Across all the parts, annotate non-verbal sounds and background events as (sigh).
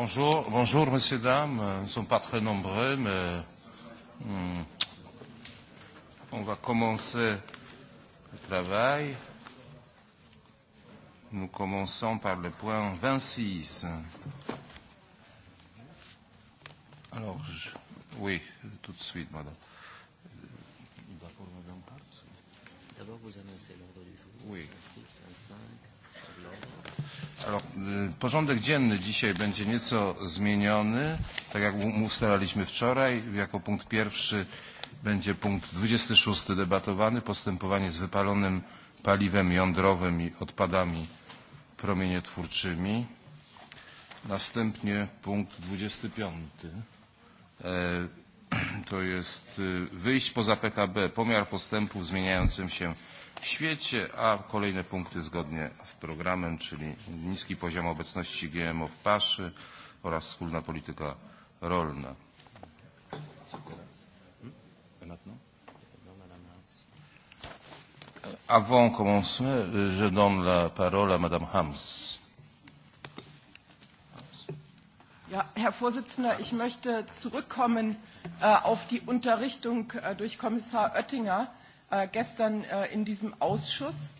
Bonjour, bonjour, messieurs, dames. Nous ne sommes pas très nombreux, mais hmm, on va commencer le travail. Nous commençons par le point 26. Alors, je... oui, tout de suite, madame. D'abord, madame D'abord, vous annoncez l'ordre du jour. Oui. 26, 25. Porządek dzienny dzisiaj będzie nieco zmieniony. Tak jak ustalaliśmy wczoraj, jako punkt pierwszy będzie punkt 26 debatowany, postępowanie z wypalonym paliwem jądrowym i odpadami promieniotwórczymi. Następnie punkt 25. E, (clears throat) to jest wyjść poza PKB, pomiar postępów w zmieniającym się w świecie, a kolejne punkty zgodnie z programem, czyli niski poziom obecności GMO w paszy oraz wspólna polityka rolna. Avant commencement, je donne la parole à Madame Hams. Ja, Herr Vorsitzender, ich möchte zurückkommen äh, auf die Unterrichtung äh, durch Kommissar Oettinger äh, gestern äh, in diesem Ausschuss.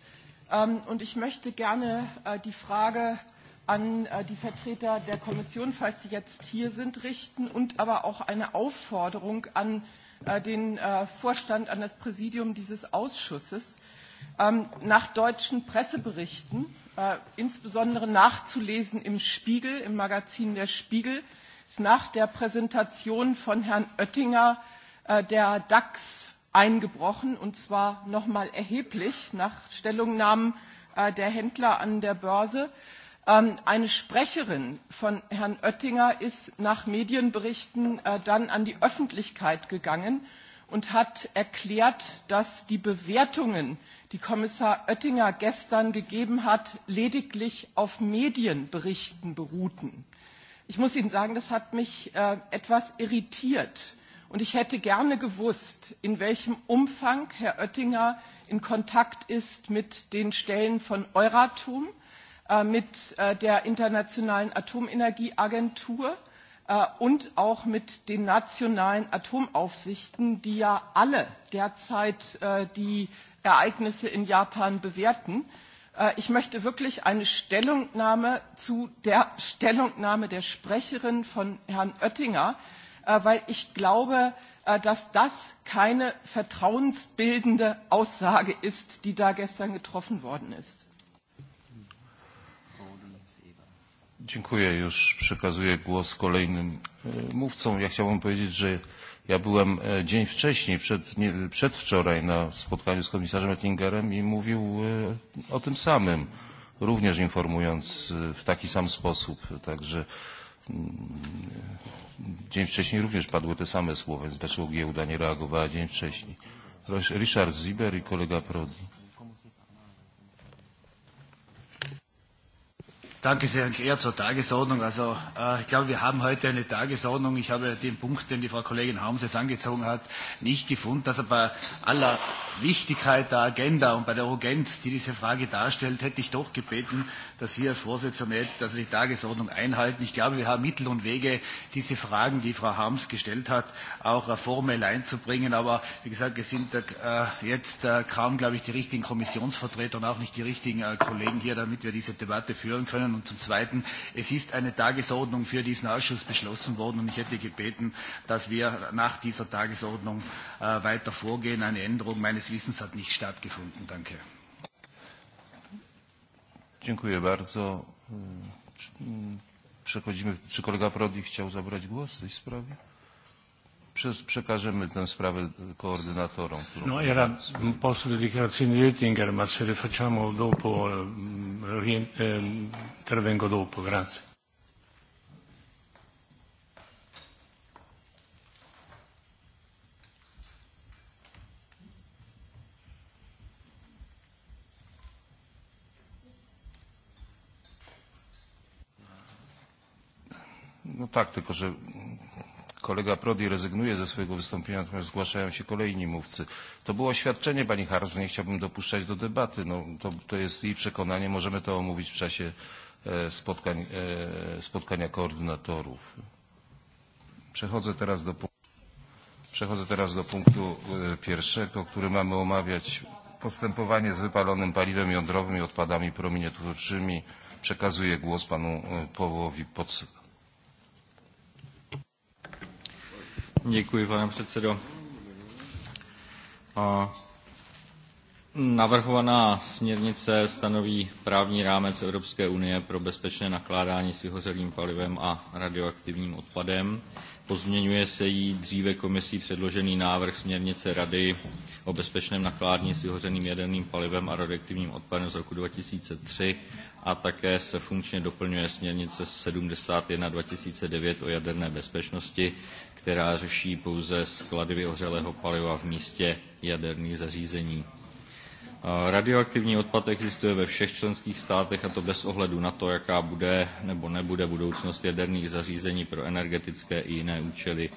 Ähm, und ich möchte gerne äh, die Frage an äh, die Vertreter der Kommission, falls sie jetzt hier sind, richten und aber auch eine Aufforderung an äh, den äh, Vorstand, an das Präsidium dieses Ausschusses. Ähm, nach deutschen Presseberichten, äh, insbesondere nachzulesen im Spiegel, im Magazin der Spiegel, ist nach der Präsentation von Herrn Oettinger äh, der DAX eingebrochen, und zwar nochmal erheblich nach Stellungnahmen äh, der Händler an der Börse. Ähm, eine Sprecherin von Herrn Oettinger ist nach Medienberichten äh, dann an die Öffentlichkeit gegangen und hat erklärt, dass die Bewertungen, die Kommissar Oettinger gestern gegeben hat, lediglich auf Medienberichten beruhten. Ich muss Ihnen sagen, das hat mich äh, etwas irritiert Und ich hätte gerne gewusst, in welchem Umfang Herr Oettinger in Kontakt ist mit den Stellen von Euratom, äh, mit äh, der Internationalen Atomenergieagentur äh, und auch mit den nationalen Atomaufsichten, die ja alle derzeit äh, die Ereignisse in Japan bewerten. Äh, ich möchte wirklich eine Stellungnahme zu der Stellungnahme der Sprecherin von Herrn Oettinger, äh, Äh, weil ich glaube, äh, dass das keine vertrauensbildende Aussage ist, die da gestern getroffen worden ist. Dziękuję. Już przekazuję głos kolejnym e, mówcom. Ja chciałbym powiedzieć, że ja byłem e, dzień wcześniej, przed, nie, przedwczoraj na spotkaniu z komisarzem Ettingerem i mówił e, o tym samym, również informując w taki sam sposób. Także mm, Dzień wcześniej również padły te same słowa, więc dlaczego giełda nie reagowała dzień wcześniej? Richard Ziber i kolega Prodi. Danke sehr, eher zur Tagesordnung. Also äh, ich glaube, wir haben heute eine Tagesordnung. Ich habe den Punkt, den die Frau Kollegin Harms jetzt angezogen hat, nicht gefunden, dass er bei aller Wichtigkeit der Agenda und bei der Urgenz, die diese Frage darstellt, hätte ich doch gebeten, dass Sie als Vorsitzender jetzt also die Tagesordnung einhalten. Ich glaube, wir haben Mittel und Wege, diese Fragen, die Frau Harms gestellt hat, auch äh, formell einzubringen. Aber wie gesagt, es sind äh, jetzt äh, kaum, glaube ich, die richtigen Kommissionsvertreter und auch nicht die richtigen äh, Kollegen hier, damit wir diese Debatte führen können können. Und zum Zweiten, es ist eine Tagesordnung für diesen Ausschuss beschlossen worden und ich hätte gebeten, dass wir nach dieser Tagesordnung äh, weiter vorgehen. Eine Änderung meines Wissens hat nicht stattgefunden. Danke. Dziękuję bardzo. Mm, przechodzimy, czy kolega Prodi chciał zabrać głos w tej sprawie? przekażemy tę sprawę koordynatorom. No, era un posto di dichiarazione di Oettinger, ma se le facciamo dopo, eh, intervengo dopo, grazie. No tak, tylko że kolega Prodi rezygnuje ze swojego wystąpienia, natomiast zgłaszają się kolejni mówcy. To było oświadczenie pani Harms, nie chciałbym dopuszczać do debaty. No, to, to jest jej przekonanie, możemy to omówić w czasie e, spotkań, e, spotkania koordynatorów. Przechodzę teraz do, przechodzę teraz do punktu e, pierwszego, który mamy omawiać postępowanie z wypalonym paliwem jądrowym i odpadami promieniotwórczymi. Przekazuję głos panu Pawłowi Poc Děkuji, pane předsedo. A navrhovaná směrnice stanoví právní rámec Evropské unie pro bezpečné nakládání s vyhořelým palivem a radioaktivním odpadem. Pozměňuje se jí dříve komisí předložený návrh směrnice Rady o bezpečném nakládání s vyhořeným jaderným palivem a radioaktivním odpadem z roku 2003 a také se funkčně doplňuje směrnice 71 2009 o jaderné bezpečnosti, která řeší pouze sklady vyhořelého paliva v místě jaderných zařízení. Radioaktivní odpad existuje ve všech členských státech a to bez ohledu na to, jaká bude nebo nebude budoucnost jaderných zařízení pro energetické i jiné účely.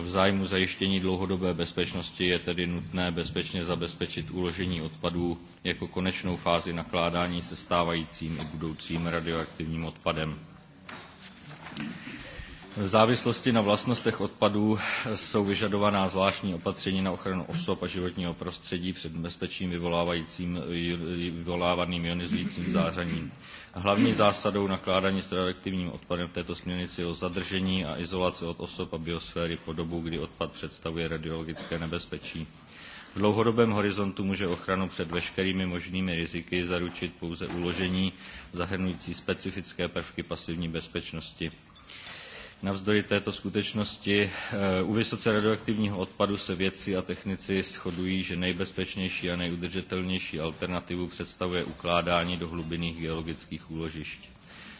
V zájmu zajištění dlouhodobé bezpečnosti je tedy nutné bezpečně zabezpečit uložení odpadů jako konečnou fázi nakládání se stávajícím i budoucím radioaktivním odpadem. V závislosti na vlastnostech odpadů jsou vyžadovaná zvláštní opatření na ochranu osob a životního prostředí před nebezpečím vyvolávaným ionizujícím zářením. Hlavní zásadou nakládání s radioaktivním odpadem v této směrnici je zadržení a izolace od osob a biosféry po dobu, kdy odpad představuje radiologické nebezpečí. V dlouhodobém horizontu může ochranu před veškerými možnými riziky zaručit pouze uložení zahrnující specifické prvky pasivní bezpečnosti. Navzdory této skutečnosti eh, u vysoce radioaktivního odpadu se vědci a technici shodují, že nejbezpečnější a nejudržitelnější alternativu představuje ukládání do hlubinných geologických úložišť.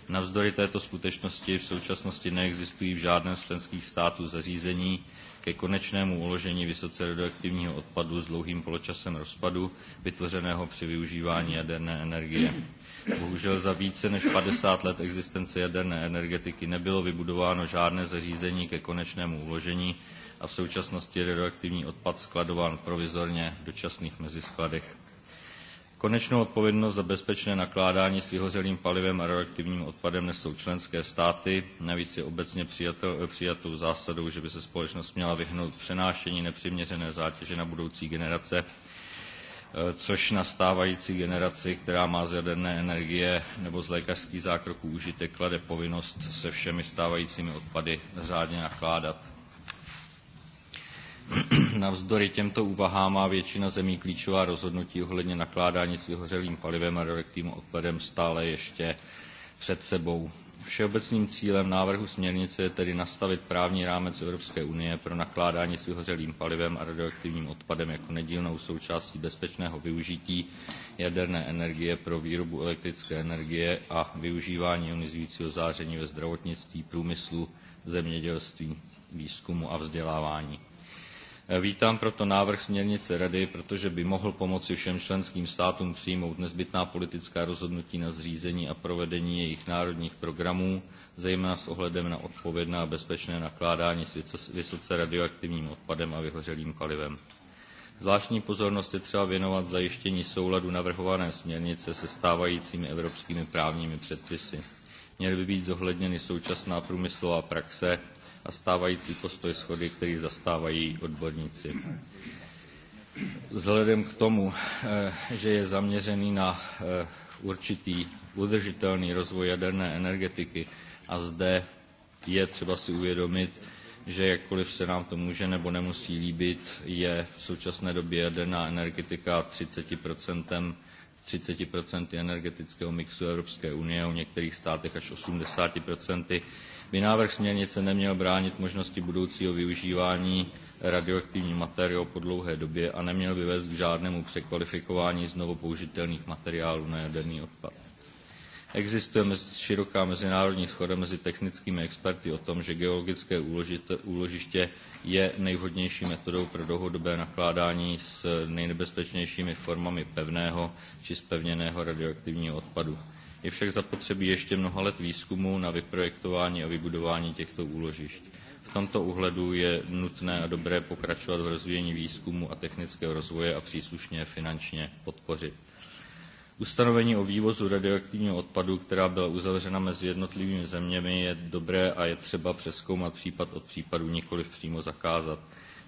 Navzdory této skutečnosti v současnosti neexistují v žádném z členských států zařízení ke konečnému uložení vysoce radioaktivního odpadu s dlouhým poločasem rozpadu, vytvořeného při využívání jaderné energie. Bohužel za více než 50 let existence jaderné energetiky nebylo vybudováno žádné zařízení ke konečnému uložení a v současnosti je radioaktivní odpad skladován provizorně v dočasných meziskladech. Konečnou odpovědnost za bezpečné nakládání s vyhořelým palivem a radioaktivním odpadem nesou členské státy. Navíc je obecně přijato, přijatou zásadou, že by se společnost měla vyhnout přenášení nepřiměřené zátěže na budoucí generace Eh, což na stávající generaci, která má z jaderné energie nebo z lékařských zákroků užitek, klade povinnost se všemi stávajícími odpady řádně nakládat. (clears throat) Navzdory těmto úvahám má většina zemí klíčová rozhodnutí ohledně nakládání s vyhořelým palivem a radioaktivním odpadem stále ještě před sebou. Všeobecným cílem návrhu směrnice je tedy nastavit právní rámec Evropské unie pro nakládání s vyhořelým palivem a radioaktivním odpadem jako nedílnou součástí bezpečného využití jaderné energie pro výrobu elektrické energie a využívání ionizujícího záření ve zdravotnictví, průmyslu, zemědělství, výzkumu a vzdělávání. Vítám proto návrh směrnice Rady, protože by mohl pomoci všem členským státům přijmout nezbytná politická rozhodnutí na zřízení a provedení jejich národních programů, zejména s ohledem na odpovědné a bezpečné nakládání s vysoce radioaktivním odpadem a vyhořelým palivem. Zvláštní pozornost je třeba věnovat zajištění souladu navrhované směrnice se stávajícími evropskými právními předpisy. Měly by být zohledněny současná průmyslová praxe a stávající postoj schody, který zastávají odborníci. Vzhledem k tomu, eh, že je zaměřený na eh, určitý udržitelný rozvoj jaderné energetiky a zde je třeba si uvědomit, že jakkoliv se nám to může nebo nemusí líbit, je v současné době jaderná energetika 30%, 30 energetického mixu Evropské unie, u některých státech až 80% by návrh směrnice neměl bránit možnosti budoucího využívání radioaktivních materiálů po dlouhé době a neměl by vést k žádnému překvalifikování znovu použitelných materiálů na jaderný odpad. Existuje mezi, široká mezinárodní schoda mezi technickými experty o tom, že geologické úložite, úložiště je nejvhodnější metodou pro dlouhodobé nakládání s nejnebezpečnějšími formami pevného či spevněného radioaktivního odpadu. Je však zapotřebí ještě mnoha let výzkumu na vyprojektování a vybudování těchto úložišť. V tomto uhledu je nutné a dobré pokračovat v rozvíjení výzkumu a technického rozvoje a příslušně finančně podpořit. Ustanovení o vývozu radioaktivního odpadu, která byla uzavřena mezi jednotlivými zeměmi, je dobré a je třeba přeskoumat případ od případu, nikoli přímo zakázat.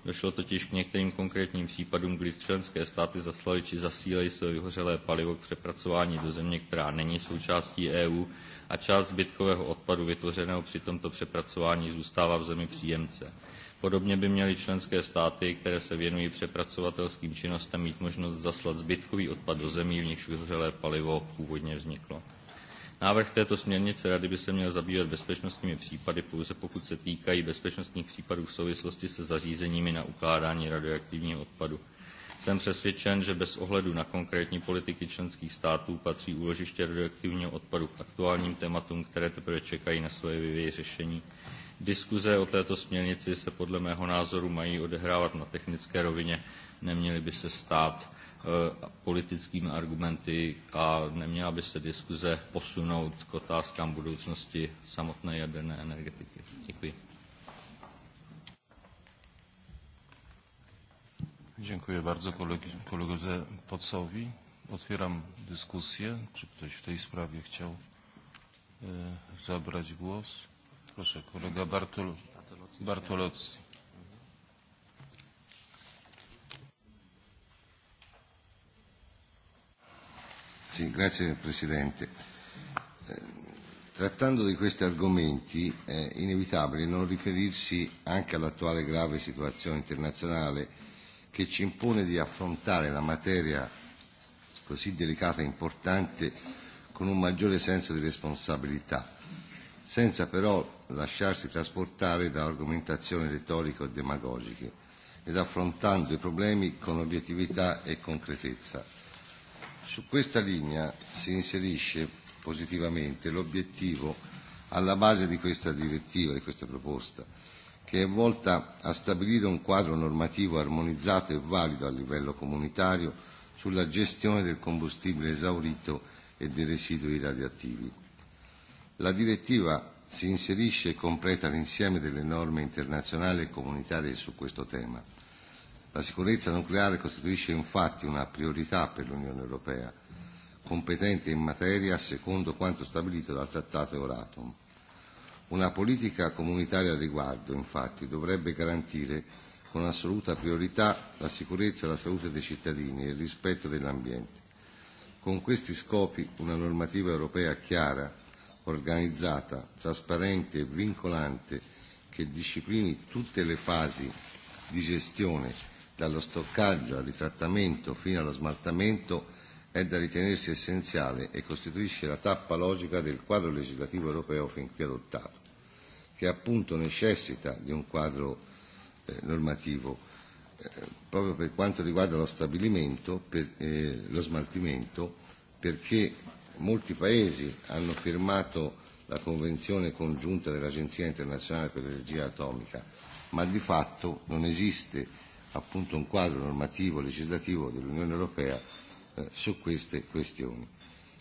Došlo totiž k některým konkrétním případům, kdy členské státy zaslaly či zasílají své vyhořelé palivo k přepracování do země, která není součástí EU a část zbytkového odpadu vytvořeného při tomto přepracování zůstává v zemi příjemce. Podobně by měly členské státy, které se věnují přepracovatelským činnostem, mít možnost zaslat zbytkový odpad do zemí, v nichž vyhořelé palivo původně vzniklo. Návrh této směrnice Rady by se měl zabývat bezpečnostními případy pouze pokud se týkají bezpečnostních případů v souvislosti se zařízeními na ukládání radioaktivního odpadu. Jsem přesvědčen, že bez ohledu na konkrétní politiky členských států patří úložiště radioaktivního odpadu k aktuálním tématům, které teprve čekají na svoje vyvěji řešení. Diskuze o této směrnici se podle mého názoru mají odehrávat na technické rovině, neměly by se stát Eh, politickými argumenty a neměla by se diskuze posunout k otázkám budoucnosti samotné jaderné energetiky. Děkuji. Dziękuję bardzo kolegi, koledze Pocowi. Otwieram dyskusję. Czy ktoś w tej sprawie chciał y, e, zabrać głos? Proszę, kolega Bartol, Bartolozzi. Sì, grazie Presidente. Eh, trattando di questi argomenti è inevitabile non riferirsi anche all'attuale grave situazione internazionale che ci impone di affrontare la materia così delicata e importante con un maggiore senso di responsabilità, senza però lasciarsi trasportare da argomentazioni retoriche o demagogiche ed affrontando i problemi con obiettività e concretezza. Su questa linea si inserisce positivamente l'obiettivo alla base di questa direttiva, di questa proposta, che è volta a stabilire un quadro normativo armonizzato e valido a livello comunitario sulla gestione del combustibile esaurito e dei residui radioattivi. La direttiva si inserisce e completa l'insieme delle norme internazionali e comunitarie su questo tema. La sicurezza nucleare costituisce infatti una priorità per l'Unione Europea, competente in materia secondo quanto stabilito dal Trattato Euratom. Una politica comunitaria al riguardo, infatti, dovrebbe garantire con assoluta priorità la sicurezza e la salute dei cittadini e il rispetto dell'ambiente. Con questi scopi una normativa europea chiara, organizzata, trasparente e vincolante che disciplini tutte le fasi di gestione dallo stoccaggio al ritrattamento fino allo smaltamento è da ritenersi essenziale e costituisce la tappa logica del quadro legislativo europeo fin qui adottato, che appunto necessita di un quadro eh, normativo eh, proprio per quanto riguarda lo stabilimento, per, eh, lo smaltimento, perché molti Paesi hanno firmato la Convenzione congiunta dell'Agenzia internazionale per l'energia atomica, ma di fatto non esiste appunto un quadro normativo legislativo dell'Unione Europea eh, su queste questioni.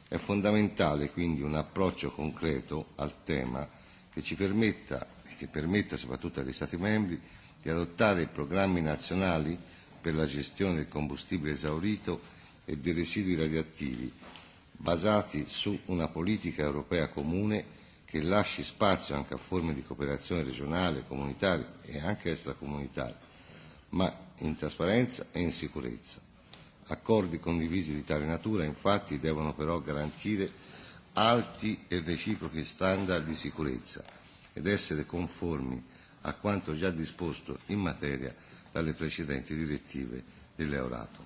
È fondamentale quindi un approccio concreto al tema che ci permetta e che permetta soprattutto agli Stati membri di adottare programmi nazionali per la gestione del combustibile esaurito e dei residui radioattivi basati su una politica europea comune che lasci spazio anche a forme di cooperazione regionale, comunitaria e anche extracomunitaria, ma in trasparenza e in sicurezza. Accordi condivisi di tale natura infatti devono però garantire alti e reciprochi standard di sicurezza ed essere conformi a quanto già disposto in materia dalle precedenti direttive dell'Euratom.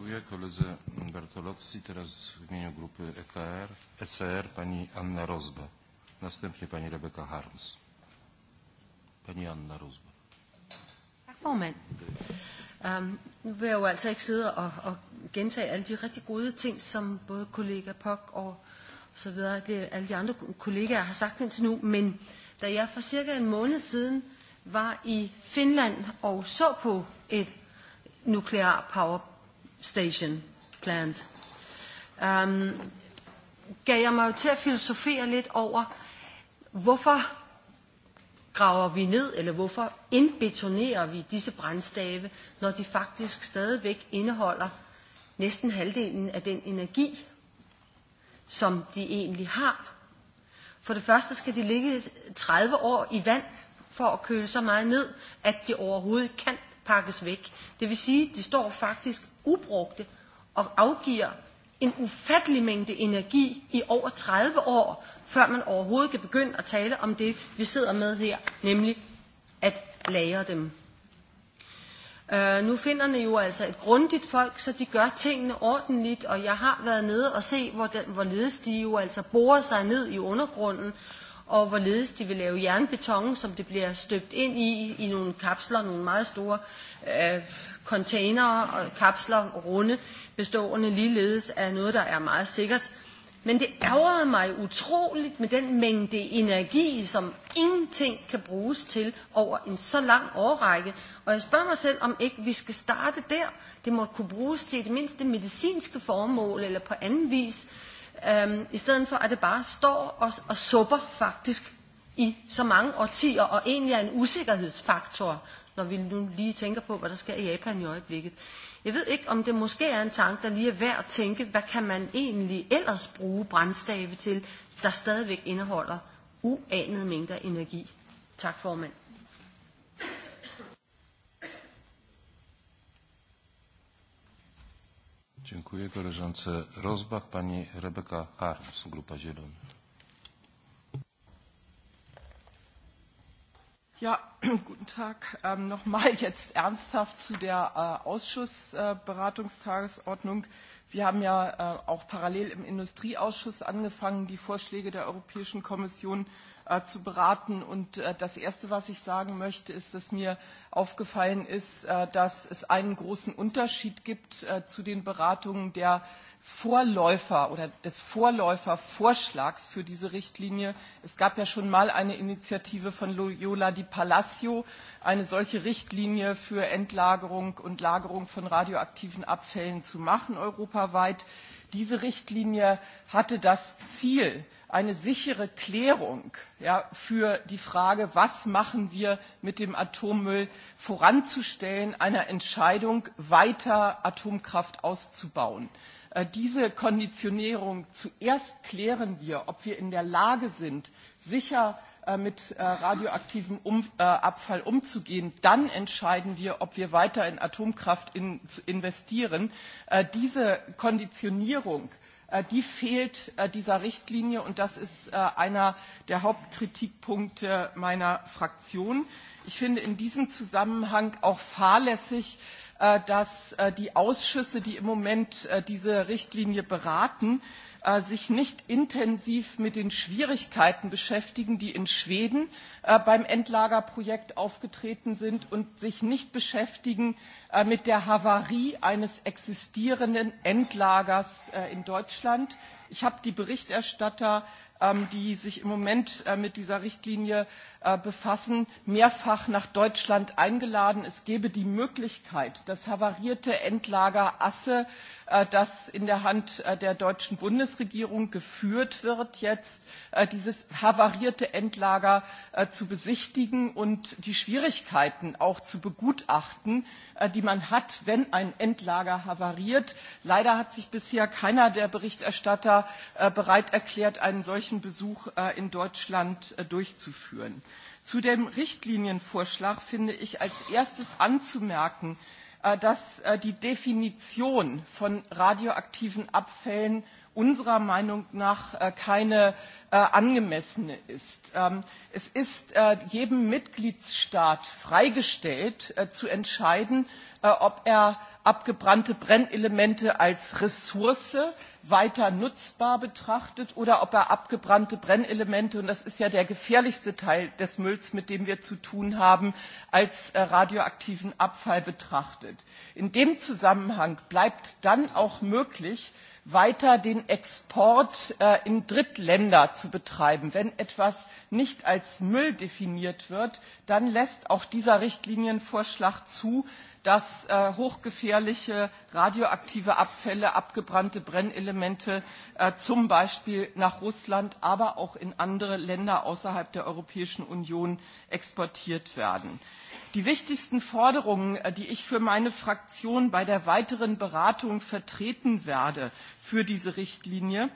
Dziękuję koledze Bartolowski. Teraz w imieniu grupy EKR, ECR pani Anna Rozba. Następnie pani Rebeka Harms. Pani Anna Rozba. Tak, formand. Um, nu vil jeg jo altså ikke sidde og, og gentage alle de rigtig gode ting, som både kollega Pok og så videre, det alle de andre kollegaer har sagt indtil nu, men da jeg for cirka en måned siden var i Finland og så på et nuklear power station plant. Um, gav jeg mig jo til at filosofere lidt over, hvorfor graver vi ned, eller hvorfor indbetonerer vi disse brændstave, når de faktisk stadigvæk indeholder næsten halvdelen af den energi, som de egentlig har. For det første skal de ligge 30 år i vand for at køle så meget ned, at de overhovedet kan pakkes væk. Det vil sige, at de står faktisk ubrugte og afgiver en ufattelig mængde energi i over 30 år, før man overhovedet kan begynde at tale om det, vi sidder med her, nemlig at lære dem. Øh, nu finderne jo altså et grundigt folk, så de gør tingene ordentligt, og jeg har været nede og se, hvordan, hvorledes de jo altså borer sig ned i undergrunden, og hvorledes de vil lave jernbeton, som det bliver støbt ind i, i nogle kapsler, nogle meget store øh, container og kapsler, runde, bestående ligeledes af noget, der er meget sikkert. Men det ærgerede mig utroligt med den mængde energi, som ingenting kan bruges til over en så lang årrække. Og jeg spørger mig selv, om ikke vi skal starte der. Det må kunne bruges til det mindste medicinske formål eller på anden vis, øhm, i stedet for at det bare står og, og supper faktisk i så mange årtier og egentlig er en usikkerhedsfaktor når vi nu lige tænker på, hvad der sker i Japan i øjeblikket. Jeg ved ikke, om det måske er en tanke, der lige er værd at tænke, hvad kan man egentlig ellers bruge brændstave til, der stadigvæk indeholder uanede mængder energi. Tak formand. Dziękuję koleżance Rozbach. Pani Rebeka Harms, Grupa Zielona. Ja, (clears throat) guten Tag. Ähm, Nochmal jetzt ernsthaft zu der äh, Ausschussberatungstagesordnung. Äh, Wir haben ja äh, auch parallel im Industrieausschuss angefangen, die Vorschläge der Europäischen Kommission äh, zu beraten. Und äh, das Erste, was ich sagen möchte, ist, dass mir aufgefallen ist, äh, dass es einen großen Unterschied gibt äh, zu den Beratungen der äh, Vorläufer oder des Vorläufervorschlags für diese Richtlinie. Es gab ja schon mal eine Initiative von Loyola di Palacio, eine solche Richtlinie für Endlagerung und Lagerung von radioaktiven Abfällen zu machen europaweit. Diese Richtlinie hatte das Ziel, eine sichere Klärung ja, für die Frage, was machen wir mit dem Atommüll, voranzustellen, einer Entscheidung, weiter Atomkraft auszubauen. Äh, diese Konditionierung zuerst klären wir, ob wir in der Lage sind, sicher äh, mit äh, radioaktivem um, äh, Abfall umzugehen, dann entscheiden wir, ob wir weiter in Atomkraft in, investieren. Äh, diese Konditionierung, äh, die fehlt äh, dieser Richtlinie und das ist äh, einer der Hauptkritikpunkte meiner Fraktion. Ich finde in diesem Zusammenhang auch fahrlässig, äh, Äh, dass äh, die Ausschüsse, die im Moment äh, diese Richtlinie beraten, sich nicht intensiv mit den Schwierigkeiten beschäftigen, die in Schweden beim Endlagerprojekt aufgetreten sind und sich nicht beschäftigen mit der Havarie eines existierenden Endlagers in Deutschland. Ich habe die Berichterstatter, ähm, die sich im Moment mit dieser Richtlinie Äh, befassen, mehrfach nach Deutschland eingeladen. Es gebe die Möglichkeit, das havarierte Endlager Asse, äh, das in der Hand äh, der deutschen Bundesregierung geführt wird, jetzt dieses havarierte Endlager zu besichtigen und die Schwierigkeiten auch zu begutachten, die man hat, wenn ein Endlager havariert. Leider hat sich bisher keiner der Berichterstatter bereit erklärt, einen solchen Besuch in Deutschland durchzuführen. Zu dem Richtlinienvorschlag finde ich als erstes anzumerken, äh, dass äh, die Definition von radioaktiven Abfällen unserer Meinung nach äh, keine angemessene ist. Ähm, es ist jedem Mitgliedstaat freigestellt, zu entscheiden, ob er abgebrannte Brennelemente als Ressource weiter nutzbar betrachtet oder ob er abgebrannte Brennelemente, und das ist ja der gefährlichste Teil des Mülls, mit dem wir zu tun haben, als äh, radioaktiven Abfall betrachtet. In dem Zusammenhang bleibt dann auch möglich, weiter den Export äh, in Drittländer zu betreiben. Wenn etwas nicht als Müll definiert wird, dann lässt auch dieser Richtlinienvorschlag zu, dass äh, hochgefährliche radioaktive Abfälle, abgebrannte Brennelemente äh, zum Beispiel nach Russland, aber auch in andere Länder außerhalb der Europäischen Union exportiert werden. Die wichtigsten Forderungen, äh, die ich für meine Fraktion bei der weiteren Beratung vertreten werde für diese Richtlinie,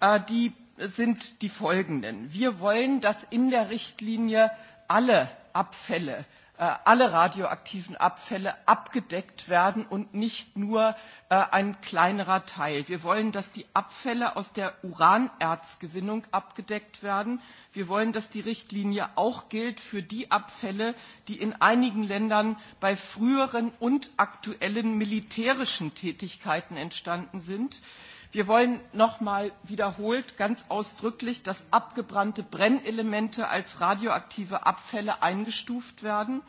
äh, die sind die folgenden. Wir wollen, dass in der Richtlinie alle Abfälle Äh, alle radioaktiven Abfälle abgedeckt werden und nicht nur äh, ein kleinerer Teil. Wir wollen, dass die Abfälle aus der Uranerzgewinnung abgedeckt werden. Wir wollen, dass die Richtlinie auch gilt für die Abfälle, die in einigen Ländern bei früheren und aktuellen militärischen Tätigkeiten entstanden sind. Äh, Wir wollen nochmal wiederholt ganz ausdrücklich, dass abgebrannte Brennelemente als radioaktive Abfälle eingestuft werden.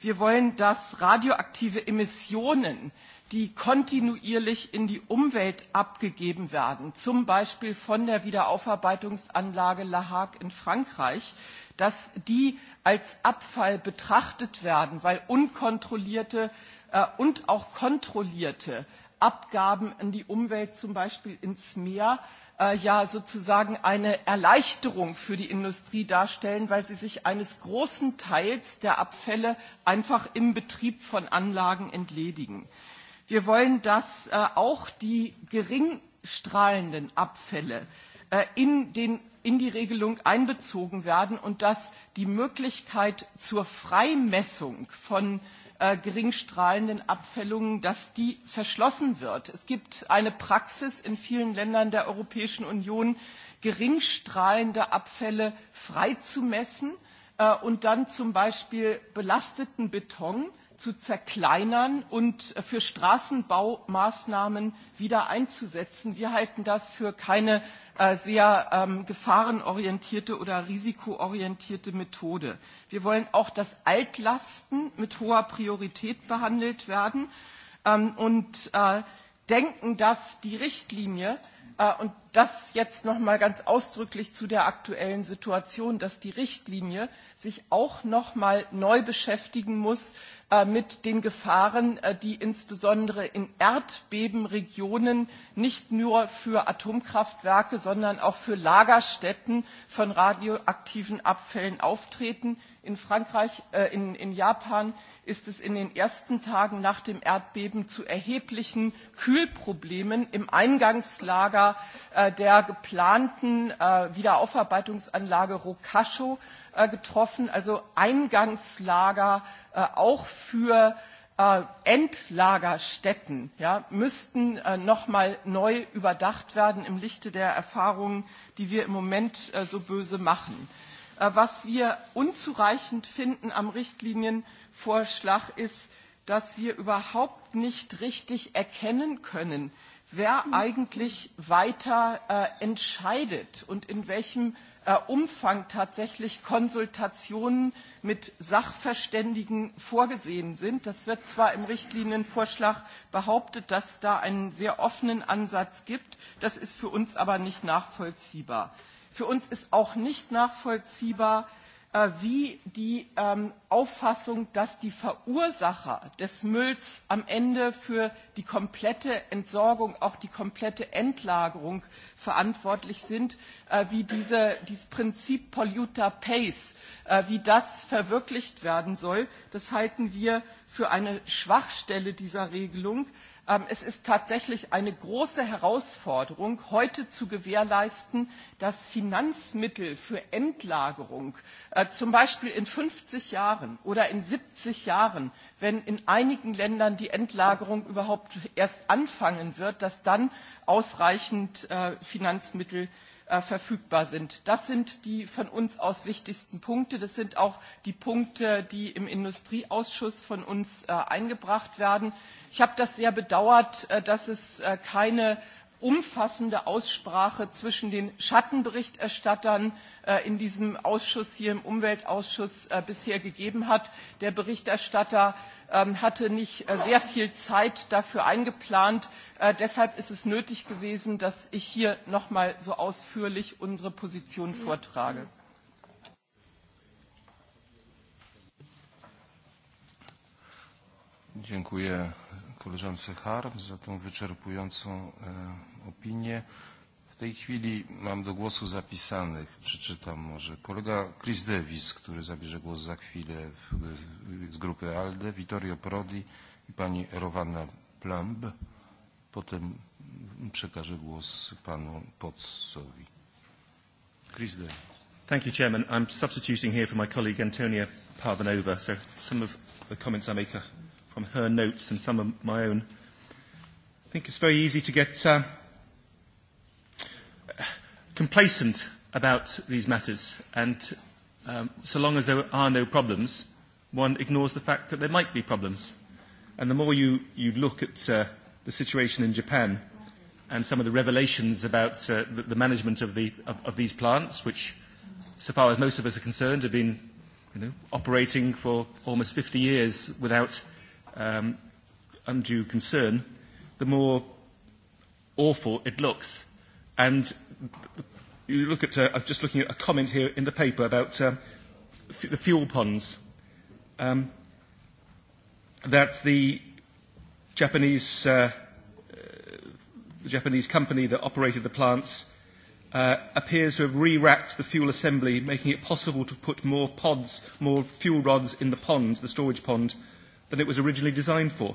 Wir wollen, dass radioaktive Emissionen, die kontinuierlich in die Umwelt abgegeben werden, zum Beispiel von der Wiederaufarbeitungsanlage La Hague in Frankreich, dass die als Abfall betrachtet werden, weil unkontrollierte äh, und auch kontrollierte Abgaben in die Umwelt, zum Beispiel ins Meer, äh, ja sozusagen eine Erleichterung für die Industrie darstellen, weil sie sich eines großen Teils der Abfälle einfach im Betrieb von Anlagen entledigen. Wir wollen, dass äh, auch die gering strahlenden Abfälle äh, in den in die Regelung einbezogen werden und dass die Möglichkeit zur Freimessung von äh, äh, geringstrahlenden Abfällungen, dass die verschlossen wird. Es gibt eine Praxis in vielen Ländern der Europäischen Union, geringstrahlende Abfälle freizumessen äh, und dann zum Beispiel belasteten Beton äh, zu zerkleinern und äh, für Straßenbaumaßnahmen wieder einzusetzen. Wir halten das für keine äh, sehr ähm, gefahrenorientierte oder risikoorientierte Methode. Wir wollen auch, dass Altlasten mit hoher Priorität behandelt werden ähm, und äh, denken, dass die Richtlinie, äh, und das jetzt noch mal ganz ausdrücklich zu der aktuellen Situation, dass die Richtlinie sich auch noch mal neu beschäftigen muss äh, mit den Gefahren, äh, die insbesondere in Erdbebenregionen nicht nur für Atomkraftwerke, sondern auch für Lagerstätten von radioaktiven Abfällen auftreten. In Frankreich, äh, in, in Japan ist es in den ersten Tagen nach dem Erdbeben zu erheblichen Kühlproblemen im Eingangslager äh, der geplanten äh, Wiederaufarbeitungsanlage Rokascho äh, getroffen, also Eingangslager äh, auch für äh, Endlagerstätten ja, müssten äh, nochmal neu überdacht werden im Lichte der Erfahrungen, die wir im Moment äh, so böse machen. Äh, was wir unzureichend finden am Richtlinienvorschlag ist, dass wir überhaupt nicht richtig erkennen können, wer eigentlich weiter äh, entscheidet und in welchem äh, Umfang tatsächlich Konsultationen mit Sachverständigen vorgesehen sind. Das wird zwar im Richtlinienvorschlag behauptet, dass da einen sehr offenen Ansatz gibt, das ist für uns aber nicht nachvollziehbar. Für uns ist auch nicht nachvollziehbar, äh, Äh, wie die ähm, Auffassung, dass die Verursacher des Mülls am Ende für die komplette Entsorgung, auch die komplette Endlagerung verantwortlich sind, äh, wie diese, dieses Prinzip Polluter Pays, äh, wie das verwirklicht werden soll. Das halten wir für eine Schwachstelle dieser Regelung. Ähm, es ist tatsächlich eine große Herausforderung, heute zu gewährleisten, dass Finanzmittel für Endlagerung äh, zum Beispiel in 50 Jahren oder in 70 Jahren, wenn in einigen Ländern die Endlagerung überhaupt erst anfangen wird, dass dann ausreichend äh, Finanzmittel äh, verfügbar sind. Das sind die von uns aus wichtigsten Punkte. Das sind auch die Punkte, die im Industrieausschuss von uns äh, eingebracht werden. Ich habe das sehr bedauert, äh, dass es äh, keine umfassende Aussprache zwischen den Schattenberichterstattern äh, in diesem Ausschuss hier im Umweltausschuss äh, bisher gegeben hat. Der Berichterstatter ähm, hatte nicht äh, sehr viel Zeit dafür eingeplant. Äh, deshalb ist es nötig gewesen, dass ich hier nochmal so ausführlich unsere Position vortrage. Dziękuję koleżance Harms za tą wyczerpującą e, opinię. W tej chwili mam do głosu zapisanych, przeczytam może, kolega Chris Davis, który zabierze głos za chwilę w, w, z grupy ALDE, Vittorio Prodi i pani Rowana Plumb. Potem przekażę głos panu Potsowi. Chris Davis. Thank you, Chairman. I'm substituting here for my colleague Antonia Parvanova, so some of the comments I make are from her notes and some of my own. I think it's very easy to get uh, complacent about these matters, and um, so long as there are no problems, one ignores the fact that there might be problems. And the more you, you look at uh, the situation in Japan and some of the revelations about uh, the, the management of, the, of, of these plants, which, so far as most of us are concerned, have been you know, operating for almost 50 years without um, undue concern, the more awful it looks. And you look at, uh, I'm just looking at a comment here in the paper about uh, f- the fuel ponds, um, that the Japanese, uh, uh, the Japanese company that operated the plants uh, appears to have re-racked the fuel assembly, making it possible to put more pods, more fuel rods in the pond, the storage pond, uh, than it was originally designed for.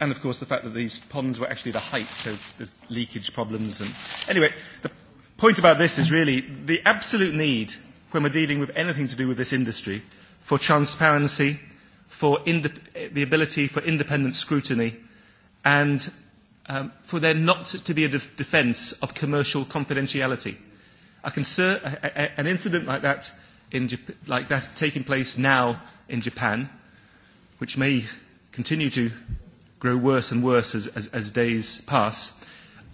And of course, the fact that these ponds were actually the height, so there's leakage problems. And anyway, the point about this is really the absolute need when we're dealing with anything to do with this industry for transparency, for indep- the ability for independent scrutiny, and um, for there not to be a de- defence of commercial confidentiality. A concern, a, a, an incident like that, in, Jap- like that taking place now in Japan which may continue to grow worse and worse as, as, as days pass,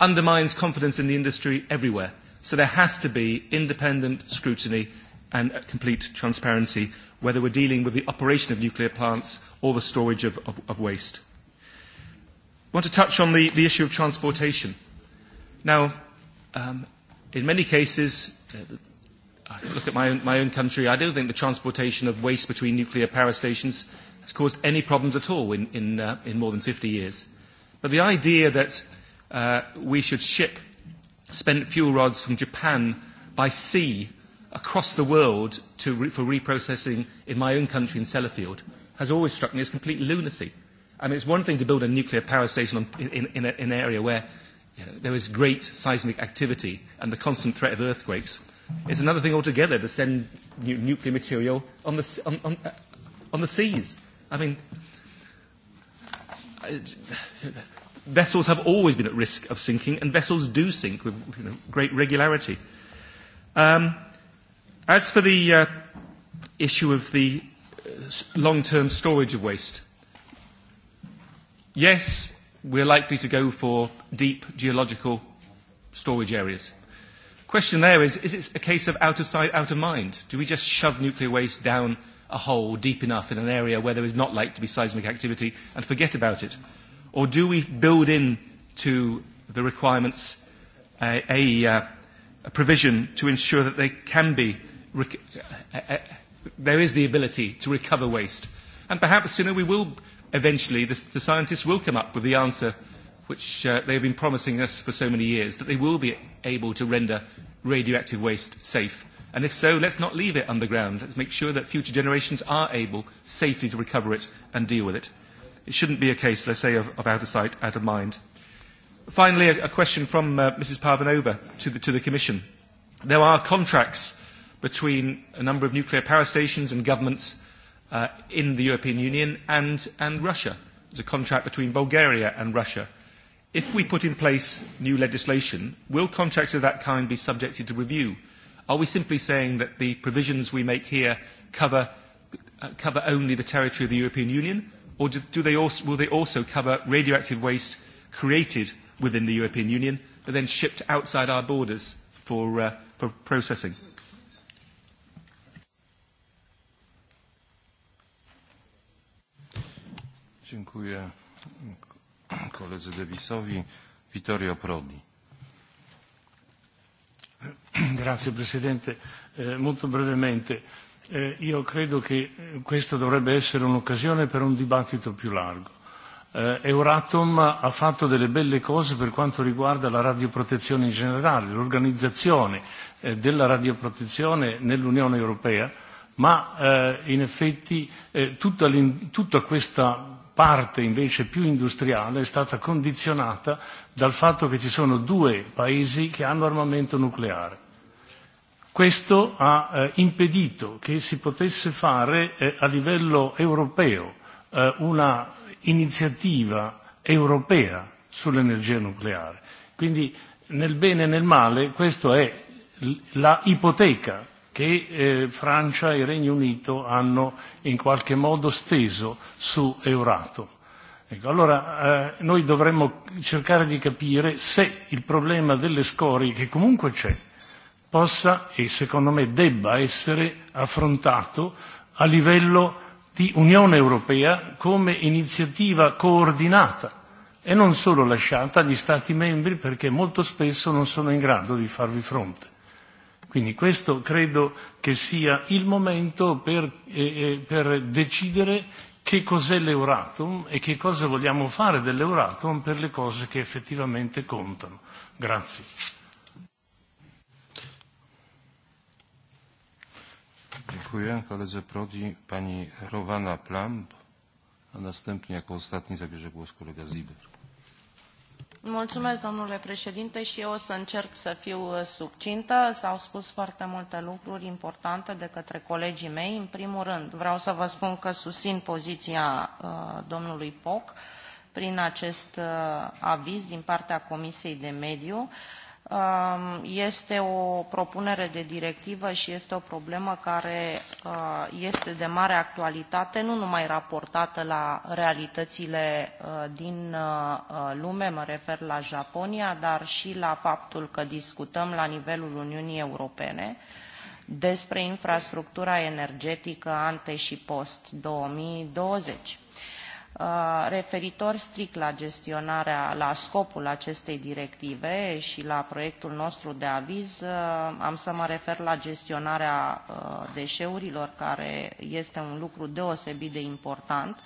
undermines confidence in the industry everywhere. So there has to be independent scrutiny and complete transparency, whether we're dealing with the operation of nuclear plants or the storage of, of, of waste. I want to touch on the, the issue of transportation. Now, um, in many cases, uh, I look at my own, my own country, I don't think the transportation of waste between nuclear power stations has caused any problems at all in, in, uh, in more than 50 years. But the idea that uh, we should ship spent fuel rods from Japan by sea across the world to re- for reprocessing in my own country in Sellafield has always struck me as complete lunacy. I mean, it's one thing to build a nuclear power station on, in, in, in, a, in an area where you know, there is great seismic activity and the constant threat of earthquakes. It's another thing altogether to send nu- nuclear material on the, on, on, uh, on the seas. I mean, I, vessels have always been at risk of sinking, and vessels do sink with you know, great regularity. Um, as for the uh, issue of the uh, long-term storage of waste, yes, we're likely to go for deep geological storage areas. Question there is, is it a case of out of sight, out of mind? Do we just shove nuclear waste down a hole deep enough in an area where there is not likely to be seismic activity and forget about it? Or do we build in to the requirements a, uh, a, uh, a provision to ensure that they can be, rec- uh, uh, there is the ability to recover waste? And perhaps, you know, we will eventually, the, the scientists will come up with the answer which uh, they've been promising us for so many years, that they will be able to render radioactive waste safe. And if so, let's not leave it underground. Let's make sure that future generations are able safely to recover it and deal with it. It shouldn't be a case, let's say, of, of out of sight, out of mind. Finally, a, a question from uh, Mrs. Parvanova to the, to the Commission. There are contracts between a number of nuclear power stations and governments uh, in the European Union and, and Russia. There's a contract between Bulgaria and Russia. If we put in place new legislation, will contracts of that kind be subjected to review? Are we simply saying that the provisions we make here cover, uh, cover only the territory of the European Union, or do, do they also, will they also cover radioactive waste created within the European Union but then shipped outside our borders for, uh, for processing? Dziękuję koledze Davisowi. Vittorio Prodi. (clears throat) Grazie Presidente. Eh, molto brevemente, eh, io credo che questa dovrebbe essere un'occasione per un dibattito più largo. Eh, Euratom ha fatto delle belle cose per quanto riguarda la radioprotezione in generale, l'organizzazione eh, della radioprotezione nell'Unione Europea, ma eh, in effetti eh, tutta, tutta questa parte invece più industriale è stata condizionata dal fatto che ci sono due paesi che hanno armamento nucleare. Questo ha eh, impedito che si potesse fare eh, a livello europeo eh, una iniziativa europea sull'energia nucleare. Quindi nel bene e nel male questa è la ipoteca che eh, Francia e Regno Unito hanno in qualche modo steso su Euratom. Ecco, allora eh, noi dovremmo cercare di capire se il problema delle scorie, che comunque c'è, possa e secondo me debba essere affrontato a livello di Unione Europea come iniziativa coordinata e non solo lasciata agli Stati membri perché molto spesso non sono in grado di farvi fronte. Quindi questo credo che sia il momento per, eh, per decidere che cos'è l'Euratom e che cosa vogliamo fare dell'Euratom per le cose che effettivamente contano. Grazie. Dziękuję koledze Prodi. Pani Rowana Plamp, a następnie jako ostatni zabierze głos kolega Ziber. Mulțumesc, domnule președinte, și eu o să încerc să fiu uh, succintă. S-au spus foarte multe lucruri importante de către colegii mei. În primul rând, vreau să vă spun că susțin poziția uh, domnului Poc prin acest uh, aviz din partea Comisiei de Mediu. Uh, Este o propunere de directivă și este o problemă care este de mare actualitate, nu numai raportată la realitățile din lume, mă refer la Japonia, dar și la faptul că discutăm la nivelul Uniunii Europene despre infrastructura energetică ante și post 2020 Uh, referitor strict la gestionarea, la scopul acestei directive și la proiectul nostru de aviz, uh, am să mă refer la gestionarea uh, deșeurilor, care este un lucru deosebit de important. Uh,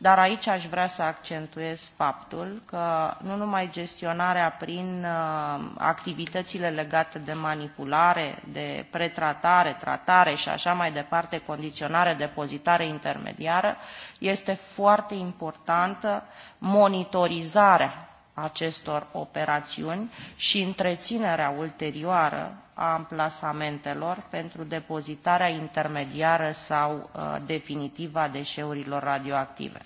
dar aici aș vrea să accentuez faptul că nu numai gestionarea prin uh, activitățile legate de manipulare, de pretratare, tratare și așa mai departe, condiționare, depozitare intermediară, este foarte importantă monitorizarea acestor operațiuni și întreținerea ulterioară a amplasamentelor pentru depozitarea intermediară sau uh, definitivă a deșeurilor radioactive.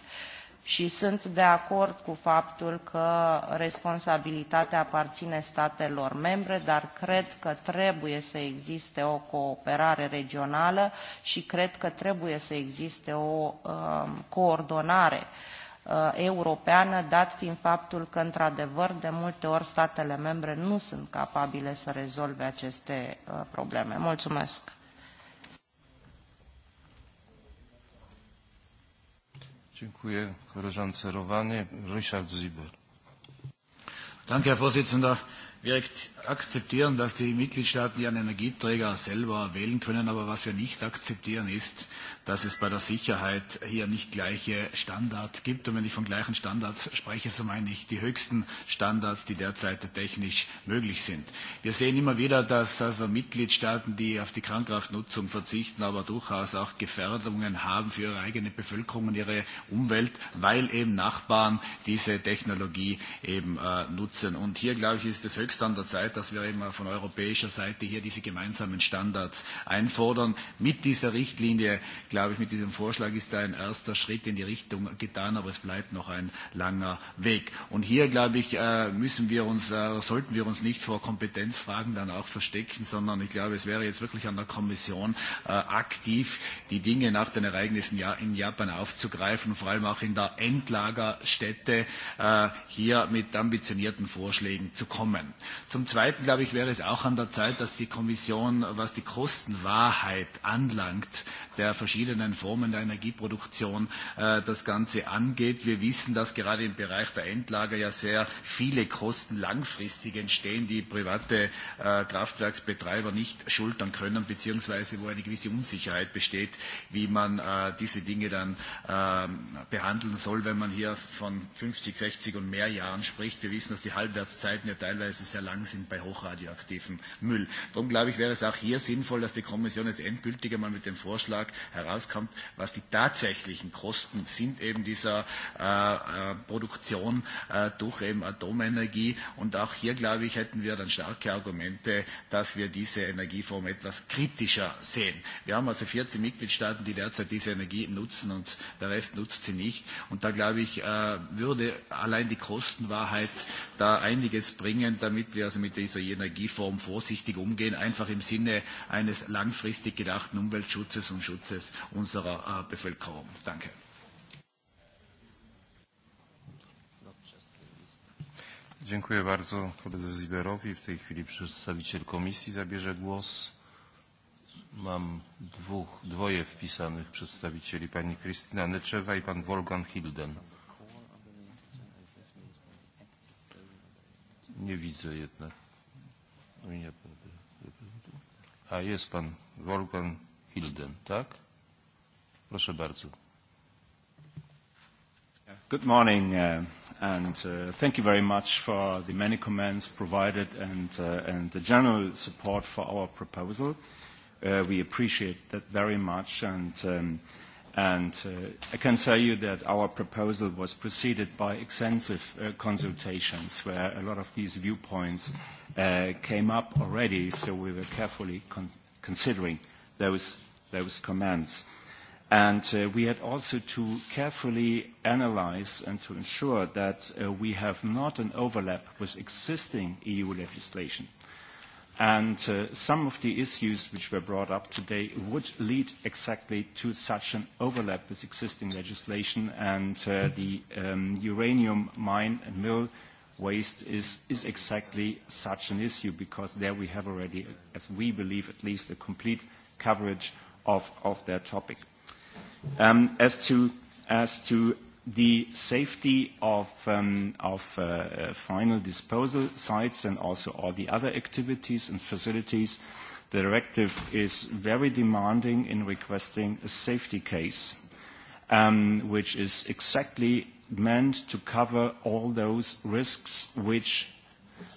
Și sunt de acord cu faptul că responsabilitatea aparține statelor membre, dar cred că trebuie să existe o cooperare regională și cred că trebuie să existe o um, uh, coordonare uh, Uh, europeană, dat fiind faptul că, într-adevăr, de multe ori statele membre nu sunt capabile să rezolve aceste uh, probleme. Mulțumesc! Dziękuję koleżance Rowanie. Ryszard Ziber. Danke, Herr Vorsitzender. Wir akzeptieren, dass die Mitgliedstaaten ihren Energieträger selber wählen können, aber was wir nicht akzeptieren ist, dass es bei der Sicherheit hier nicht gleiche Standards gibt. Und wenn ich von gleichen Standards spreche, so meine ich die höchsten Standards, die derzeit technisch möglich sind. Wir sehen immer wieder, dass also Mitgliedstaaten, die auf die Kernkraftnutzung verzichten, aber durchaus auch Gefährdungen haben für ihre eigene Bevölkerung und ihre Umwelt, weil eben Nachbarn diese Technologie eben äh, nutzen. Und hier, glaube ich, ist es höchste höchst an der Zeit, dass wir eben von europäischer Seite hier diese gemeinsamen Standards einfordern. Mit dieser Richtlinie, glaube ich, mit diesem Vorschlag ist da ein erster Schritt in die Richtung getan, aber es bleibt noch ein langer Weg. Und hier, glaube ich, äh, müssen wir uns, äh, sollten wir uns nicht vor Kompetenzfragen dann auch verstecken, sondern ich glaube, es wäre jetzt wirklich an der Kommission äh, aktiv, die Dinge nach den Ereignissen in Japan aufzugreifen, vor allem auch in der Endlagerstätte hier mit ambitionierten Vorschlägen zu kommen. Zum Zweiten, glaube ich, wäre es auch an der Zeit, dass die Kommission, was die Kostenwahrheit anlangt, der verschiedenen Formen der Energieproduktion äh, das Ganze angeht. Wir wissen, dass gerade im Bereich der Endlager ja sehr viele Kosten langfristig entstehen, die private äh, Kraftwerksbetreiber nicht schultern können, beziehungsweise wo eine gewisse Unsicherheit besteht, wie man äh, diese Dinge dann äh, behandeln soll, wenn man hier von 50, 60 und mehr Jahren spricht. Wir wissen, dass die Halbwertszeiten ja teilweise sehr lang sind bei hochradioaktiven Müll. Darum glaube ich, wäre es auch hier sinnvoll, dass die Kommission jetzt endgültig einmal mit dem Vorschlag Vorschlag herauskommt, was die tatsächlichen Kosten sind eben dieser äh, äh, Produktion äh, durch eben Atomenergie. Und auch hier, glaube ich, hätten wir dann starke Argumente, dass wir diese Energieform etwas kritischer sehen. Wir haben also 14 Mitgliedstaaten, die derzeit diese Energie nutzen und der Rest nutzt sie nicht. Und da, glaube ich, äh, würde allein die Kostenwahrheit da einiges bringen, damit wir also mit dieser Energieform vorsichtig umgehen, einfach im Sinne eines langfristig gedachten Umweltschutzes und Schutzes Gesundheitsschutzes unserer äh, Bevölkerung. Danke. Dziękuję bardzo koledze Ziberowi. W tej chwili przedstawiciel komisji zabierze głos. Mam dwóch, dwoje wpisanych przedstawicieli, pani Krystyna Neczewa i pan Wolfgang Hilden. Nie widzę jednak. A jest pan Wolfgang Hilden, tak? Proszę bardzo. Good morning, uh, and uh, thank you very much for the many comments provided and, uh, and the general support for our proposal. Uh, we appreciate that very much, and, um, and uh, I can tell you that our proposal was preceded by extensive uh, consultations where a lot of these viewpoints uh, came up already, so we were carefully con considering uh, those, those comments. And uh, we had also to carefully analyze and to ensure that uh, we have not an overlap with existing EU legislation. And uh, some of the issues which were brought up today would lead exactly to such an overlap with existing legislation, and uh, the um, uranium mine and mill waste is, is exactly such an issue, because there we have already, as we believe at least, a complete coverage of, of their topic. Um, as, to, as to the safety of, um, of uh, final disposal sites and also all the other activities and facilities, the directive is very demanding in requesting a safety case, um, which is exactly meant to cover all those risks which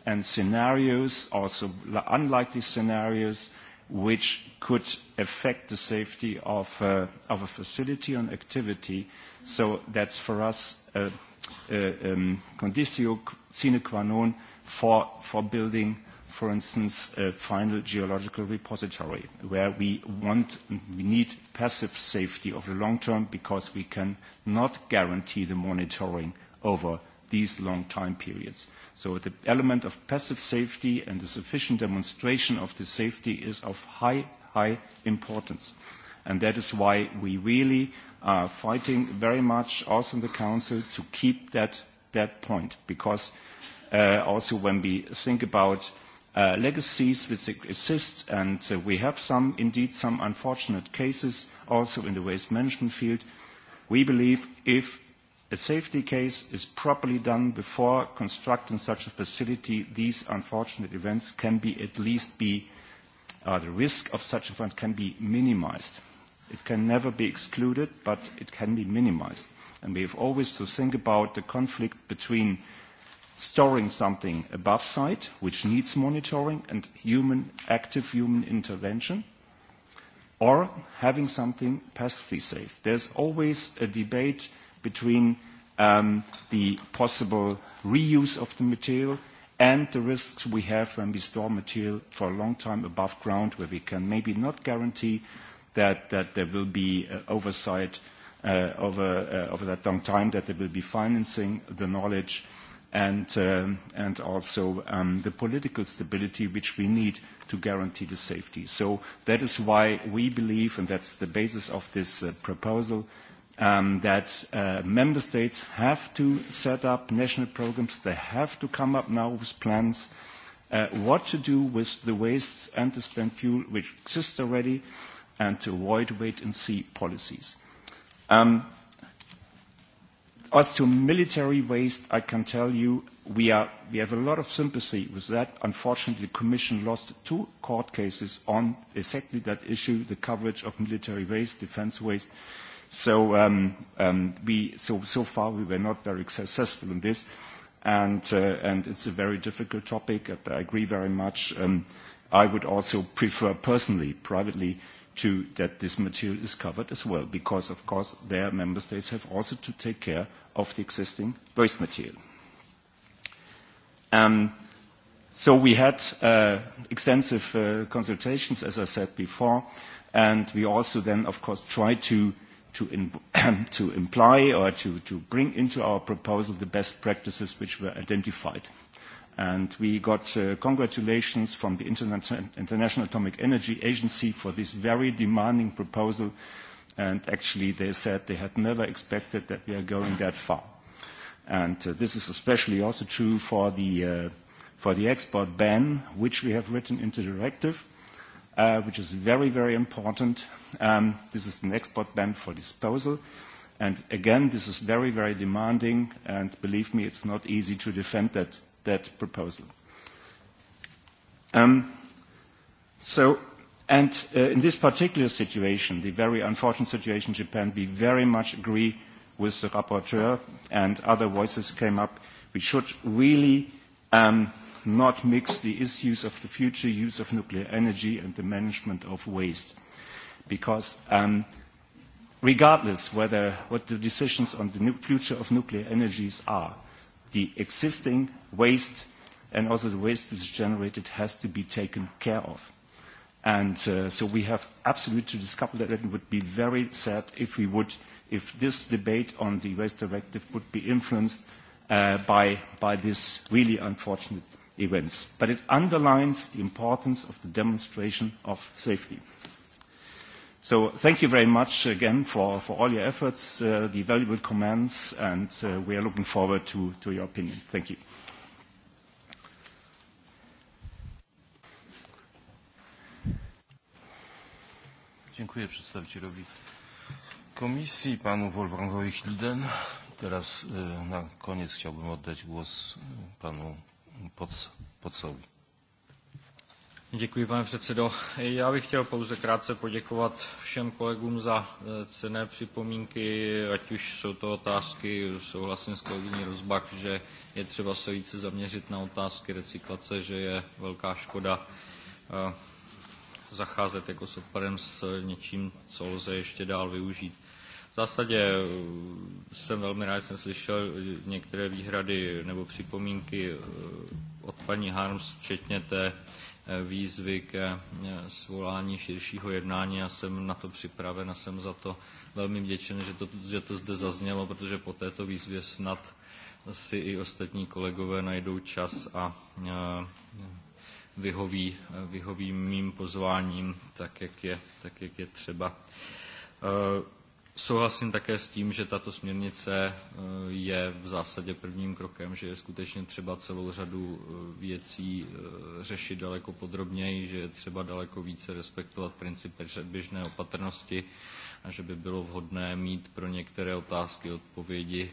and scenarios, also unlikely scenarios, which could affect the safety of, uh, of a facility and activity. So that's for us a, a um, conditio sine qua non for, for building, for instance, a final geological repository where we want, we need passive safety over the long term because we cannot guarantee the monitoring over these long time periods. So the element of passive safety and the sufficient demonstration of the safety is of high, high importance. And that is why we really are fighting very much also in the Council to keep that, that point. Because uh, also when we think about uh, legacies that exist, and uh, we have some, indeed, some unfortunate cases also in the waste management field, we believe if A safety case is properly done before constructing such a facility. These unfortunate events can be at least be, uh, the risk of such an event can be minimized. It can never be excluded, but it can be minimized. And we have always to think about the conflict between storing something above site, which needs monitoring and human, active human intervention, or having something passively safe. There's always a debate – between um, the possible reuse of the material and the risks we have when we store material for a long time above ground, where we can maybe not guarantee that, that there will be uh, oversight uh, over, uh, over that long time, that there will be financing, the knowledge, and, um, and also um, the political stability which we need to guarantee the safety. So that is why we believe, and that's the basis of this uh, proposal, uh, um, that uh, member states have to set up national programs. They have to come up now with plans uh, what to do with the wastes and the spent fuel which exists already and to avoid wait-and-see policies. Um, as to military waste, I can tell you we, are, we have a lot of sympathy with that. Unfortunately, the Commission lost two court cases on exactly that issue, the coverage of military waste, defense waste, uh, So, um, um, we, so, so far, we were not very successful in this, and, uh, and it's a very difficult topic, and I agree very much. Um, I would also prefer personally, privately, to that this material is covered as well, because of course, their member states have also to take care of the existing waste material. Um, so we had uh, extensive uh, consultations, as I said before, and we also then, of course, tried to to, in, (clears throat) to imply or to, to bring into our proposal the best practices which were identified. And we got uh, congratulations from the Interna International Atomic Energy Agency for this very demanding proposal. And actually, they said they had never expected that we are going that far. And uh, this is especially also true for the, uh, for the export ban, which we have written into the directive, uh, which is very, very important Um, this is an export ban for disposal. And again, this is very, very demanding, and believe me, it's not easy to defend that, that proposal. Um, so, and uh, in this particular situation, the very unfortunate situation in Japan, we very much agree with the rapporteur and other voices came up. We should really um, not mix the issues of the future use of nuclear energy and the management of waste because um, regardless whether what the decisions on the future of nuclear energies are, the existing waste and also the waste which is generated has to be taken care of. And uh, so we have absolutely to discover that it would be very sad if we would, if this debate on the waste directive would be influenced uh, by, by this really unfortunate events. But it underlines the importance of the demonstration of safety. So thank you very much again for, for all your efforts, uh, the valuable comments, and uh, we are looking forward to, to your opinion. Thank you. Dziękuję przedstawicielowi komisji, panu Wolfgangowi Hilden. Teraz y, na koniec chciałbym oddać głos panu Poc Pocowi. Děkuji, pane předsedo. Já bych chtěl pouze krátce poděkovat všem kolegům za eh, cené připomínky, ať už jsou to otázky, souhlasím s kolegyní Rozbach, že je třeba se více zaměřit na otázky recyklace, že je velká škoda eh, zacházet jako s odpadem s něčím, co lze ještě dál využít. V zásadě eh, jsem velmi rád, jsem slyšel některé výhrady nebo připomínky od paní Harms, včetně té výzvy k eh, svolání širšího jednání. Já jsem na to připraven a jsem za to velmi vděčen, že to, že to zde zaznělo, protože po této výzvě snad si i ostatní kolegové najdou čas a eh, vyhoví, vyhoví mým pozváním, tak jak je, tak jak je třeba. Eh, Souhlasím také s tím, že tato směrnice e, je v zásadě prvním krokem, že je skutečně třeba celou řadu e, věcí e, řešit daleko podrobněji, že je třeba daleko více respektovat principy předběžné opatrnosti a že by bylo vhodné mít pro některé otázky odpovědi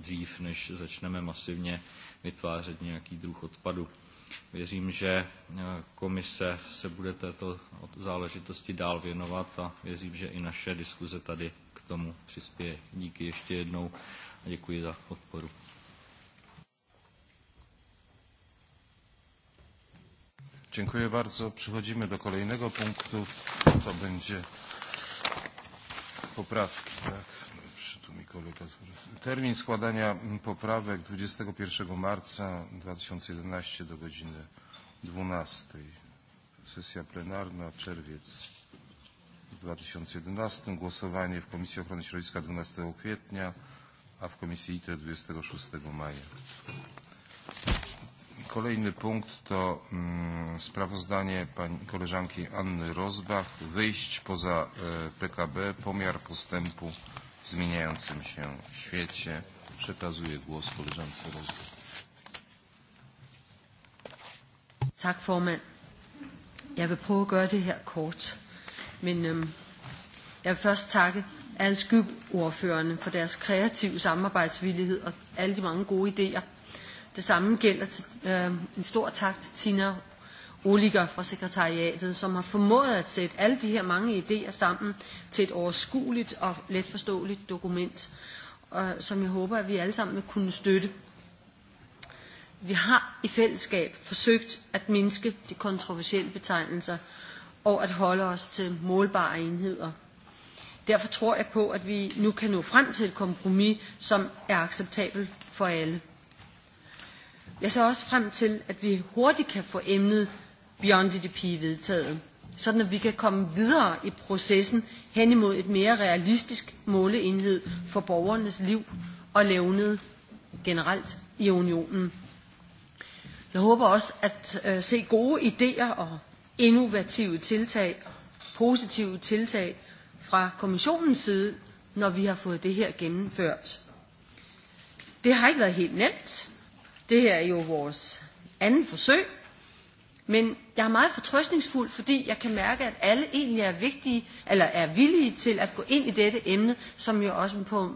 dřív, než začneme masivně vytvářet nějaký druh odpadu. Věřím, že komise se bude této záležitosti dál věnovat a věřím, že i naše diskuze tady k tomu přispěje. Díky ještě jednou a děkuji za podporu. Dziękuję bardzo. Przechodzimy do kolejnego punktu. To będzie poprawki. Tak? Termin składania poprawek 21 marca 2011 do godziny 12. Sesja plenarna, czerwiec 2011, głosowanie w Komisji Ochrony Środowiska 12 kwietnia, a w Komisji ITRE 26 maja. Kolejny punkt to mm, sprawozdanie pani koleżanki Anny Rozbach, wyjść poza e, PKB, pomiar postępu w zmieniającym się świecie. Przekazuję głos koleżance Rozbach. Tak, formand. Jeg vil prøve at gøre det her kort. Men øhm, jeg vil først takke alle skybordførerne for deres kreative samarbejdsvillighed og alle de mange gode idéer. Det samme gælder til, øh, en stor tak til Tina Oliger fra sekretariatet, som har formået at sætte alle de her mange idéer sammen til et overskueligt og letforståeligt dokument, øh, som jeg håber, at vi alle sammen vil kunne støtte. Vi har i fællesskab forsøgt at mindske de kontroversielle betegnelser, og at holde os til målbare enheder. Derfor tror jeg på, at vi nu kan nå frem til et kompromis, som er acceptabelt for alle. Jeg ser også frem til, at vi hurtigt kan få emnet Beyond GDP vedtaget, sådan at vi kan komme videre i processen hen imod et mere realistisk måleenhed for borgernes liv og levnet generelt i unionen. Jeg håber også at øh, se gode idéer og innovative tiltag, positive tiltag fra kommissionens side, når vi har fået det her gennemført. Det har ikke været helt nemt. Det her er jo vores anden forsøg. Men jeg er meget fortrøstningsfuld, fordi jeg kan mærke, at alle egentlig er vigtige, eller er villige til at gå ind i dette emne, som jo også på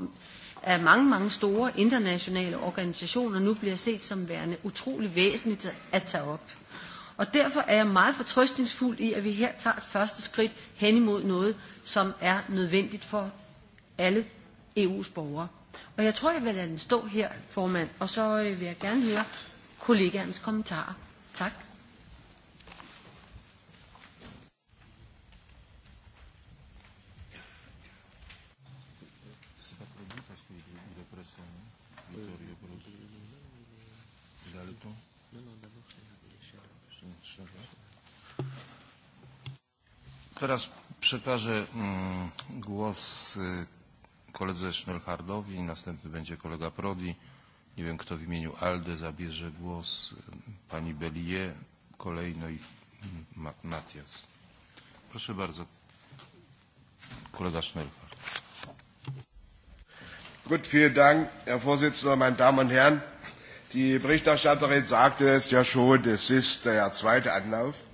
af mange, mange store internationale organisationer nu bliver set som værende utrolig væsentligt at tage op. Og derfor er jeg meget fortrøstningsfuld i, at vi her tager et første skridt hen imod noget, som er nødvendigt for alle EU's borgere. Og jeg tror, jeg vil lade den stå her, formand, og så øh, vil jeg gerne høre kollegaernes kommentarer. Tak. Teraz przekażę mm, głos koledze Schnellhardowi, następny będzie kolega Prodi. Nie wiem, kto w imieniu ALDE zabierze głos. Pani Bellier, kolejno i mm, Ma Matias. Proszę bardzo, kolega Schnellhard. Gut, vielen Dank, Herr Vorsitzender, meine Damen und Herren. Die Berichterstatterin sagte es ja schon, es ist der zweite Anlauf.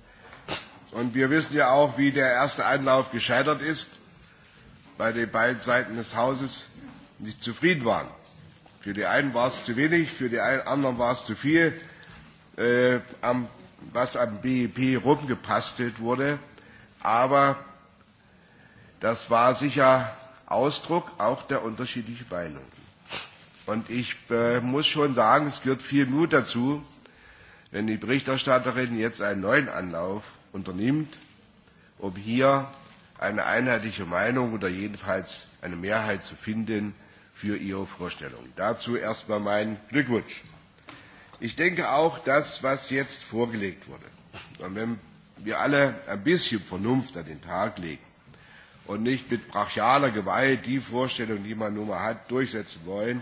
Und wir wissen ja auch, wie der erste Anlauf gescheitert ist, weil die beiden Seiten des Hauses nicht zufrieden waren. Für die einen war es zu wenig, für die anderen war es zu viel, äh, am, was am BIP e rumgepastelt wurde. Aber das war sicher Ausdruck auch der unterschiedlichen Meinungen. Und ich äh, muss schon sagen, es gehört viel Mut dazu, wenn die Berichterstatterin jetzt einen neuen Anlauf unternimmt, um hier eine einheitliche Meinung oder jedenfalls eine Mehrheit zu finden für Ihre Vorstellung. Dazu erstmal meinen Glückwunsch. Ich denke auch, das, was jetzt vorgelegt wurde, und wenn wir alle ein bisschen Vernunft an den Tag legen und nicht mit brachialer Gewalt die Vorstellung, die man nun mal hat, durchsetzen wollen,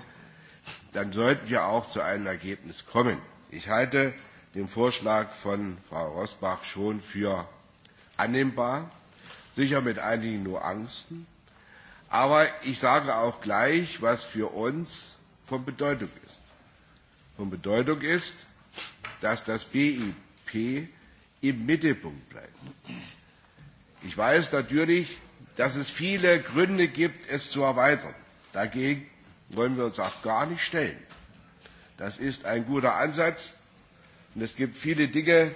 dann sollten wir auch zu einem Ergebnis kommen. Ich halte den Vorschlag von Frau Rosbach schon für annehmbar, sicher mit einigen Nuancen. Aber ich sage auch gleich, was für uns von Bedeutung ist. Von Bedeutung ist, dass das BIP im Mittelpunkt bleibt. Ich weiß natürlich, dass es viele Gründe gibt, es zu erweitern. Dagegen wollen wir uns auch gar nicht stellen. Das ist ein guter Ansatz, Und es gibt viele Dinge,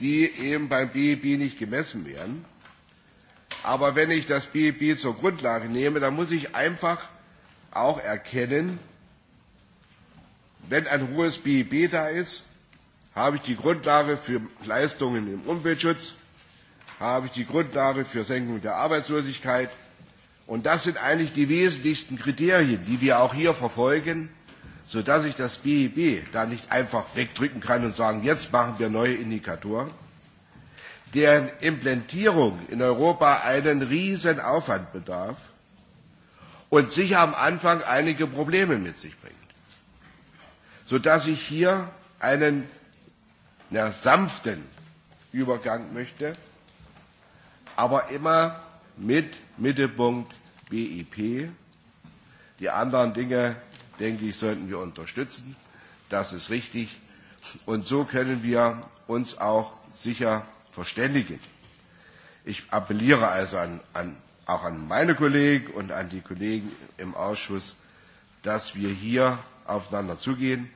die eben beim BIP e nicht gemessen werden. Aber wenn ich das BIP e zur Grundlage nehme, dann muss ich einfach auch erkennen, wenn ein hohes BIP e da ist, habe ich die Grundlage für Leistungen im Umweltschutz, habe ich die Grundlage für Senkung der Arbeitslosigkeit. Und das sind eigentlich die wesentlichsten Kriterien, die wir auch hier verfolgen sodass ich das BIP e da nicht einfach wegdrücken kann und sagen, jetzt machen wir neue Indikatoren, deren Implementierung in Europa einen riesen Aufwand bedarf und sicher am Anfang einige Probleme mit sich bringt, sodass ich hier einen na, sanften Übergang möchte, aber immer mit Mittelpunkt BIP. E Die anderen Dinge denke ich, sollten wir unterstützen. Das ist richtig. Und so können wir uns auch sicher verständigen. Ich appelliere also an, an, auch an meine Kollegen und an die Kollegen im Ausschuss, dass wir hier aufeinander zugehen.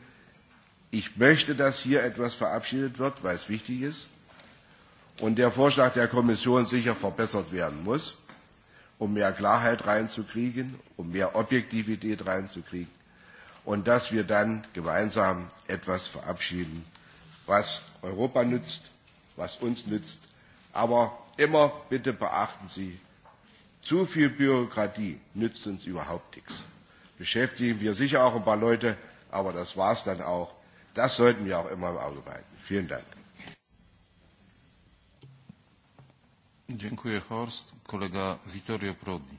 Ich möchte, dass hier etwas verabschiedet wird, weil es wichtig ist und der Vorschlag der Kommission sicher verbessert werden muss, um mehr Klarheit reinzukriegen, um mehr Objektivität reinzukriegen und dass wir dann gemeinsam etwas verabschieden, was Europa nützt, was uns nützt. Aber immer bitte beachten Sie, zu viel Bürokratie nützt uns überhaupt nichts. Beschäftigen wir sicher auch ein paar Leute, aber das war es dann auch. Das sollten wir auch immer im Auge behalten. Vielen Dank. Dziękuję Horst. Kolega Vittorio Prodi.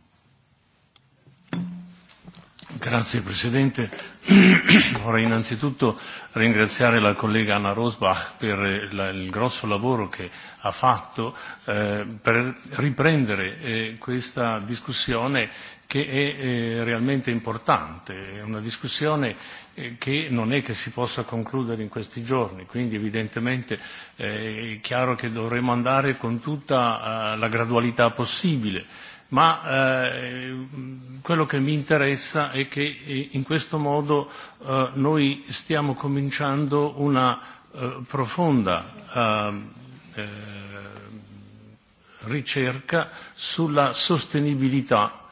Grazie Presidente. (clears throat) Vorrei innanzitutto ringraziare la collega Anna Rosbach per eh, la, il grosso lavoro che ha fatto eh, per riprendere eh, questa discussione che è eh, realmente importante, è una discussione eh, che non è che si possa concludere in questi giorni, quindi evidentemente eh, è chiaro che dovremo andare con tutta eh, la gradualità possibile ma eh, quello che mi interessa è che eh, in questo modo eh, noi stiamo cominciando una eh, profonda eh, eh, ricerca sulla sostenibilità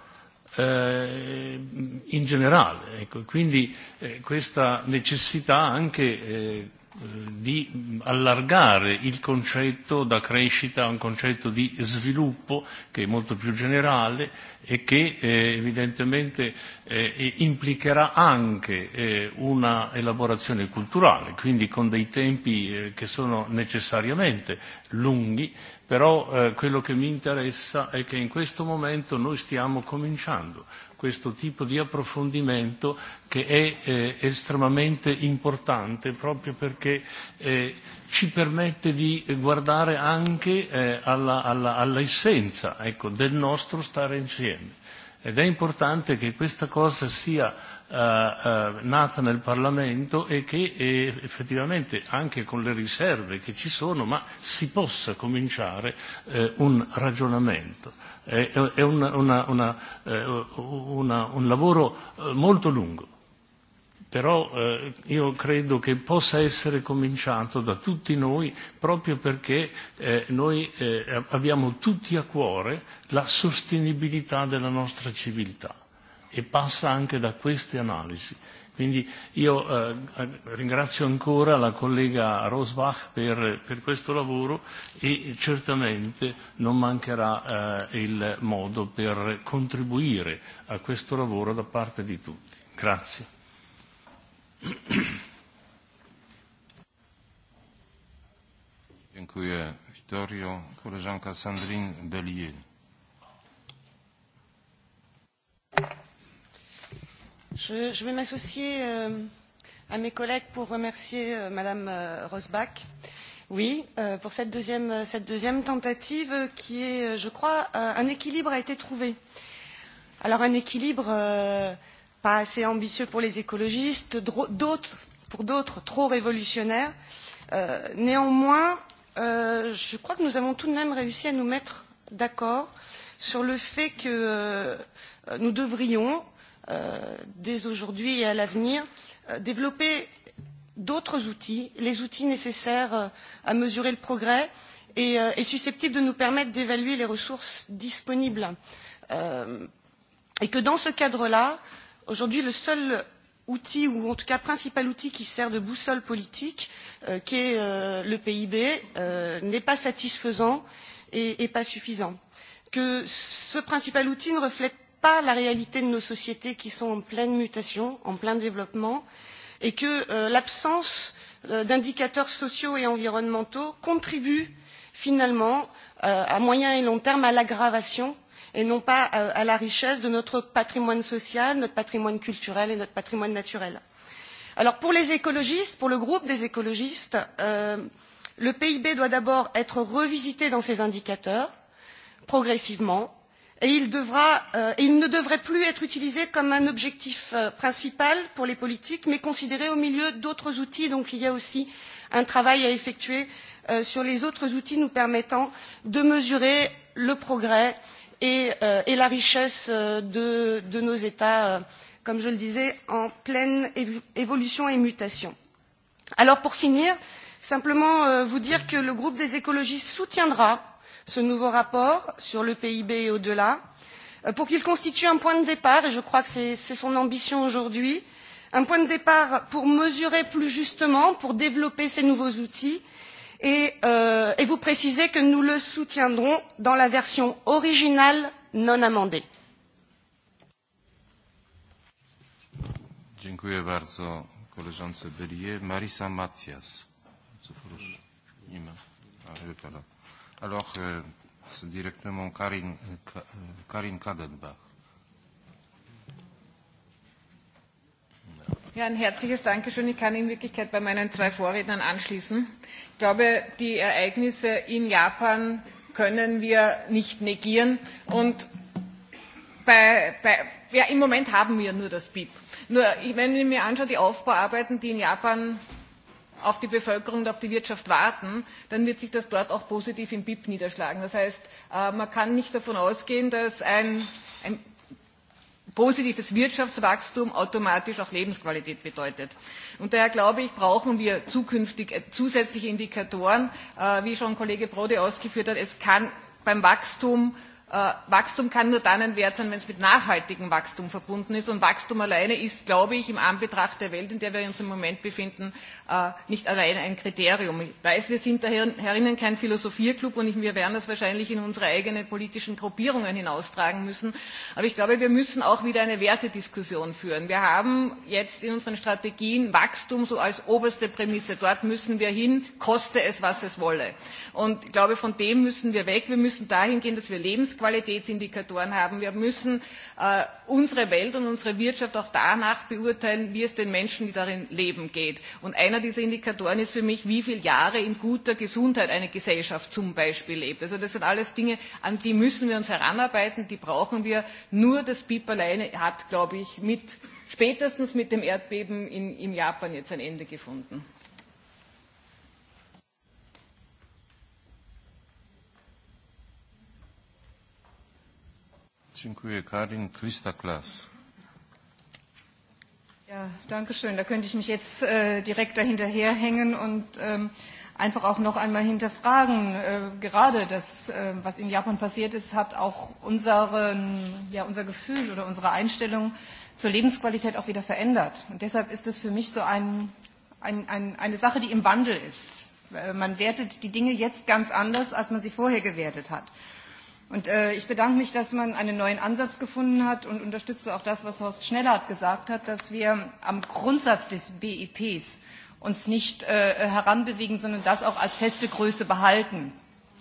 eh, in generale. Ecco, quindi eh, questa necessità anche eh, di allargare il concetto da crescita a un concetto di sviluppo che è molto più generale e che eh, evidentemente eh, implicherà anche eh, una elaborazione culturale, quindi con dei tempi eh, che sono necessariamente lunghi, però eh, quello che mi interessa è che in questo momento noi stiamo cominciando questo tipo di approfondimento che è eh, estremamente importante proprio perché eh, ci permette di guardare anche eh, alla, alla, all'essenza ecco, del nostro stare insieme. Ed è importante che questa cosa sia eh, uh, uh, nata nel Parlamento e che eh, effettivamente anche con le riserve che ci sono, ma si possa cominciare eh, un ragionamento è, è una, una, una, eh, una, un lavoro eh, molto lungo, però eh, io credo che possa essere cominciato da tutti noi proprio perché eh, noi eh, abbiamo tutti a cuore la sostenibilità della nostra civiltà e passa anche da queste analisi Quindi io eh, ringrazio ancora la collega Rosbach per, per questo lavoro e certamente non mancherà eh, il modo per contribuire a questo lavoro da parte di tutti. Grazie. Dziękuję Vittorio. Koleżanka Sandrine Bellier. Je, je vais m'associer euh, à mes collègues pour remercier euh, Madame euh, Rosbach. Oui, euh, pour cette deuxième, euh, cette deuxième tentative qui est, euh, je crois, euh, un équilibre a été trouvé. Alors un équilibre euh, pas assez ambitieux pour les écologistes, d'autres pour d'autres trop révolutionnaire. Euh, néanmoins, euh, je crois que nous avons tout de même réussi à nous mettre d'accord sur le fait que euh, nous devrions euh, dès aujourd'hui et à l'avenir, euh, développer d'autres outils, les outils nécessaires euh, à mesurer le progrès et, euh, et susceptibles de nous permettre d'évaluer les ressources disponibles. Euh, et que dans ce cadre-là, aujourd'hui, le seul outil, ou en tout cas principal outil qui sert de boussole politique, euh, qui est euh, le PIB, euh, n'est pas satisfaisant et, et pas suffisant. Que ce principal outil ne reflète pas la réalité de nos sociétés qui sont en pleine mutation, en plein développement, et que euh, l'absence euh, d'indicateurs sociaux et environnementaux contribue finalement euh, à moyen et long terme à l'aggravation et non pas euh, à la richesse de notre patrimoine social, notre patrimoine culturel et notre patrimoine naturel. Alors pour les écologistes, pour le groupe des écologistes, euh, le PIB doit d'abord être revisité dans ses indicateurs progressivement et il, devra, euh, et il ne devrait plus être utilisé comme un objectif euh, principal pour les politiques, mais considéré au milieu d'autres outils. Donc il y a aussi un travail à effectuer euh, sur les autres outils nous permettant de mesurer le progrès et, euh, et la richesse euh, de, de nos États, euh, comme je le disais, en pleine évolution et mutation. Alors pour finir, simplement euh, vous dire que le groupe des écologistes soutiendra euh, ce nouveau rapport sur le pib et au delà euh, pour qu'il constitue un point de départ et je crois que c'est son ambition aujourd'hui un point de départ pour mesurer plus justement pour développer ces nouveaux outils et, euh, et vous préciser que nous le soutiendrons dans la version originale non amendée. Dziękuję bardzo koleżance Bellier. Marisa Matias. Bardzo proszę. Nie ma. Ale wypada. Alors, euh, c'est directement Karine, euh, Karine Kadenbach. Ja, ein herzliches Dankeschön. Ich kann in Wirklichkeit bei meinen zwei Vorrednern anschließen. Ich glaube, die Ereignisse in Japan können wir nicht negieren. Und bei, bei, ja, im Moment haben wir nur das BIP. Nur, wenn ich mir anschaue, die Aufbauarbeiten, die in Japan auf die Bevölkerung und auf die Wirtschaft warten, dann wird sich das dort auch positiv im BIP niederschlagen. Das heißt, äh, man kann nicht davon ausgehen, dass ein, ein positives Wirtschaftswachstum automatisch auch Lebensqualität bedeutet. Und daher glaube ich, brauchen wir zukünftig äh, zusätzliche Indikatoren, äh, wie schon Kollege Brode ausgeführt hat. Es kann beim Wachstum äh, Wachstum kann nur dann ein Wert sein, wenn es mit nachhaltigem Wachstum verbunden ist. Und Wachstum alleine ist, glaube ich, im Anbetracht der Welt, in der wir uns im Moment befinden, äh, nicht allein ein Kriterium. Ich weiß, wir sind da herinnen kein Philosophierclub und wir werden das wahrscheinlich in unsere eigenen politischen Gruppierungen hinaustragen müssen. Aber ich glaube, wir müssen auch wieder eine Wertediskussion führen. Wir haben jetzt in unseren Strategien Wachstum so als oberste Prämisse. Dort müssen wir hin, koste es, was es wolle. Und ich glaube, von dem müssen wir weg. Wir müssen dahin gehen, dass wir Lebensqualität Qualitätsindikatoren haben. Wir müssen äh, unsere Welt und unsere Wirtschaft auch danach beurteilen, wie es den Menschen, die darin leben, geht. Und einer dieser Indikatoren ist für mich, wie viele Jahre in guter Gesundheit eine Gesellschaft zum Beispiel lebt. Also das sind alles Dinge, an die müssen wir uns heranarbeiten, die brauchen wir. Nur das BIP alleine hat, glaube ich, mit, spätestens mit dem Erdbeben in, in Japan jetzt ein Ende gefunden. Dziękuję, Karin Christa-Klaas. Ja, danke schön. Da könnte ich mich jetzt äh, direkt dahinterherhängen und ähm, einfach auch noch einmal hinterfragen. Äh, gerade das, äh, was in Japan passiert ist, hat auch unseren, ja, unser Gefühl oder unsere Einstellung zur Lebensqualität auch wieder verändert. Und deshalb ist es für mich so ein, ein, ein, eine Sache, die im Wandel ist. Äh, man wertet die Dinge jetzt ganz anders, als man sie vorher gewertet hat. Und äh, ich bedanke mich, dass man einen neuen Ansatz gefunden hat und unterstütze auch das, was Horst Schnellhardt gesagt hat, dass wir am Grundsatz des BIPs e uns nicht äh, heranbewegen, sondern das auch als feste Größe behalten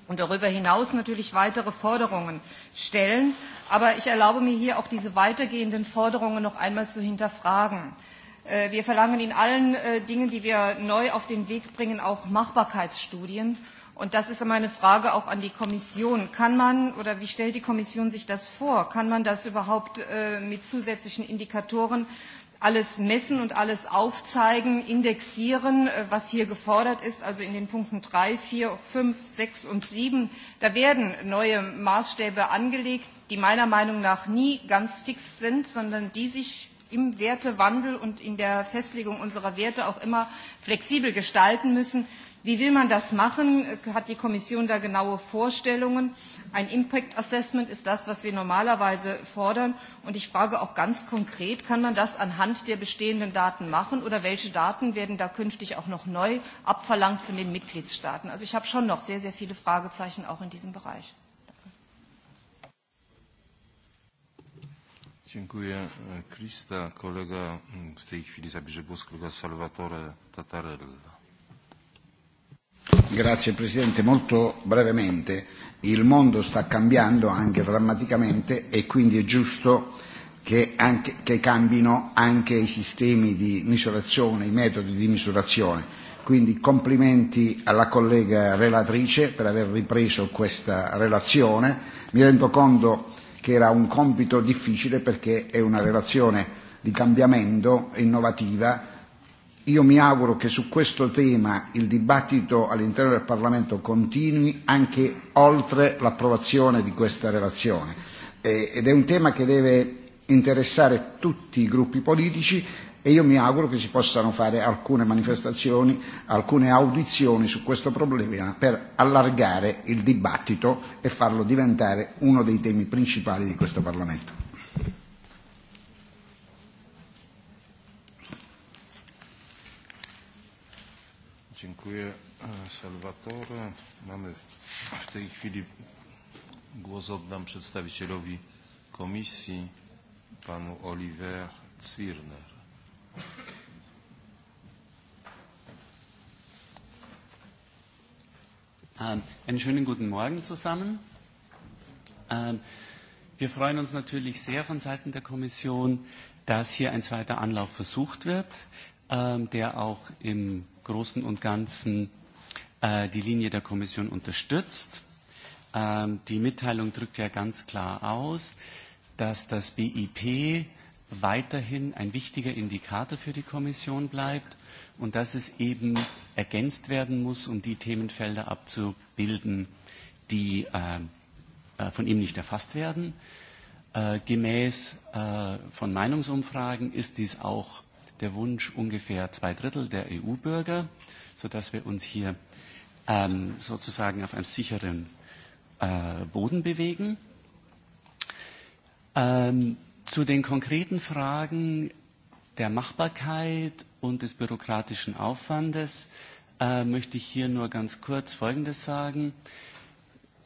und darüber hinaus natürlich weitere Forderungen stellen. Aber ich erlaube mir hier auch diese weitergehenden Forderungen noch einmal zu hinterfragen. Äh, wir verlangen in allen äh, Dingen, die wir neu auf den Weg bringen, auch Machbarkeitsstudien Und das ist meine Frage auch an die Kommission. Kann man oder wie stellt die Kommission sich das vor? Kann man das überhaupt äh, mit zusätzlichen Indikatoren alles messen und alles aufzeigen, indexieren, äh, was hier gefordert ist, also in den Punkten 3, 4, 5, 6 und 7. Da werden neue Maßstäbe angelegt, die meiner Meinung nach nie ganz fix sind, sondern die sich im Wertewandel und in der Festlegung unserer Werte auch immer flexibel gestalten müssen. Wie will man das machen? Hat die Kommission da genaue Vorstellungen? Ein Impact Assessment ist das, was wir normalerweise fordern. Und ich frage auch ganz konkret, kann man das anhand der bestehenden Daten machen oder welche Daten werden da künftig auch noch neu abverlangt von den Mitgliedstaaten? Also ich habe schon noch sehr, sehr viele Fragezeichen auch in diesem Bereich. Dziękuję. Krista, kolega, w tej chwili zabierze głos kolega Salvatore Tatarella. Grazie Presidente, molto brevemente. Il mondo sta cambiando anche drammaticamente e quindi è giusto che, anche, che cambino anche i sistemi di misurazione, i metodi di misurazione. Quindi complimenti alla collega relatrice per aver ripreso questa relazione. Mi rendo conto che era un compito difficile perché è una relazione di cambiamento innovativa Io mi auguro che su questo tema il dibattito all'interno del Parlamento continui anche oltre l'approvazione di questa relazione eh, ed è un tema che deve interessare tutti i gruppi politici e io mi auguro che si possano fare alcune manifestazioni, alcune audizioni su questo problema per allargare il dibattito e farlo diventare uno dei temi principali di questo Parlamento. Dziękuję, e, Salvatore. Mamy w tej chwili głos oddam przedstawicielowi komisji, panu Oliver Zwirner. Ähm, einen schönen guten Morgen zusammen. Ähm, wir freuen uns natürlich sehr von Seiten der Kommission, dass hier ein zweiter Anlauf versucht wird, ähm, der auch im Großen und Ganzen äh, die Linie der Kommission unterstützt. Ähm, die Mitteilung drückt ja ganz klar aus, dass das BIP weiterhin ein wichtiger Indikator für die Kommission bleibt und dass es eben ergänzt werden muss, um die Themenfelder abzubilden, die äh, äh, von ihm nicht erfasst werden. Äh, gemäß äh, von Meinungsumfragen ist dies auch der Wunsch ungefähr zwei Drittel der EU-Bürger, sodass wir uns hier ähm, sozusagen auf einem sicheren äh, Boden bewegen. Ähm, zu den konkreten Fragen der Machbarkeit und des bürokratischen Aufwandes äh, möchte ich hier nur ganz kurz Folgendes sagen. Äh,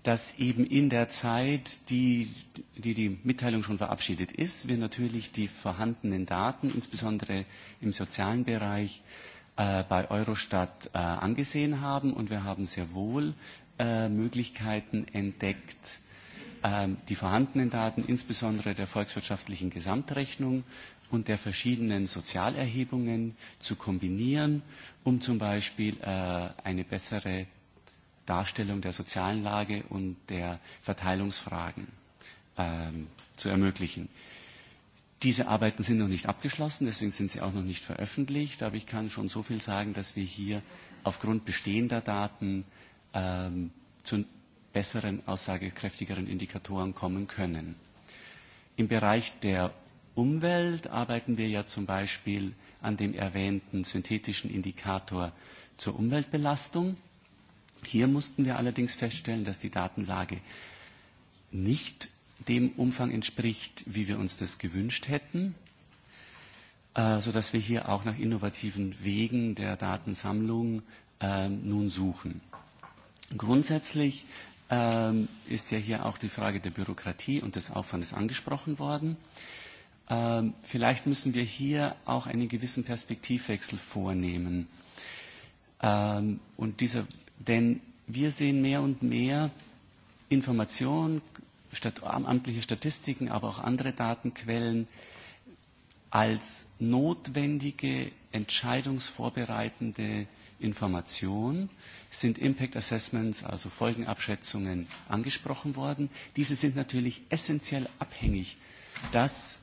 dass eben in der Zeit, die, die die Mitteilung schon verabschiedet ist, wir natürlich die vorhandenen Daten, insbesondere im sozialen Bereich, äh, bei Eurostat äh, angesehen haben. Und wir haben sehr wohl äh, Möglichkeiten entdeckt, äh, die vorhandenen Daten, insbesondere der volkswirtschaftlichen Gesamtrechnung und der verschiedenen Sozialerhebungen zu kombinieren, um zum Beispiel äh, eine bessere Darstellung der sozialen Lage und der Verteilungsfragen ähm, zu ermöglichen. Diese Arbeiten sind noch nicht abgeschlossen, deswegen sind sie auch noch nicht veröffentlicht, aber ich kann schon so viel sagen, dass wir hier aufgrund bestehender Daten ähm, zu besseren, aussagekräftigeren Indikatoren kommen können. Im Bereich der Umwelt arbeiten wir ja zum Beispiel an dem erwähnten synthetischen Indikator zur Umweltbelastung. Hier mussten wir allerdings feststellen, dass die Datenlage nicht dem Umfang entspricht, wie wir uns das gewünscht hätten, äh, sodass wir hier auch nach innovativen Wegen der Datensammlung äh, nun suchen. Grundsätzlich ähm, ist ja hier auch die Frage der Bürokratie und des Aufwandes angesprochen worden. Ähm, vielleicht müssen wir hier auch einen gewissen Perspektivwechsel vornehmen. Ähm, und dieser Denn wir sehen mehr und mehr Informationen, stat amtliche Statistiken, aber auch andere Datenquellen als notwendige entscheidungsvorbereitende Information sind Impact Assessments, also Folgenabschätzungen, angesprochen worden. Diese sind natürlich essentiell abhängig, dass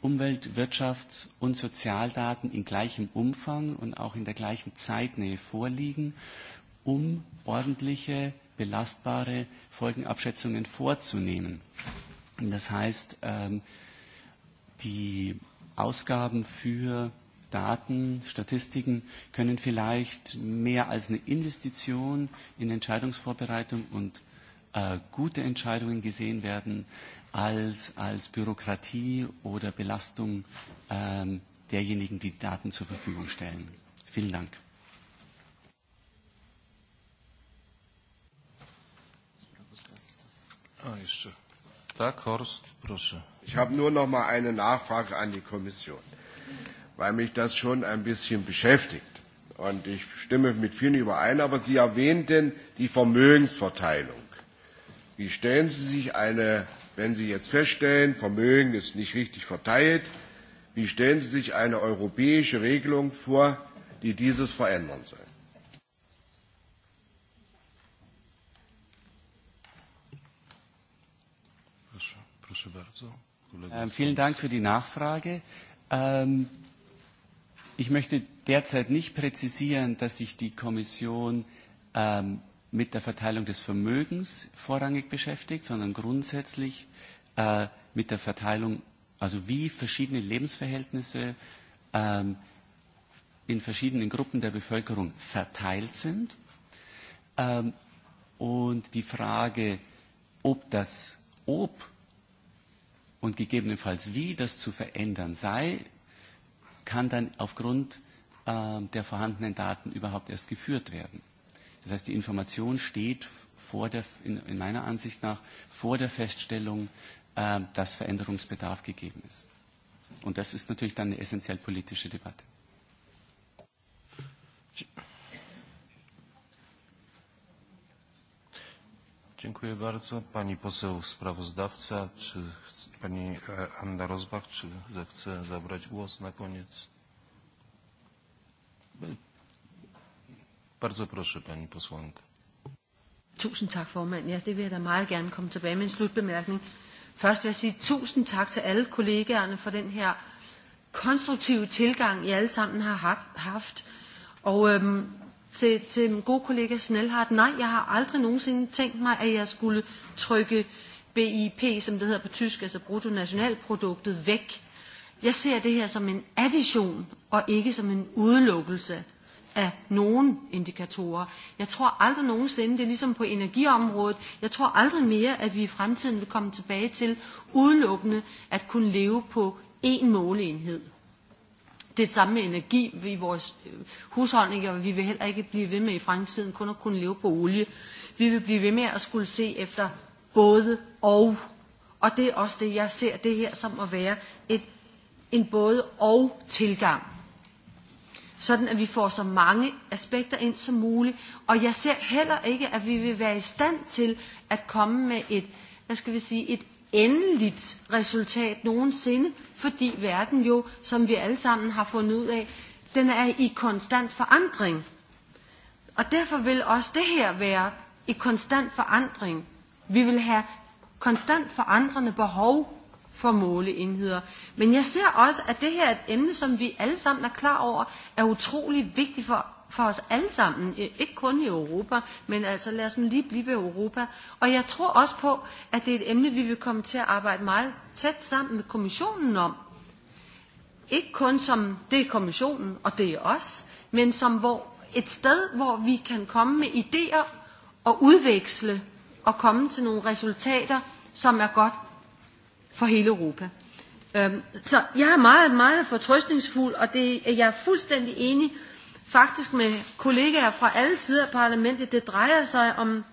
Umwelt-, Wirtschafts- und Sozialdaten in gleichem Umfang und auch in der gleichen Zeitnähe vorliegen, um ordentliche, belastbare Folgenabschätzungen vorzunehmen. Das heißt, ähm, die Ausgaben für Daten, Statistiken können vielleicht mehr als eine Investition in Entscheidungsvorbereitung und äh, gute Entscheidungen gesehen werden als, als Bürokratie oder Belastung ähm, derjenigen, die die Daten zur Verfügung stellen. Vielen Dank. A jeszcze. Tak, Horst, proszę. Ich habe nur noch mal eine Nachfrage an die Kommission, weil mich das schon ein bisschen beschäftigt. Und ich stimme mit vielen überein, aber Sie erwähnten die Vermögensverteilung. Wie stellen Sie sich eine, wenn Sie jetzt feststellen, Vermögen ist nicht richtig verteilt, wie stellen Sie sich eine europäische Regelung vor, die dieses verändern soll? Proszę bardzo. Ähm, vielen Dank für die Nachfrage. Ähm, ich möchte derzeit nicht präzisieren, dass sich die Kommission ähm, mit der Verteilung des Vermögens vorrangig beschäftigt, sondern grundsätzlich äh, mit der Verteilung, also wie verschiedene Lebensverhältnisse ähm, in verschiedenen Gruppen der Bevölkerung verteilt sind. Ähm, und die Frage, ob das, ob und gegebenenfalls wie das zu verändern sei, kann dann aufgrund äh, der vorhandenen Daten überhaupt erst geführt werden. Das heißt, die Information steht vor der, in, in meiner Ansicht nach vor der Feststellung, äh, dass Veränderungsbedarf gegeben ist. Und das ist natürlich dann eine essentiell politische Debatte. Dziękuję bardzo. Pani poseł sprawozdawca, czy pani e, Anna Rozbach, czy zechce zabrać głos na koniec? Bardzo proszę pani posłankę. Tusind tak, formand. Ja, det vil jeg da meget gerne komme tilbage med en slutbemærkning. Først vil jeg sige tusind tak til alle kollegaerne for den her konstruktive tilgang, I alle sammen har haft. Og øhm, til, til min gode kollega Snellhardt. Nej, jeg har aldrig nogensinde tænkt mig, at jeg skulle trykke BIP, som det hedder på tysk, altså bruttonationalproduktet, væk. Jeg ser det her som en addition og ikke som en udelukkelse af nogen indikatorer. Jeg tror aldrig nogensinde, det er ligesom på energiområdet, jeg tror aldrig mere, at vi i fremtiden vil komme tilbage til udelukkende at kunne leve på én måleenhed det er samme med energi i vores øh, husholdninger. Vi vil heller ikke blive ved med i fremtiden kun at kunne leve på olie. Vi vil blive ved med at skulle se efter både og. Og det er også det, jeg ser det her som at være et, en både og tilgang. Sådan at vi får så mange aspekter ind som muligt. Og jeg ser heller ikke, at vi vil være i stand til at komme med et, hvad skal vi sige, et endeligt resultat nogensinde, fordi verden jo, som vi alle sammen har fundet ud af, den er i konstant forandring. Og derfor vil også det her være i konstant forandring. Vi vil have konstant forandrende behov for måleenheder. Men jeg ser også, at det her er et emne, som vi alle sammen er klar over, er utrolig vigtigt for for os alle sammen, ikke kun i Europa, men altså lad os nu lige blive ved Europa. Og jeg tror også på, at det er et emne, vi vil komme til at arbejde meget tæt sammen med kommissionen om. Ikke kun som, det er kommissionen, og det er os, men som hvor et sted, hvor vi kan komme med idéer og udveksle og komme til nogle resultater, som er godt for hele Europa. Øhm, så jeg er meget, meget fortrøstningsfuld, og det, er jeg er fuldstændig enig faktisk med kollegaer fra alle sider af parlamentet. Det drejer sig om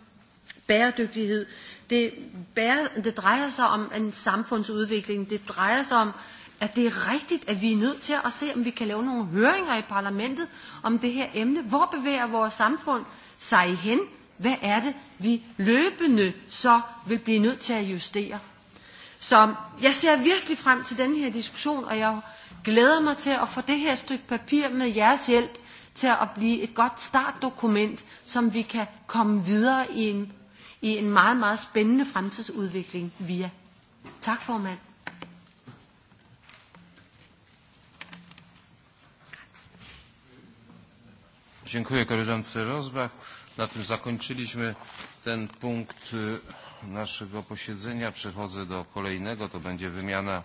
bæredygtighed. Det, bære, det drejer sig om en samfundsudvikling. Det drejer sig om, at det er rigtigt, at vi er nødt til at se, om vi kan lave nogle høringer i parlamentet om det her emne. Hvor bevæger vores samfund sig hen? Hvad er det, vi løbende så vil blive nødt til at justere? Så jeg ser virkelig frem til den her diskussion, og jeg glæder mig til at få det her stykke papir med jeres hjælp til at blive et godt startdokument, som vi kan komme videre i en, i en meget, meget spændende fremtidsudvikling via. Tak formand. Dziękuję koleżance Rozbach. Na tym zakończyliśmy ten punkt naszego posiedzenia. Przechodzę do kolejnego. To będzie wymiana,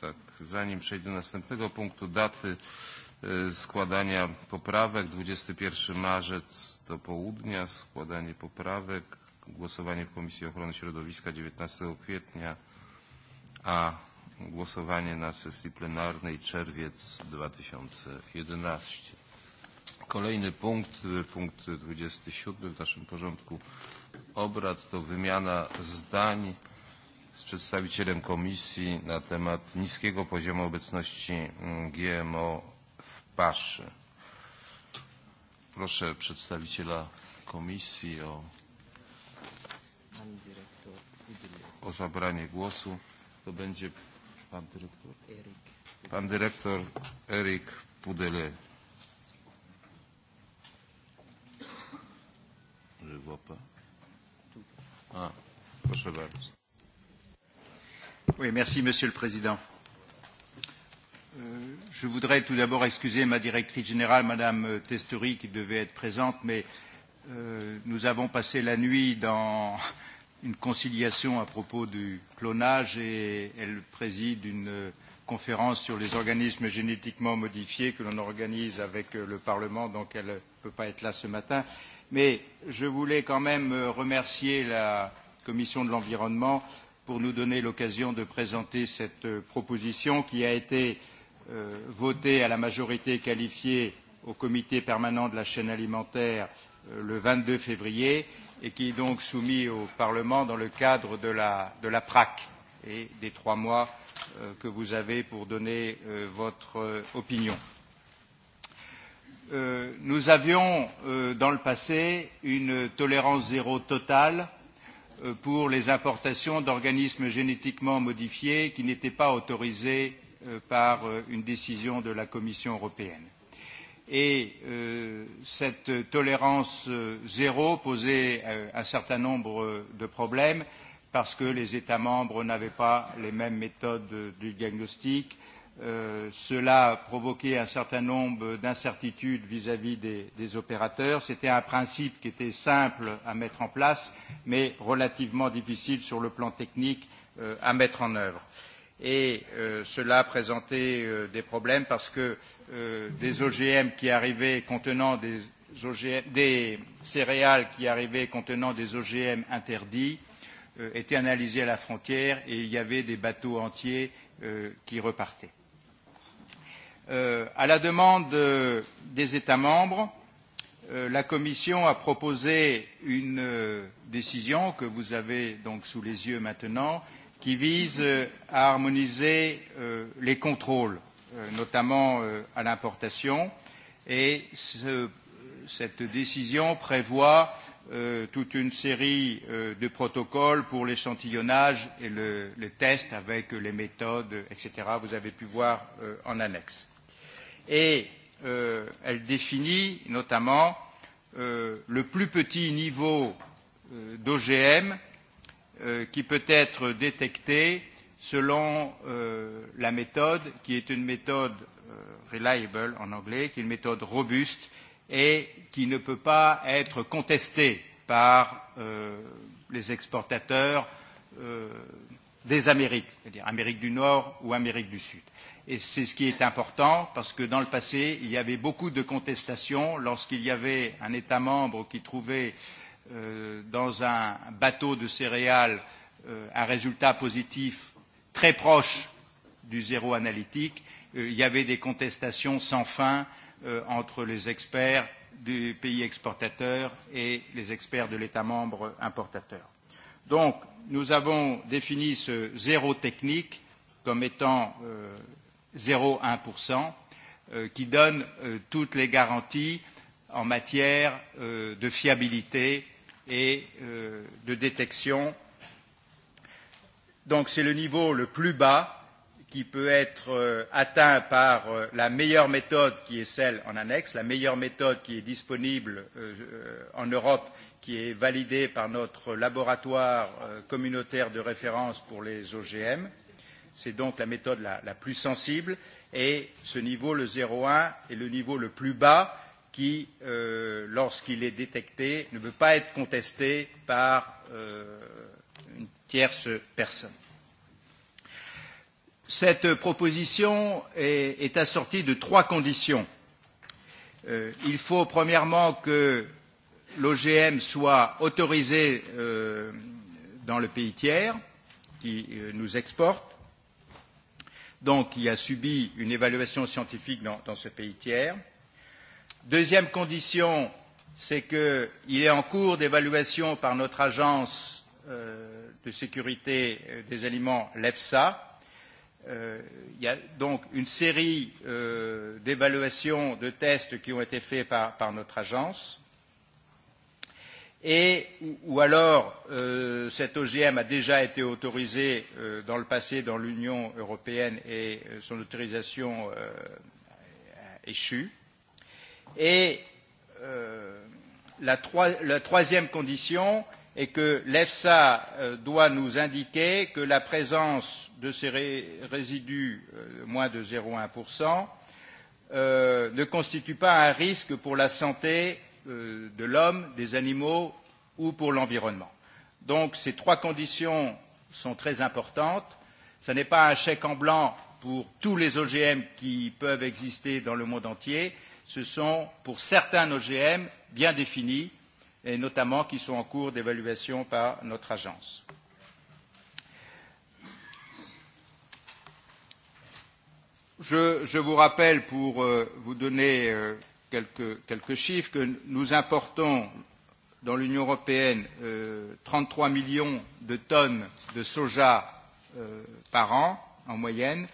tak, zanim przejdę do następnego punktu, daty E, składania poprawek. 21 marzec do południa składanie poprawek, głosowanie w Komisji Ochrony Środowiska 19 kwietnia, a głosowanie na sesji plenarnej czerwiec 2011. Kolejny punkt, e, punkt 27 w naszym porządku obrad to wymiana zdań z przedstawicielem Komisji na temat niskiego poziomu obecności mm, GMO Paszy. Proszę przedstawiciela komisji o, o zabranie głosu. To będzie pan dyrektor? Pan dyrektor Erik Pudele. Żywopa. A, proszę bardzo. Oui, merci, Monsieur le Président. Euh, je voudrais tout d'abord excuser ma directrice générale, Madame Testori, qui devait être présente, mais euh, nous avons passé la nuit dans (laughs) une conciliation à propos du clonage et elle préside une conférence sur les organismes génétiquement modifiés que l'on organise avec euh, le Parlement, donc elle ne peut pas être là ce matin. Mais je voulais quand même euh, remercier la Commission de l'environnement pour nous donner l'occasion de présenter cette proposition qui a été euh, euh, voté à la majorité qualifiée au comité permanent de la chaîne alimentaire euh, le 22 février et qui est donc soumis au Parlement dans le cadre de la, de la PRAC et des trois mois euh, que vous avez pour donner euh, votre euh, opinion. Euh, nous avions euh, dans le passé une tolérance zéro totale euh, pour les importations d'organismes génétiquement modifiés qui n'étaient pas autorisés euh, par euh, une décision de la Commission européenne. Et euh, cette tolérance euh, zéro posait euh, un certain nombre euh, de problèmes parce que les États membres n'avaient pas les mêmes méthodes de, euh, du diagnostic. Euh, cela provoquait un certain nombre d'incertitudes vis-à-vis des, des opérateurs. C'était un principe qui était simple à mettre en place, mais relativement difficile sur le plan technique euh, à mettre en œuvre. Euh, et euh, cela a présenté euh, des problèmes parce que euh, des OGM qui arrivaient contenant des, OGM, des céréales qui arrivaient contenant des OGM interdits euh, étaient analysées à la frontière et il y avait des bateaux entiers euh, qui repartaient. Euh, à la demande euh, des États membres, euh, la Commission a proposé une euh, décision que vous avez donc sous les yeux maintenant, euh, qui vise euh, à harmoniser euh, les contrôles, euh, notamment euh, à l'importation. Et ce, cette décision prévoit euh, toute une série euh, de protocoles pour l'échantillonnage et le, le test avec les méthodes, etc. Vous avez pu voir euh, en annexe. Et euh, elle définit notamment euh, le plus petit niveau euh, d'OGM euh, euh, qui peut être détectée selon euh, la méthode qui est une méthode euh, reliable en anglais, qui est une méthode robuste et qui ne peut pas être contestée par euh, les exportateurs euh, des Amériques, c'est-à-dire Amérique du Nord ou Amérique du Sud. Et c'est ce qui est important parce que dans le passé, il y avait beaucoup de contestations lorsqu'il y avait un État membre qui trouvait euh, euh, dans un bateau de céréales euh, un résultat positif très proche du zéro analytique, euh, il y avait des contestations sans fin euh, entre les experts des pays exportateurs et les experts de l'État membre importateur. Donc, nous avons défini ce zéro technique comme étant euh, 0,1%, euh, qui donne euh, toutes les garanties en matière euh, de fiabilité et euh, de détection. Donc c'est le niveau le plus bas qui peut être euh, atteint par euh, la meilleure méthode qui est celle en annexe, la meilleure méthode qui est disponible euh, euh en Europe, qui est validée par notre laboratoire euh, communautaire de référence pour les OGM. C'est donc la méthode la, la plus sensible et ce niveau, le 0,1, est le niveau le plus bas qui, euh, lorsqu'il est détecté, ne peut pas être contesté par euh, une tierce personne. Cette proposition est, est assortie de trois conditions. Euh, il faut premièrement que l'OGM soit autorisé euh, dans le pays tiers qui euh, nous exporte, donc qui a subi une évaluation scientifique dans, dans ce pays tiers. Euh, Deuxième condition, c'est qu'il est en cours d'évaluation par notre agence euh, de sécurité euh, des aliments, l'EFSA. Euh, il y a donc une série euh, d'évaluations, de tests qui ont été faits par, par notre agence. Et, ou, ou alors, euh, cet OGM a déjà été autorisé euh, dans le passé dans l'Union européenne et euh, son autorisation euh, a échu. Euh, Et euh, la, troi la troisième condition est que l'EFSA euh, doit nous indiquer que la présence de ces ré résidus euh, moins de 0,1% euh, ne constitue pas un risque pour la santé euh, de l'homme, des animaux ou pour l'environnement. Donc ces trois conditions sont très importantes. Ce n'est pas un chèque en blanc pour tous les OGM qui peuvent exister dans le monde entier, ce sont pour certains OGM bien définis et notamment qui sont en cours d'évaluation par notre agence. Je, je vous rappelle, pour euh, vous donner euh, quelques, quelques chiffres, que nous importons dans l'Union européenne euh, 33 millions de tonnes de soja euh, par an en moyenne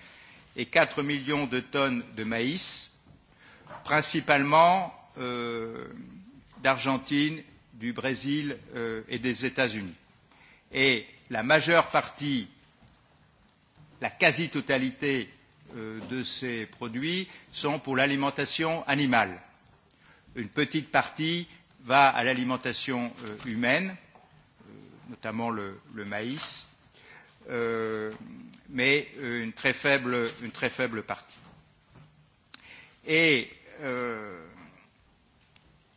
et 4 millions de tonnes de maïs principalement euh, d'Argentine, du Brésil euh, et des États-Unis. Et la majeure partie, la quasi-totalité euh, de ces produits sont pour l'alimentation animale. Une petite partie va à l'alimentation euh, humaine, euh, notamment le, le maïs, euh, mais euh, une très, faible, une très faible partie. Et euh,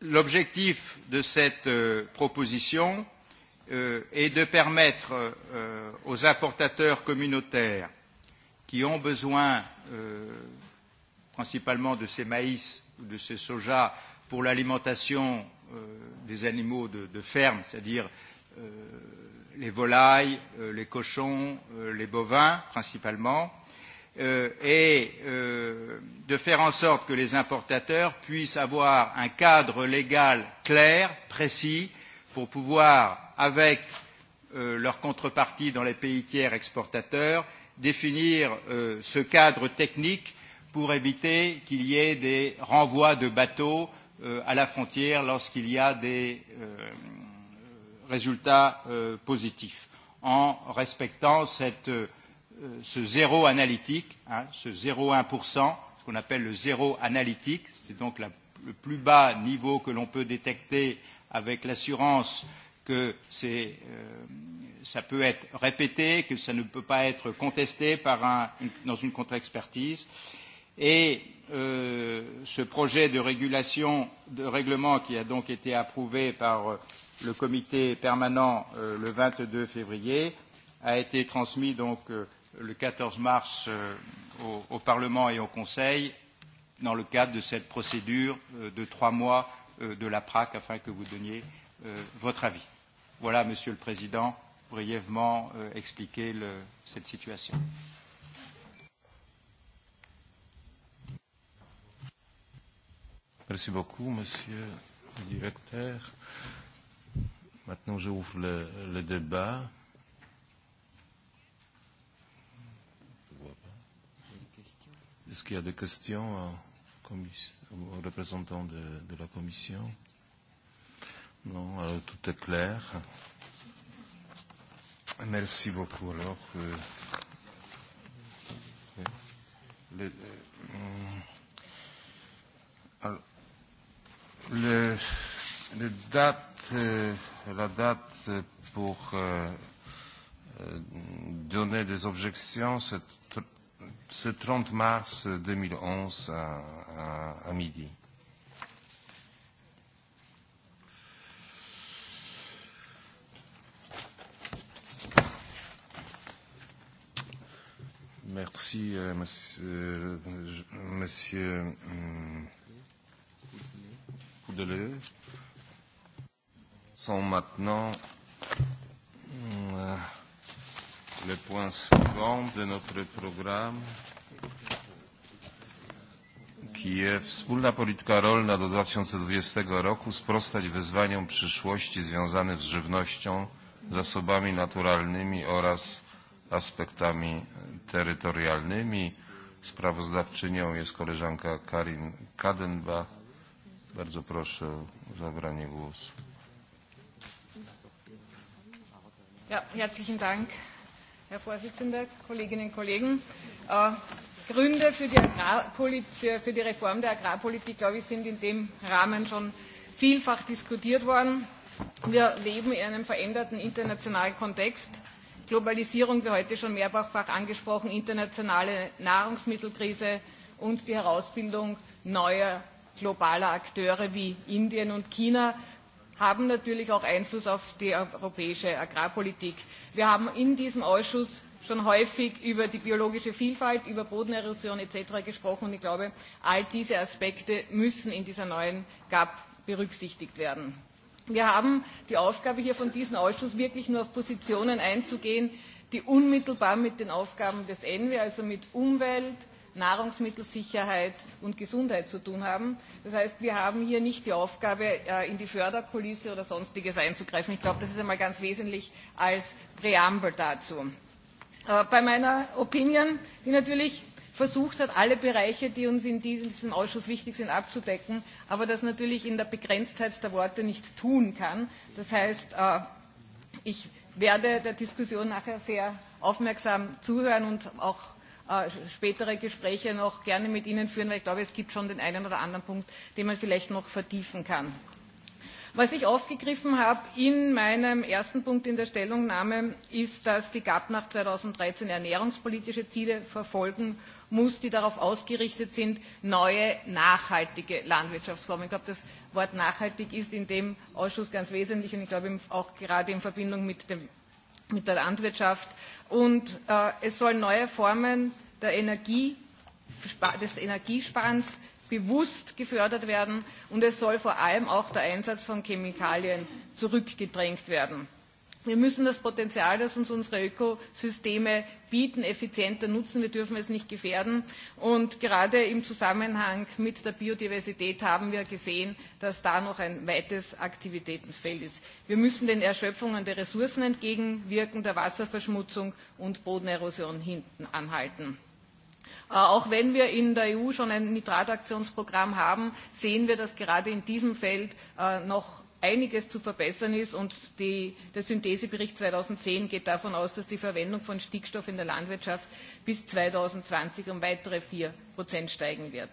l'objectif de cette euh, proposition euh, est de permettre euh, aux importateurs communautaires qui ont besoin euh, principalement de ces maïs ou de ces soja pour l'alimentation euh, des animaux de, de ferme, c'est-à-dire euh, les volailles, euh, les cochons, euh, les bovins principalement, euh, est euh, de faire en sorte que les importateurs puissent avoir un cadre légal clair, précis, pour pouvoir, avec euh, leur contrepartie dans les pays tiers exportateurs, définir euh, ce cadre technique pour éviter qu'il y ait des renvois de bateaux euh, à la frontière lorsqu'il y a des euh, résultats euh, positifs, en respectant cette euh, Euh, ce zéro analytique, hein, ce 0,1%, ce qu'on appelle le zéro analytique, c'est donc la, le plus bas niveau que l'on peut détecter avec l'assurance que c'est, euh, ça peut être répété, que ça ne peut pas être contesté par un, une, dans une contre-expertise. Et euh, ce projet de régulation, de règlement qui a donc été approuvé par euh, le comité permanent euh, le 22 février, a été transmis donc euh, le 14 mars euh, au, au Parlement et au Conseil dans le cadre de cette procédure euh, de trois mois euh, de la PRAC afin que vous donniez euh, votre avis. Voilà, Monsieur le Président, brièvement euh, expliquer le, cette situation. Merci beaucoup, Monsieur le Directeur. Maintenant, j'ouvre le, le débat. Est-ce qu'il y a des questions aux, aux représentants de, de la Commission Non, alors tout est clair. Merci beaucoup. Alors, euh, le, euh, alors le, le date, euh, la date pour euh, euh donner des objections, c'est ce 30 mars 2011 à, à, à midi. Merci, euh, monsieur, euh, monsieur euh, hmm, Coudeleu. Sont maintenant le point suivant de notre programme, qui jest wspólna polityka rolna do 2020 roku sprostać wyzwaniom przyszłości związanych z żywnością, zasobami naturalnymi oraz aspektami terytorialnymi. Sprawozdawczynią jest koleżanka Karin Kadenbach. Bardzo proszę o zabranie głosu. Ja, herzlichen Dank, Herr Vorsitzender, Kolleginnen und Kollegen. Äh, Gründe für die, Agrarpolit für, für die Reform der Agrarpolitik, glaube ich, sind in dem Rahmen schon vielfach diskutiert worden. Wir leben in einem veränderten internationalen Kontext. Globalisierung, wie heute schon mehrfach angesprochen, internationale Nahrungsmittelkrise und die Herausbildung neuer globaler Akteure wie Indien und China haben natürlich auch Einfluss auf die europäische Agrarpolitik. Wir haben in diesem Ausschuss schon häufig über die biologische Vielfalt, über Bodenerosion etc. gesprochen und ich glaube, all diese Aspekte müssen in dieser neuen GAP berücksichtigt werden. Wir haben die Aufgabe hier von diesem Ausschuss wirklich nur auf Positionen einzugehen, die unmittelbar mit den Aufgaben des ENVI, also mit Umwelt, Nahrungsmittelsicherheit und Gesundheit zu tun haben. Das heißt, wir haben hier nicht die Aufgabe, äh, in die Förderkulisse oder sonstiges einzugreifen. Ich glaube, das ist einmal ganz wesentlich als Präambel dazu. Äh, bei meiner Opinion, die natürlich versucht hat, alle Bereiche, die uns in diesem Ausschuss wichtig sind, abzudecken, aber das natürlich in der Begrenztheit der Worte nicht tun kann. Das heißt, äh, ich werde der Diskussion nachher sehr aufmerksam zuhören und auch äh, spätere Gespräche noch gerne mit Ihnen führen, weil ich glaube, es gibt schon den einen oder anderen Punkt, den man vielleicht noch vertiefen kann. Was ich aufgegriffen habe in meinem ersten Punkt in der Stellungnahme, ist, dass die GAP nach 2013 ernährungspolitische Ziele verfolgen muss, die darauf ausgerichtet sind, neue nachhaltige Landwirtschaftsformen. Ich glaube, das Wort nachhaltig ist in dem Ausschuss ganz wesentlich und ich glaube auch gerade in Verbindung mit dem mit der Landwirtschaft. Und äh, es sollen neue Formen der Energie, des Energiesparens bewusst gefördert werden und es soll vor allem auch der Einsatz von Chemikalien zurückgedrängt werden. Wir müssen das Potenzial, das uns unsere Ökosysteme bieten, effizienter nutzen. Wir dürfen es nicht gefährden. Und gerade im Zusammenhang mit der Biodiversität haben wir gesehen, dass da noch ein weites Aktivitätenfeld ist. Wir müssen den Erschöpfungen der Ressourcen entgegenwirken, der Wasserverschmutzung und Bodenerosion hinten anhalten. Äh, auch wenn wir in der EU schon ein Nitrataktionsprogramm haben, sehen wir, dass gerade in diesem Feld äh, noch einiges zu verbessern ist. Und die, der Synthesebericht 2010 geht davon aus, dass die Verwendung von Stickstoff in der Landwirtschaft bis 2020 um weitere 4 Prozent steigen wird.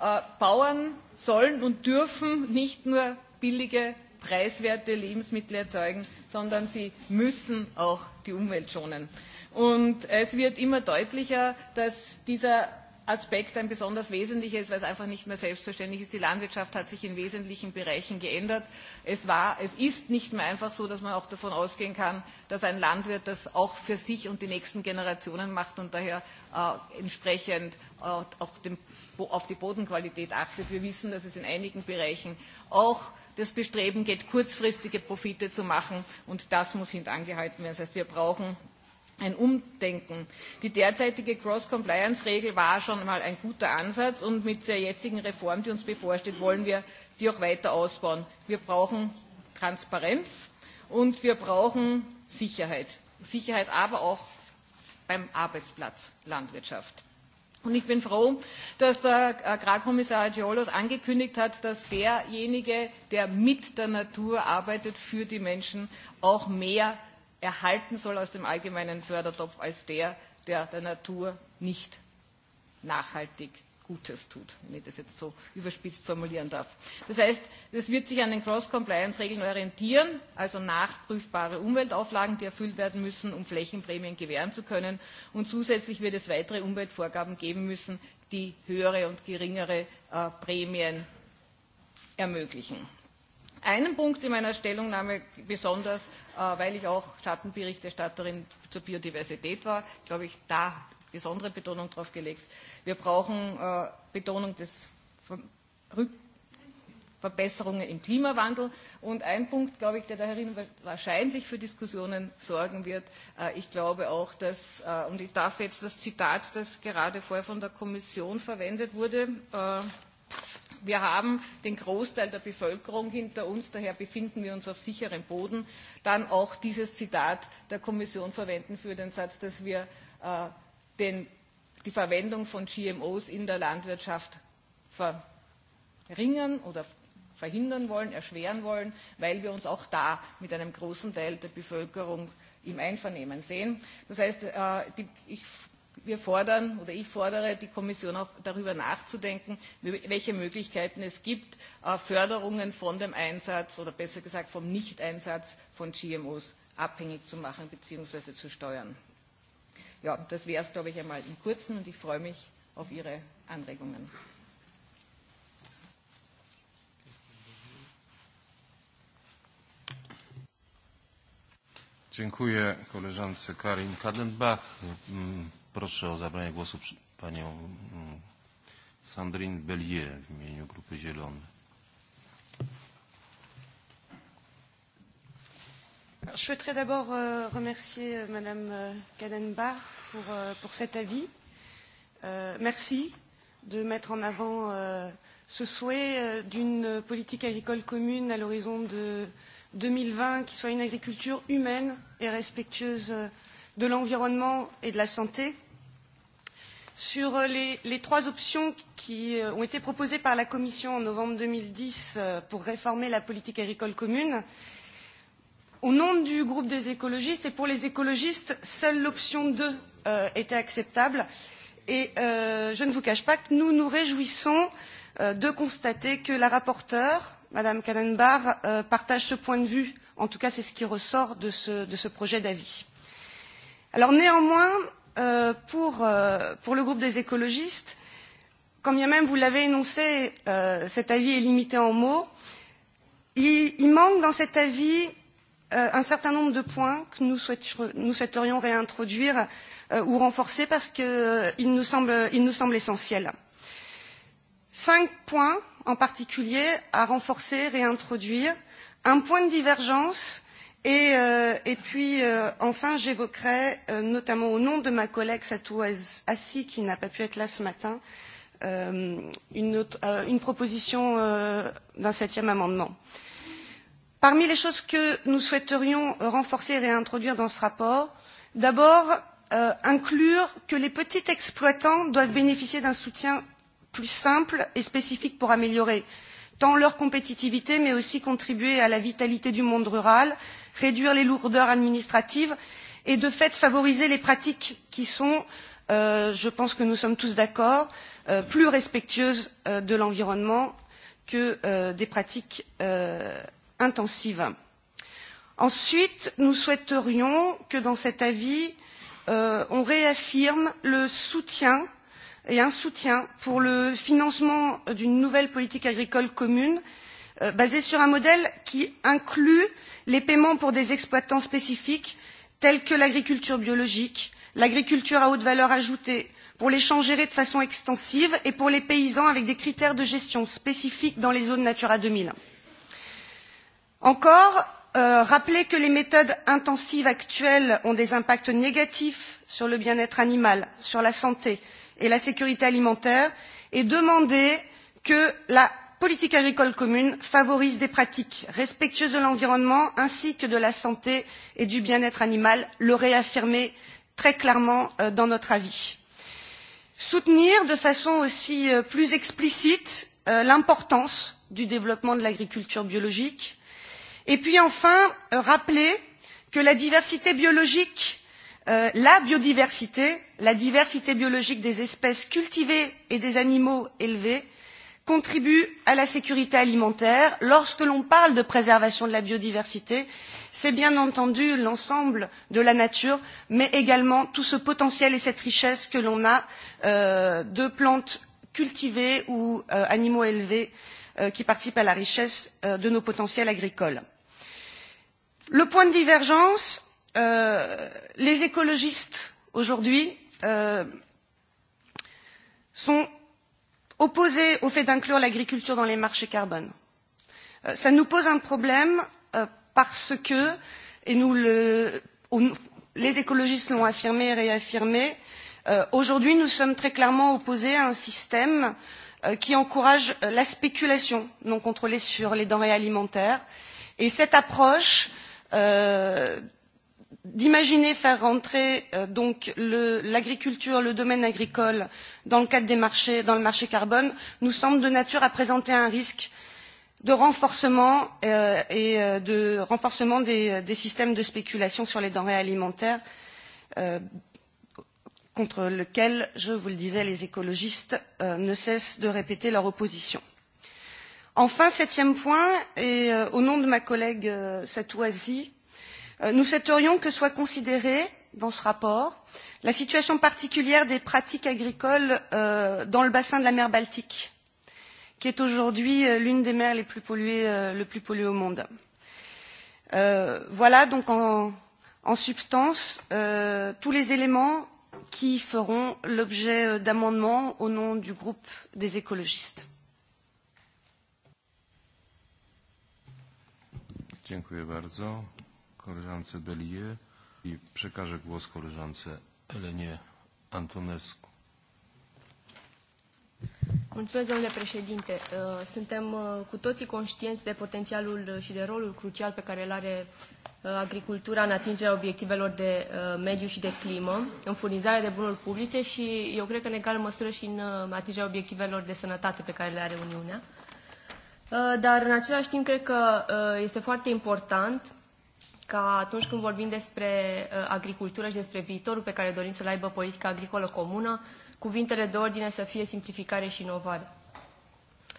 Äh, Bauern sollen und dürfen nicht nur billige, preiswerte Lebensmittel erzeugen, sondern sie müssen auch die Umwelt schonen. Und es wird immer deutlicher, dass dieser Aspekt ein besonders wesentlicher ist, weil es einfach nicht mehr selbstverständlich ist. Die Landwirtschaft hat sich in wesentlichen Bereichen geändert. Es, war, es ist nicht mehr einfach so, dass man auch davon ausgehen kann, dass ein Landwirt das auch für sich und die nächsten Generationen macht und daher äh, entsprechend äh, auch dem, auf die Bodenqualität achtet. Wir wissen, dass es in einigen Bereichen auch das Bestreben geht, kurzfristige Profite zu machen und das muss hintangehalten werden. Das heißt, wir brauchen ein Umdenken. Die derzeitige Cross-Compliance-Regel war schon mal ein guter Ansatz und mit der jetzigen Reform, die uns bevorsteht, wollen wir die auch weiter ausbauen. Wir brauchen Transparenz und wir brauchen Sicherheit. Sicherheit aber auch beim Arbeitsplatz Landwirtschaft. Und ich bin froh, dass der äh, Agrarkommissar Agiolos angekündigt hat, dass derjenige, der mit der Natur arbeitet, für die Menschen auch mehr erhalten soll aus dem allgemeinen Fördertopf als der, der der Natur nicht nachhaltig Gutes tut, wenn ich das jetzt so überspitzt formulieren darf. Das heißt, es wird sich an den Cross-Compliance-Regeln orientieren, also nachprüfbare Umweltauflagen, die erfüllt werden müssen, um Flächenprämien gewähren zu können. Und zusätzlich wird es weitere Umweltvorgaben geben müssen, die höhere und geringere äh, Prämien ermöglichen einen Punkt in meiner Stellungnahme besonders, äh, weil ich auch Schattenberichterstatterin zur Biodiversität war, glaube ich, da besondere Betonung drauf gelegt. Wir brauchen äh, Betonung des Ver Rück Verbesserungen im Klimawandel. Und ein Punkt, glaube ich, der darin wahrscheinlich für Diskussionen sorgen wird. Äh, ich glaube auch, dass, äh, und ich darf jetzt das Zitat, das gerade vorher von der Kommission verwendet wurde, äh, Wir haben den Großteil der Bevölkerung hinter uns, daher befinden wir uns auf sicherem Boden. Dann auch dieses Zitat der Kommission verwenden für den Satz, dass wir äh, den, die Verwendung von GMOs in der Landwirtschaft verringern oder verhindern wollen, erschweren wollen, weil wir uns auch da mit einem großen Teil der Bevölkerung im Einvernehmen sehen. Das heißt, äh, die, ich wir fordern oder ich fordere die Kommission auch darüber nachzudenken, welche Möglichkeiten es gibt, äh, Förderungen von dem Einsatz oder besser gesagt vom Nichteinsatz von GMOs abhängig zu machen bzw. zu steuern. Ja, das wäre es, glaube ich, einmal im Kurzen und ich freue mich auf Ihre Anregungen. Dziękuję koleżance Karin Kadenbach. Mm, Proszę o zabranie głosu panią mm, Sandrine Bellier w imieniu Grupy Zielonych. Alors, je souhaiterais d'abord euh, remercier euh, Madame euh, Kadenbach pour, euh, pour cet avis. Euh, merci de mettre en avant euh, ce souhait euh, d'une politique agricole commune à l'horizon de 2020 qui soit une agriculture humaine et respectueuse euh, de l'environnement et de la santé. Sur euh, les, les trois options qui euh, ont été proposées par la Commission en novembre 2010 euh, pour réformer la politique agricole commune, au nom du groupe des écologistes et pour les écologistes, seule l'option 2 euh, était acceptable. Et euh, je ne vous cache pas que nous nous réjouissons euh, de constater que la rapporteure, Madame Kallenbach, euh, partage ce point de vue. En tout cas, c'est ce qui ressort de ce, de ce projet d'avis. Alors néanmoins, euh, pour, euh, pour le groupe des écologistes, quand bien même vous l'avez énoncé, euh, cet avis est limité en mots. Il, il manque dans cet avis euh, un certain nombre de points que nous, souhaiter, nous souhaiterions réintroduire euh, ou renforcer parce qu'ils euh, nous, semble, il nous semblent essentiels. Cinq points en particulier à renforcer, réintroduire. Un point de divergence Et, euh, et puis, euh, enfin, j'évoquerai, euh, notamment au nom de ma collègue Satou Assi, qui n'a pas pu être là ce matin, euh, une, autre, euh, une proposition euh, d'un septième amendement. Parmi les choses que nous souhaiterions renforcer et réintroduire dans ce rapport, d'abord, euh, inclure que les petits exploitants doivent bénéficier d'un soutien plus simple et spécifique pour améliorer euh, tant leur compétitivité mais aussi contribuer à la vitalité du monde rural réduire les lourdeurs administratives et de fait favoriser les pratiques qui sont euh, je pense que nous sommes tous d'accord euh, plus respectueuses euh, de l'environnement que euh, des pratiques euh, intensives. Ensuite, nous souhaiterions que dans cet avis, euh, on réaffirme le soutien euh, et un soutien pour le financement d'une nouvelle politique agricole commune euh, basée sur un modèle qui inclut les paiements pour des exploitants spécifiques tels que l'agriculture biologique, l'agriculture à haute valeur ajoutée, pour les champs gérés de façon extensive et pour les paysans avec des critères de gestion spécifiques dans les zones Natura 2000. Encore, euh, rappeler que les méthodes intensives actuelles ont des impacts négatifs sur le bien-être animal, sur la santé, euh, et la sécurité alimentaire et demander que la politique agricole commune favorise des pratiques respectueuses de l'environnement ainsi que de la santé et du bien être animal le réaffirmer très clairement euh, dans notre avis. soutenir de façon aussi euh, plus explicite euh, l'importance du développement de l'agriculture biologique et puis enfin rappeler que la diversité biologique Euh, la biodiversité, la diversité biologique des espèces cultivées et des animaux élevés contribue à la sécurité alimentaire. Lorsque l'on parle de préservation de la biodiversité, c'est bien entendu l'ensemble de la nature, mais également tout ce potentiel et cette richesse que l'on a euh, de plantes cultivées ou euh, animaux élevés euh, qui participent à la richesse euh, de nos potentiels agricoles. Le point de divergence euh, les écologistes aujourd'hui euh, sont opposés au fait d'inclure l'agriculture dans les marchés carbone. Euh, ça nous pose un problème euh, parce que, et nous le, on, les écologistes l'ont affirmé et réaffirmé, euh, aujourd'hui nous sommes très clairement opposés à un système euh, qui encourage euh, la spéculation non contrôlée sur les denrées alimentaires. Et cette approche euh, d'imaginer faire rentrer euh, donc l'agriculture, le, le domaine agricole dans le cadre des marchés, dans le marché carbone, nous semble de nature à présenter un risque de renforcement euh, et euh, de renforcement des, des systèmes de spéculation sur les denrées alimentaires euh, contre lequel, je vous le disais, les écologistes euh, ne cessent de répéter leur opposition. Enfin, septième point, et euh, au nom de ma collègue euh, Satouazi, euh, Euh, nous souhaiterions que soit considérée dans ce rapport la situation particulière des pratiques agricoles euh, dans le bassin de la mer Baltique, qui est aujourd'hui euh, l'une des mers les plus polluées, euh, le plus polluées au monde. Euh, voilà donc en, en substance euh, tous les éléments qui feront l'objet euh, d'amendements au nom du groupe des écologistes. Dziękuję bardzo koleżance Belie i przekażę głos koleżance Elenie Antonescu. Mulțumesc, domnule președinte. Uh, suntem uh, cu toții conștienți de potențialul și de rolul crucial pe care îl are uh, agricultura în atingerea obiectivelor de mediu și de climă, în furnizarea de bunuri publice și, eu cred că în egală măsură, și în atingerea obiectivelor de sănătate pe care le are Uniunea. Dar, în același timp, cred că este foarte important ca atunci când vorbim despre uh, agricultură și despre viitorul pe care dorim să-l aibă politica agricolă comună, cuvintele de ordine să fie simplificare și inovare.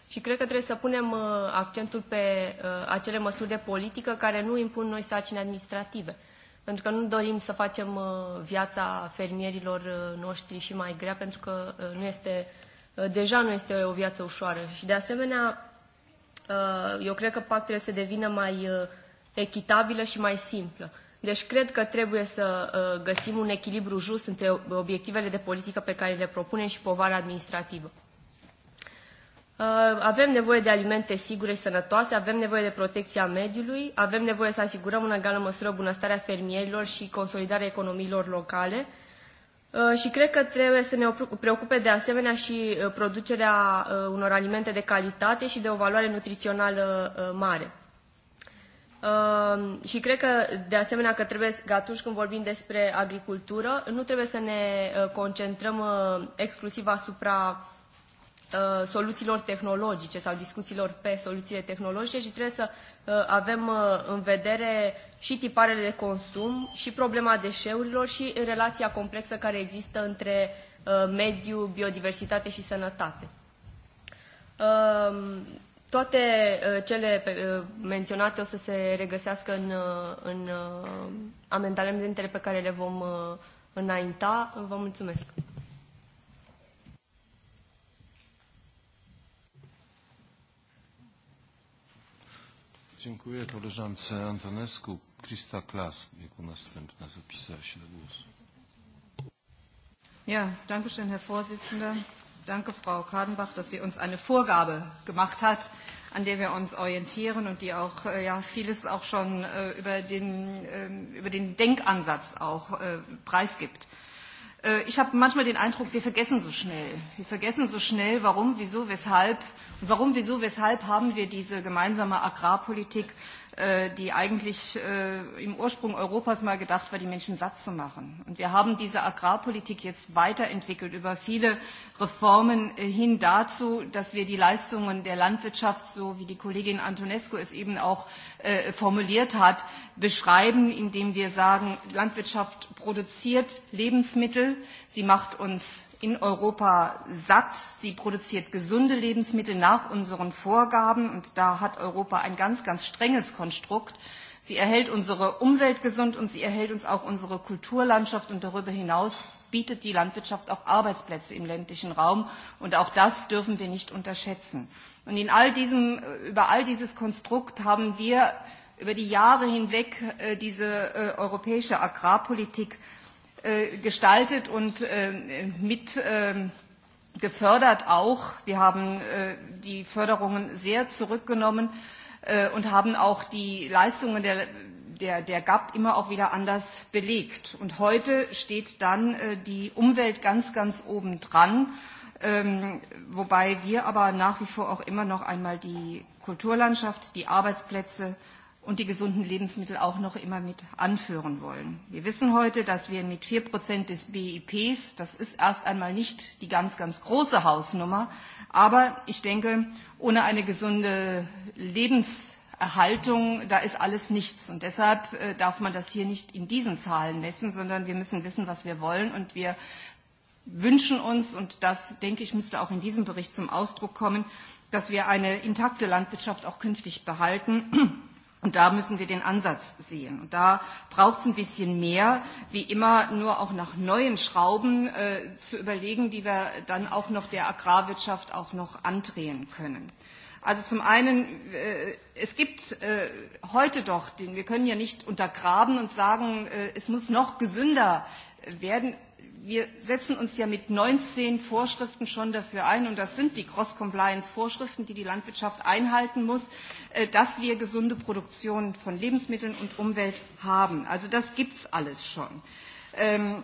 Și cred că trebuie să punem uh, accentul pe uh, acele măsuri de politică care nu impun noi sarcini administrative. Pentru că nu dorim să facem viața fermierilor noștri și mai grea, pentru că nu este, deja nu este o viață ușoară. Și de asemenea, eu cred că pactele se devină mai uh, echitabilă și mai simplă. Deci cred că trebuie să uh, găsim un echilibru just între obiectivele de politică pe care le propunem și povara administrativă. Uh, avem nevoie de alimente sigure și sănătoase, avem nevoie de protecția mediului, avem nevoie să asigurăm în egală măsură bunăstarea fermierilor și consolidarea economiilor locale uh, și cred că trebuie să ne preocupe de asemenea și uh, producerea uh, unor alimente de calitate și de o valoare nutrițională uh, mare și cred că, de asemenea, că trebuie, că atunci când vorbim despre agricultură, nu trebuie să ne uh, concentrăm uh, exclusiv asupra uh, soluțiilor tehnologice sau discuțiilor pe soluțiile tehnologice, ci trebuie să avem în vedere și tiparele de consum, și problema deșeurilor, și relația complexă care există între mediu, biodiversitate și sănătate. Toate uh, cele uh, menționate o să se regăsească în, uh, în amendamentele pe care le vom înainta. Vă mulțumesc. Dziękuję koleżance Antonescu. Krista Klas jako następna zapisała się do głosu. Ja, danke schön, Herr Vorsitzender danke Frau Kadenbach, dass sie uns eine Vorgabe gemacht hat, an der wir uns orientieren und die auch äh, ja, vieles auch schon äh, über, den, äh, über den Denkansatz auch äh, preisgibt. Äh, ich habe manchmal den Eindruck, wir vergessen so schnell. Wir vergessen so schnell, warum, wieso, weshalb. Und warum, wieso, weshalb haben wir diese gemeinsame Agrarpolitik Äh, die eigentlich äh, im Ursprung Europas mal gedacht war, die Menschen satt zu machen. Und wir haben diese Agrarpolitik jetzt weiterentwickelt über viele Reformen äh, hin dazu, dass wir die Leistungen der Landwirtschaft, so wie die Kollegin Antonescu es eben auch formuliert hat, beschreiben, indem wir sagen, Landwirtschaft produziert Lebensmittel, sie macht uns in Europa satt. Sie produziert gesunde Lebensmittel nach unseren Vorgaben. Und da hat Europa ein ganz, ganz strenges Konstrukt. Sie erhält unsere Umwelt gesund und sie erhält uns auch unsere Kulturlandschaft. Und darüber hinaus bietet die Landwirtschaft auch Arbeitsplätze im ländlichen Raum. Und auch das dürfen wir nicht unterschätzen. Und in all diesem, über all dieses Konstrukt haben wir über die Jahre hinweg äh, diese äh, europäische Agrarpolitik äh, gestaltet und äh, mit äh, gefördert auch. Wir haben äh, die Förderungen sehr zurückgenommen äh, und haben auch die Leistungen der, der, der GAP immer auch wieder anders belegt. Und heute steht dann äh, die Umwelt ganz, ganz oben dran, ähm, wobei wir aber nach wie vor auch immer noch einmal die Kulturlandschaft, die Arbeitsplätze und die gesunden Lebensmittel auch noch immer mit anführen wollen. Wir wissen heute, dass wir mit 4 Prozent des BIPs, das ist erst einmal nicht die ganz, ganz große Hausnummer, aber ich denke, ohne eine gesunde Lebenserhaltung, da ist alles nichts. Und deshalb äh, darf man das hier nicht in diesen Zahlen messen, sondern wir müssen wissen, was wir wollen und wir wünschen uns, und das, denke ich, müsste auch in diesem Bericht zum Ausdruck kommen, dass wir eine intakte Landwirtschaft auch künftig behalten Und da müssen wir den Ansatz sehen. Und da braucht es ein bisschen mehr, wie immer nur auch nach neuen Schrauben äh, zu überlegen, die wir dann auch noch der Agrarwirtschaft auch noch andrehen können. Also zum einen, äh, es gibt äh, heute doch, den, wir können ja nicht untergraben und sagen, äh, es muss noch gesünder werden. Wir setzen uns ja mit 19 Vorschriften schon dafür ein, und das sind die Cross-Compliance-Vorschriften, die die Landwirtschaft einhalten muss Äh, dass wir gesunde Produktion von Lebensmitteln und Umwelt haben. Also das gibt es alles schon. Ähm,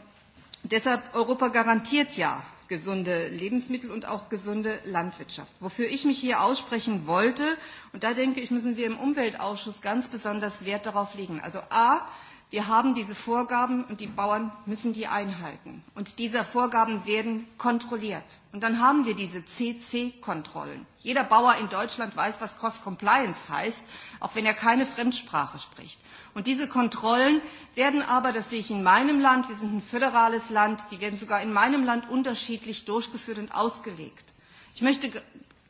deshalb Europa garantiert ja gesunde Lebensmittel und auch gesunde Landwirtschaft. Wofür ich mich hier aussprechen wollte, und da denke ich, müssen wir im Umweltausschuss ganz besonders Wert darauf legen. Also A, Wir haben diese Vorgaben und die Bauern müssen die einhalten. Und diese Vorgaben werden kontrolliert. Und dann haben wir diese CC-Kontrollen. Jeder Bauer in Deutschland weiß, was Cross-Compliance heißt, auch wenn er keine Fremdsprache spricht. Und diese Kontrollen werden aber, das sehe ich in meinem Land, wir sind ein föderales Land, die werden sogar in meinem Land unterschiedlich durchgeführt und ausgelegt. Ich möchte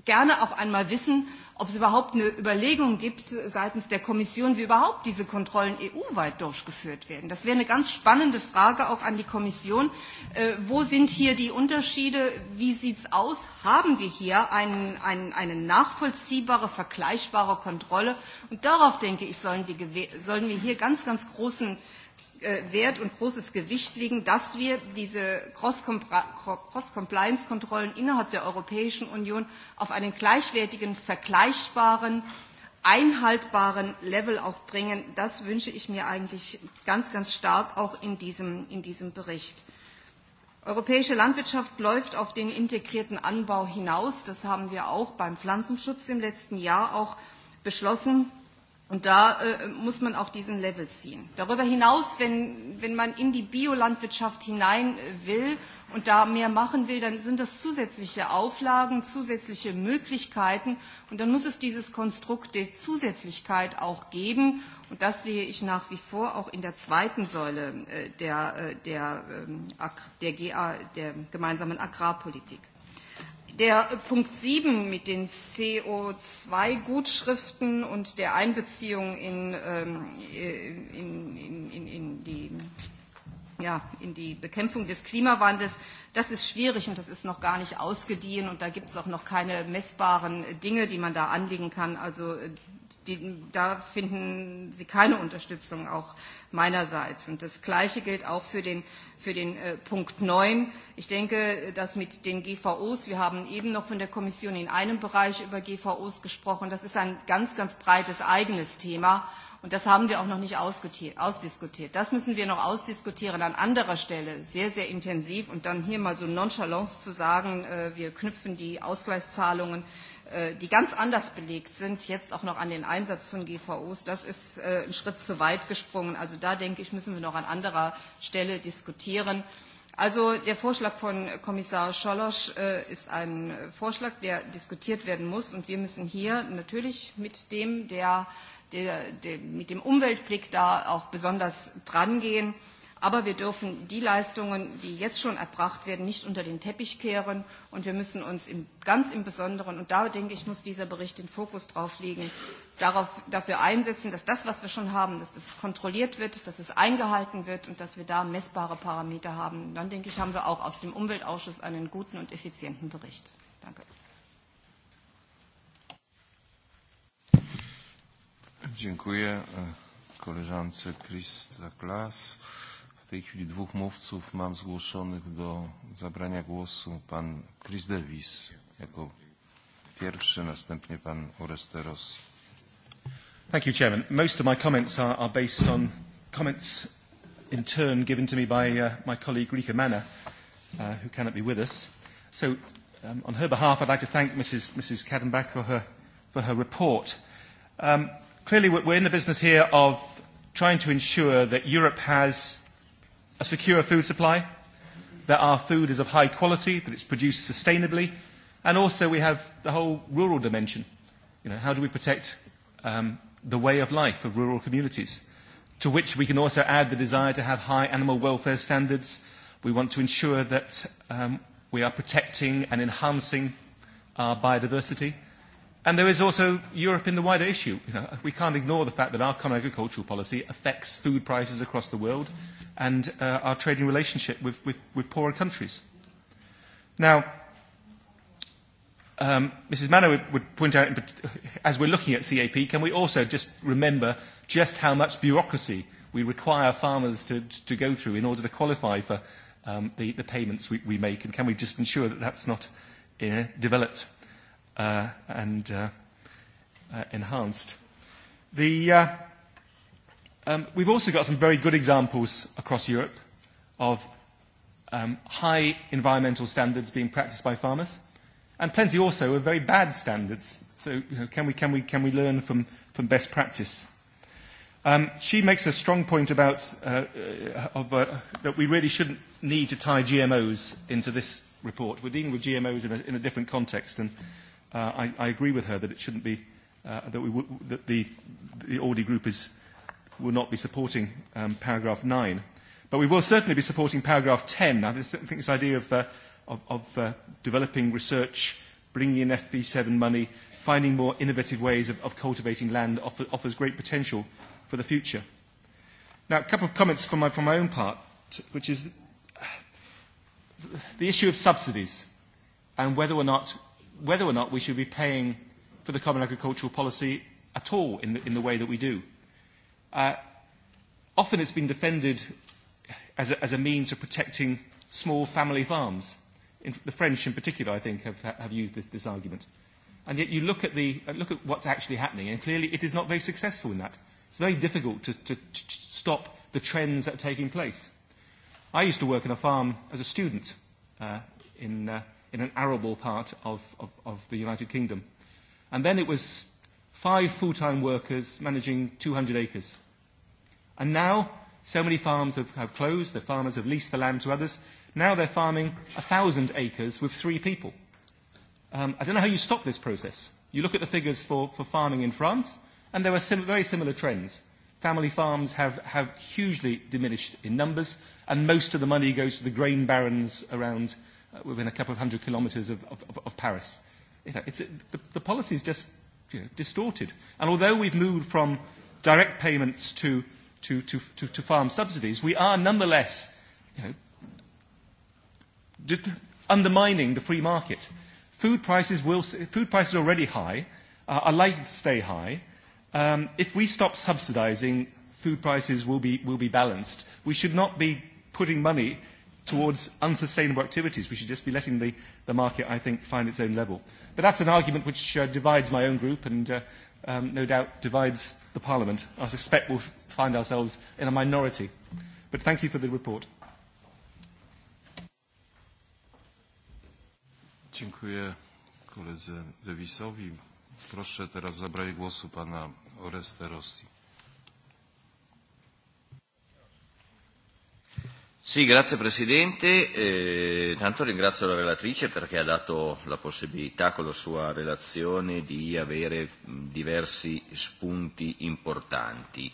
gerne auch einmal wissen, ob es überhaupt eine Überlegung gibt seitens der Kommission, wie überhaupt diese Kontrollen EU-weit durchgeführt werden. Das wäre eine ganz spannende Frage auch an die Kommission. Äh, wo sind hier die Unterschiede? Wie sieht es aus? Haben wir hier einen, einen, eine nachvollziehbare, vergleichbare Kontrolle? Und darauf, denke ich, sollen wir, sollen wir hier ganz, ganz großen äh, Äh, Wert und großes Gewicht liegen, dass wir diese Cross-Compliance-Kontrollen innerhalb der Europäischen Union auf einen gleichwertigen, vergleichbaren, einhaltbaren Level auch bringen. Das wünsche ich mir eigentlich ganz, ganz stark auch in diesem, in diesem Bericht. Europäische Landwirtschaft läuft auf den integrierten Anbau hinaus. Das haben wir auch beim Pflanzenschutz im letzten Jahr auch beschlossen. Und da äh, muss man auch diesen Level ziehen. Darüber hinaus, wenn, wenn man in die Biolandwirtschaft hinein äh, will und da mehr machen will, dann sind das zusätzliche Auflagen, zusätzliche Möglichkeiten. Und dann muss es dieses Konstrukt der Zusätzlichkeit auch geben. Und das sehe ich nach wie vor auch in der zweiten Säule äh, der, äh, der, äh, der, GA, der gemeinsamen Agrarpolitik. Der Punkt 7 mit den CO2-Gutschriften und der Einbeziehung in, ähm, äh, in, in, in, in die ja, in die Bekämpfung des Klimawandels, das ist schwierig und das ist noch gar nicht ausgedient und da gibt es auch noch keine messbaren Dinge, die man da anlegen kann. Also äh, die, da finden sie keine Unterstützung auch meinerseits. Und das Gleiche gilt auch für den, für den äh, Punkt 9. Ich denke, dass mit den GVOs, wir haben eben noch von der Kommission in einem Bereich über GVOs gesprochen, das ist ein ganz, ganz breites eigenes Thema. Und das haben wir auch noch nicht ausdiskutiert. Das müssen wir noch ausdiskutieren an anderer Stelle, sehr, sehr intensiv. Und dann hier mal so nonchalance zu sagen, äh, wir knüpfen die Ausgleichszahlungen äh, Äh, die ganz anders belegt sind, jetzt auch noch an den Einsatz von GVOs, das ist äh, ein Schritt zu weit gesprungen. Also da denke ich, müssen wir noch an anderer Stelle diskutieren. Also der Vorschlag von Kommissar Scholosch äh, ist ein Vorschlag, der diskutiert werden muss und wir müssen hier natürlich mit dem, der, der, der mit dem Umweltblick da auch besonders drangehen. gehen Aber wir dürfen die Leistungen, die jetzt schon erbracht werden, nicht unter den Teppich kehren. Und wir müssen uns im, ganz im Besonderen, und da denke ich, muss dieser Bericht den Fokus drauf legen, darauf, dafür einsetzen, dass das, was wir schon haben, dass das kontrolliert wird, dass es eingehalten wird und dass wir da messbare Parameter haben. Und dann denke ich, haben wir auch aus dem Umweltausschuss einen guten und effizienten Bericht. Danke. Dziękuję e, koleżance Krista Klaas. W tej chwili dwóch mówców mam zgłoszonych do zabrania głosu. Pan Chris Davis jako pierwszy, następnie pan Oreste Rossi. Thank you, Chairman. Most of my comments are, are based on comments in turn given to me by uh, my colleague Rika Manner, uh, who cannot be with us. So um, on her behalf, I'd like to thank Mrs. Mrs. Kadenbach for her, for her report. Um, clearly, we're in the business here of trying to ensure that Europe has a secure food supply, that our food is of high quality, that it's produced sustainably, and also we have the whole rural dimension. You know, how do we protect um, the way of life of rural communities? To which we can also add the desire to have high animal welfare standards. We want to ensure that um, we are protecting and enhancing our biodiversity. And there is also Europe in the wider issue. You know, we can't ignore the fact that our common agricultural policy affects food prices across the world and uh, our trading relationship with, with, with poorer countries. Now, um, Mrs. Manor would, would point out, as we're looking at CAP, can we also just remember just how much bureaucracy we require farmers to, to go through in order to qualify for um, the, the payments we, we make, and can we just ensure that that's not uh, developed? uh, and uh, uh, enhanced. The, uh, um, we've also got some very good examples across Europe of um, high environmental standards being practiced by farmers, and plenty also of very bad standards. So you know, can, we, can, we, can we learn from, from best practice? Um, she makes a strong point about uh, uh, of, uh, that we really shouldn't need to tie GMOs into this report. We're dealing with GMOs in a, in a different context, and uh, I, I agree with her that it shouldn't be uh, that, we w- that the, the Audi group is, will not be supporting um, paragraph 9. But we will certainly be supporting paragraph 10. I think this idea of, uh, of, of uh, developing research, bringing in FP7 money, finding more innovative ways of, of cultivating land offer, offers great potential for the future. Now, a couple of comments from my, from my own part, which is uh, the issue of subsidies and whether or not whether or not we should be paying for the common agricultural policy at all in the, in the way that we do. Uh, often it's been defended as a, as a means of protecting small family farms. In, the French, in particular, I think, have, have used this, this argument. And yet you look at, the, uh, look at what's actually happening, and clearly it is not very successful in that. It's very difficult to, to, to stop the trends that are taking place. I used to work on a farm as a student uh, in, uh, in an arable part of, of, of the United Kingdom. And then it was five full-time workers managing 200 acres. And now, so many farms have, have closed, the farmers have leased the land to others. Now they're farming 1,000 acres with three people. Um, I don't know how you stop this process. You look at the figures for, for farming in France, and there are sim- very similar trends. Family farms have, have hugely diminished in numbers, and most of the money goes to the grain barons around within a couple of hundred kilometres of, of, of Paris. You know, it's, the, the policy is just you know, distorted. And although we've moved from direct payments to, to, to, to, to farm subsidies, we are nonetheless you know, undermining the free market. Food prices, will, food prices are already high, uh, are likely to stay high. Um, if we stop subsidising, food prices will be, will be balanced. We should not be putting money towards unsustainable activities. We should just be letting the, the market, I think, find its own level. But that's an argument which uh, divides my own group and uh, um, no doubt divides the Parliament. I suspect we'll find ourselves in a minority. But thank you for the report. Dziękuję koledze Davisowi. Proszę teraz o zabranie głosu pana Oreste Rosji. Sì, grazie Presidente. Eh, tanto ringrazio la relatrice perché ha dato la possibilità con la sua relazione di avere diversi spunti importanti.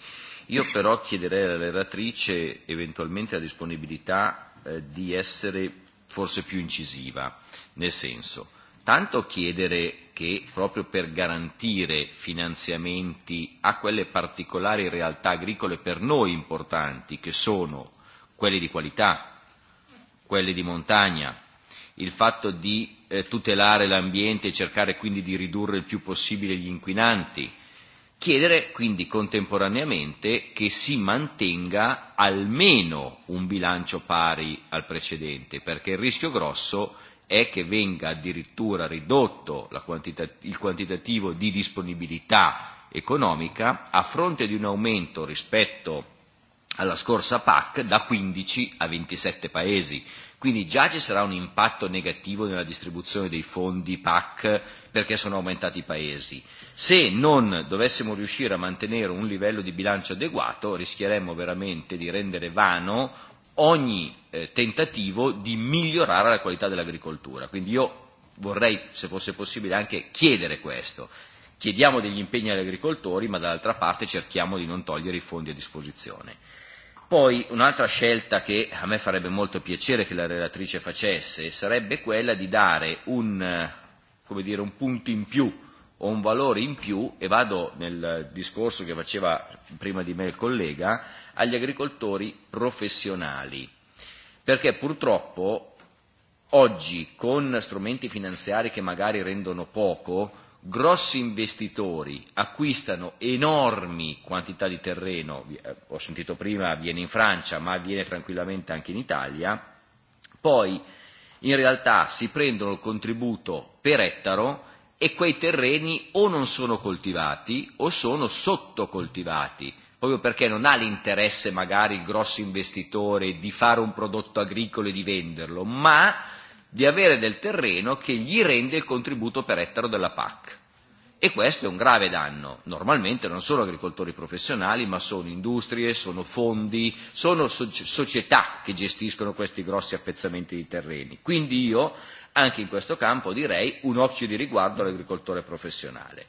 Io però chiederei alla relatrice eventualmente la disponibilità eh, di essere forse più incisiva, nel senso tanto chiedere che proprio per garantire finanziamenti a quelle particolari realtà agricole per noi importanti che sono quelli di qualità, quelli di montagna, il fatto di eh, tutelare l'ambiente e cercare quindi di ridurre il più possibile gli inquinanti, chiedere quindi contemporaneamente che si mantenga almeno un bilancio pari al precedente, perché il rischio grosso è che venga addirittura ridotto la quantità, il quantitativo di disponibilità economica a fronte di un aumento rispetto alla scorsa PAC da 15 a 27 paesi. Quindi già ci sarà un impatto negativo nella distribuzione dei fondi PAC perché sono aumentati i paesi. Se non dovessimo riuscire a mantenere un livello di bilancio adeguato rischieremmo veramente di rendere vano ogni eh, tentativo di migliorare la qualità dell'agricoltura. Quindi io vorrei, se fosse possibile, anche chiedere questo. Chiediamo degli impegni agli agricoltori, ma dall'altra parte cerchiamo di non togliere i fondi a disposizione. Poi un'altra scelta che a me farebbe molto piacere che la relatrice facesse sarebbe quella di dare un, come dire, un punto in più o un valore in più, e vado nel discorso che faceva prima di me il collega, agli agricoltori professionali. Perché purtroppo oggi con strumenti finanziari che magari rendono poco, grossi investitori acquistano enormi quantità di terreno, eh, ho sentito prima avviene in Francia, ma avviene tranquillamente anche in Italia, poi in realtà si prendono il contributo per ettaro e quei terreni o non sono coltivati o sono sottocoltivati, proprio perché non ha l'interesse magari il grosso investitore di fare un prodotto agricolo e di venderlo, ma di avere del terreno che gli rende il contributo per ettaro della PAC. E questo è un grave danno. Normalmente non sono agricoltori professionali, ma sono industrie, sono fondi, sono so- società che gestiscono questi grossi appezzamenti di terreni. Quindi io, anche in questo campo, direi un occhio di riguardo all'agricoltore professionale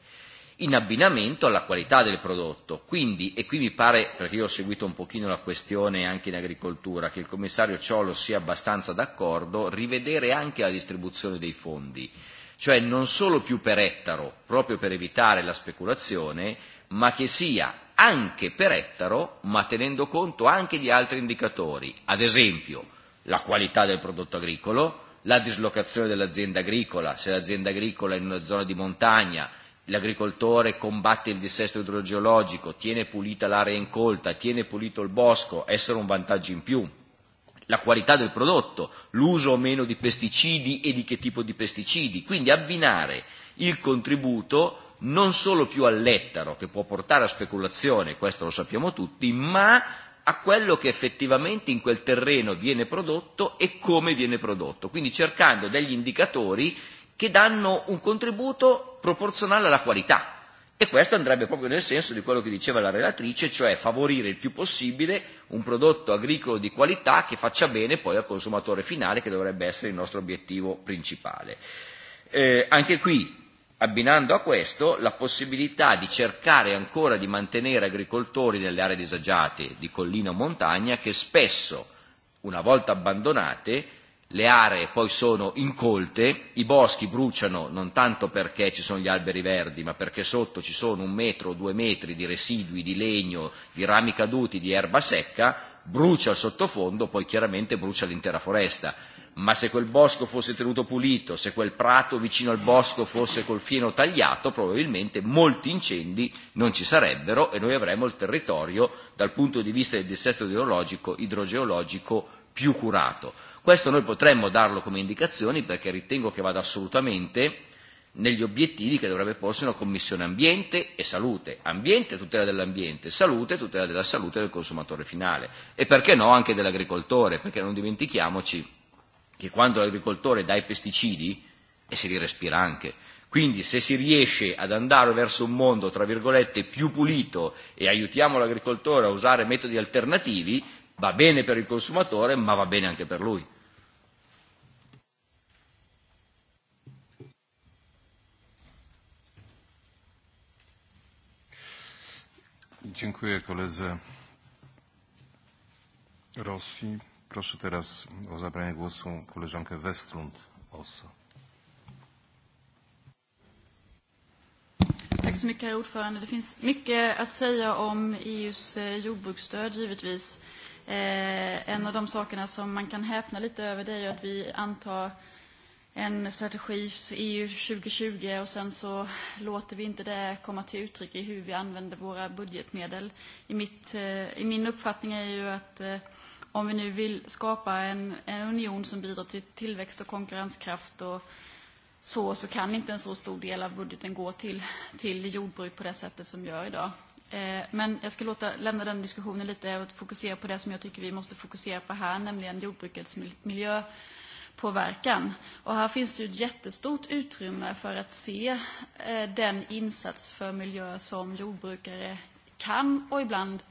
in abbinamento alla qualità del prodotto. Quindi, e qui mi pare, perché io ho seguito un pochino la questione anche in agricoltura, che il commissario Ciolo sia abbastanza d'accordo, rivedere anche la distribuzione dei fondi, cioè non solo più per ettaro, proprio per evitare la speculazione, ma che sia anche per ettaro, ma tenendo conto anche di altri indicatori, ad esempio la qualità del prodotto agricolo, la dislocazione dell'azienda agricola, se l'azienda agricola è in una zona di montagna l'agricoltore combatte il dissesto idrogeologico, tiene pulita l'area incolta, tiene pulito il bosco, essere un vantaggio in più. La qualità del prodotto, l'uso o meno di pesticidi e di che tipo di pesticidi. Quindi abbinare il contributo non solo più all'ettaro, che può portare a speculazione, questo lo sappiamo tutti, ma a quello che effettivamente in quel terreno viene prodotto e come viene prodotto, quindi cercando degli indicatori che danno un contributo proporzionale alla qualità. E questo andrebbe proprio nel senso di quello che diceva la relatrice, cioè favorire il più possibile un prodotto agricolo di qualità che faccia bene poi al consumatore finale, che dovrebbe essere il nostro obiettivo principale. Eh, anche qui abbinando a questo la possibilità di cercare ancora di mantenere agricoltori nelle aree disagiate di collina o montagna che spesso, una volta abbandonate, le aree poi sono incolte, i boschi bruciano non tanto perché ci sono gli alberi verdi, ma perché sotto ci sono un metro o due metri di residui di legno, di rami caduti, di erba secca, brucia il sottofondo, poi chiaramente brucia l'intera foresta. Ma se quel bosco fosse tenuto pulito, se quel prato vicino al bosco fosse col fieno tagliato, probabilmente molti incendi non ci sarebbero e noi avremmo il territorio, dal punto di vista del dissesto idrologico, idrogeologico, più curato. Questo noi potremmo darlo come indicazioni perché ritengo che vada assolutamente negli obiettivi che dovrebbe porsi una Commissione Ambiente e Salute. Ambiente, tutela dell'ambiente, salute, tutela della salute del consumatore finale e perché no anche dell'agricoltore, perché non dimentichiamoci che quando l'agricoltore dà i pesticidi e si li respira anche. Quindi se si riesce ad andare verso un mondo, tra virgolette, più pulito e aiutiamo l'agricoltore a usare metodi alternativi, Va bene per il consumatore, ma va bene anche per lui. Dziękuję koledze Rosji. Proszę teraz o zabranie głosu koleżankę Westlund Osa. Tack så mycket, herr ordförande. Det finns mycket att säga om EUs eh, jordbruksstöd, givetvis. Eh, en av de sakerna som man kan häpna lite över det är ju att vi antar en strategi EU 2020 och sen så låter vi inte det komma till uttryck i hur vi använder våra budgetmedel. I, mitt, eh, i min uppfattning är ju att eh, om vi nu vill skapa en, en union som bidrar till tillväxt och konkurrenskraft och så, så kan inte en så stor del av budgeten gå till, till jordbruk på det sättet som gör idag. Eh, men jag ska låta, lämna den diskussionen lite och fokusera på det som jag tycker vi måste fokusera på här, nämligen jordbrukets miljö påverkan. Och här finns det ju ett jättestort utrymme för att se eh, den insats för miljö som jordbrukare kan och ibland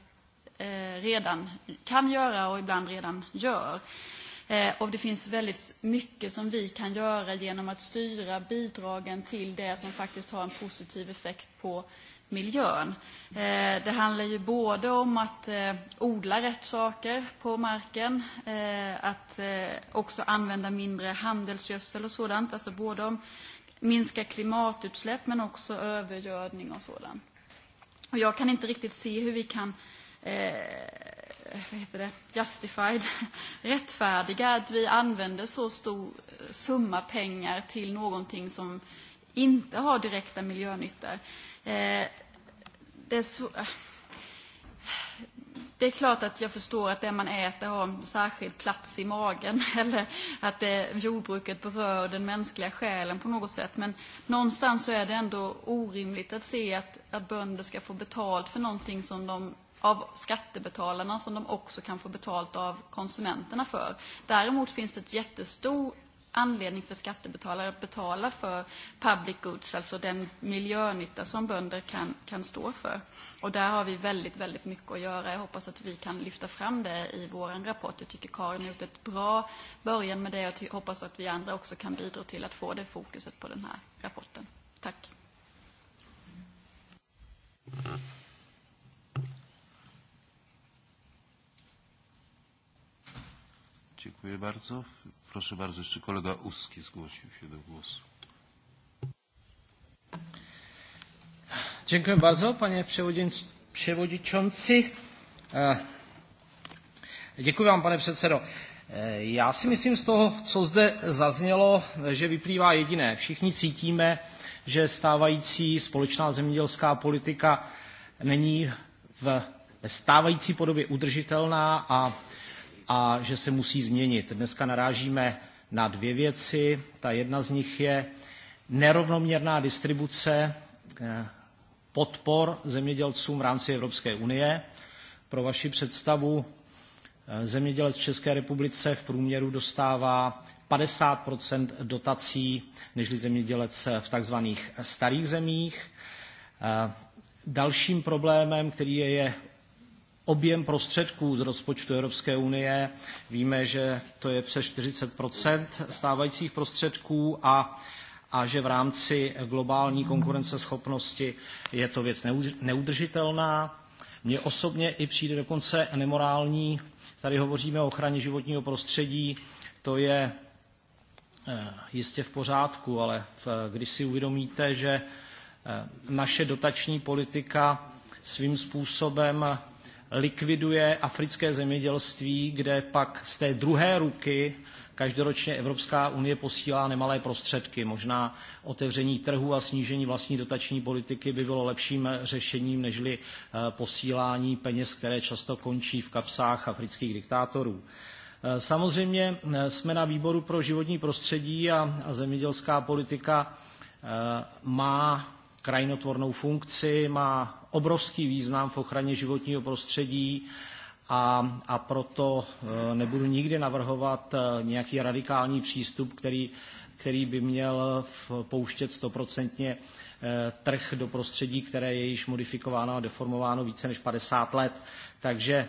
eh, redan kan göra och ibland redan gör. Eh, och det finns väldigt mycket som vi kan göra genom att styra bidragen till det som faktiskt har en positiv effekt på eh, miljön. Eh, det handlar ju både om att eh, odla rätt saker på marken, eh, att också använda mindre handelsgödsel och sådant, alltså både om minska klimatutsläpp men också övergödning och sådant. Och jag kan inte riktigt se hur vi kan eh, vad heter det? justified, (laughs) rättfärdiga att vi använder så stor summa pengar till någonting som inte har direkta miljönyttor. Eh, det, är så, eh, det är klart att jag förstår att det man äter har en särskild plats i magen (laughs) eller att det, jordbruket berör den mänskliga själen på något sätt. Men någonstans så är det ändå orimligt att se att, att bönder ska få betalt för någonting som de av skattebetalarna som de också kan få betalt av konsumenterna för. Däremot finns det ett jättestort anledning för skattebetalare att betala för public goods, alltså den miljönytta som bönder kan, kan stå för. Och där har vi väldigt, väldigt mycket att göra. Jag hoppas att vi kan lyfta fram det i vår rapport. Jag tycker Karin har gjort ett bra början med det. Jag hoppas att vi andra också kan bidra till att få det fokuset på den här rapporten. Tack. Dziękuję bardzo. Proszę bardzo, jeszcze kolega Uski zgłosił się do głosu. Dziękuję bardzo, panie przewodniczący. E, Děkuji vám, pane předsedo. E, já si myslím z toho, co zde zaznělo, že vyplývá jediné. Všichni cítíme, že stávající společná zemědělská politika není v stávající podobě udržitelná a a že se musí změnit. Dneska narážíme na dvě věci. Ta jedna z nich je nerovnoměrná distribuce eh, podpor zemědělcům v rámci Evropské unie. Pro vaši představu, eh, zemědělec v České republice v průměru dostává 50 dotací nežli zemědělec eh, v tzv. starých zemích. Dalším problémem, který je objem prostředků z rozpočtu Evropské unie. Víme, že to je přes 40 stávajících prostředků a a že v rámci globální konkurenceschopnosti je to věc neudržitelná. Mně osobně i přijde dokonce nemorální, tady hovoříme o ochraně životního prostředí, to je eh, jistě v pořádku, ale když si uvědomíte, že eh, naše dotační politika svým způsobem likviduje africké zemědělství, kde pak z té druhé ruky každoročně Evropská unie posílá nemalé prostředky. Možná otevření trhu a snížení vlastní dotační politiky by bylo lepším řešením, nežli eh, posílání peněz, které často končí v kapsách afrických diktátorů. Eh, samozřejmě eh, jsme na výboru pro životní prostředí a, a zemědělská politika má krajinotvornou funkci, má obrovský význam v ochraně životního prostředí a, a proto eh, nebudu nikdy navrhovat eh, nějaký radikální přístup, který, který by měl pouštět stoprocentně eh, trh do prostředí, které je již modifikováno a deformováno více než 50 let. Takže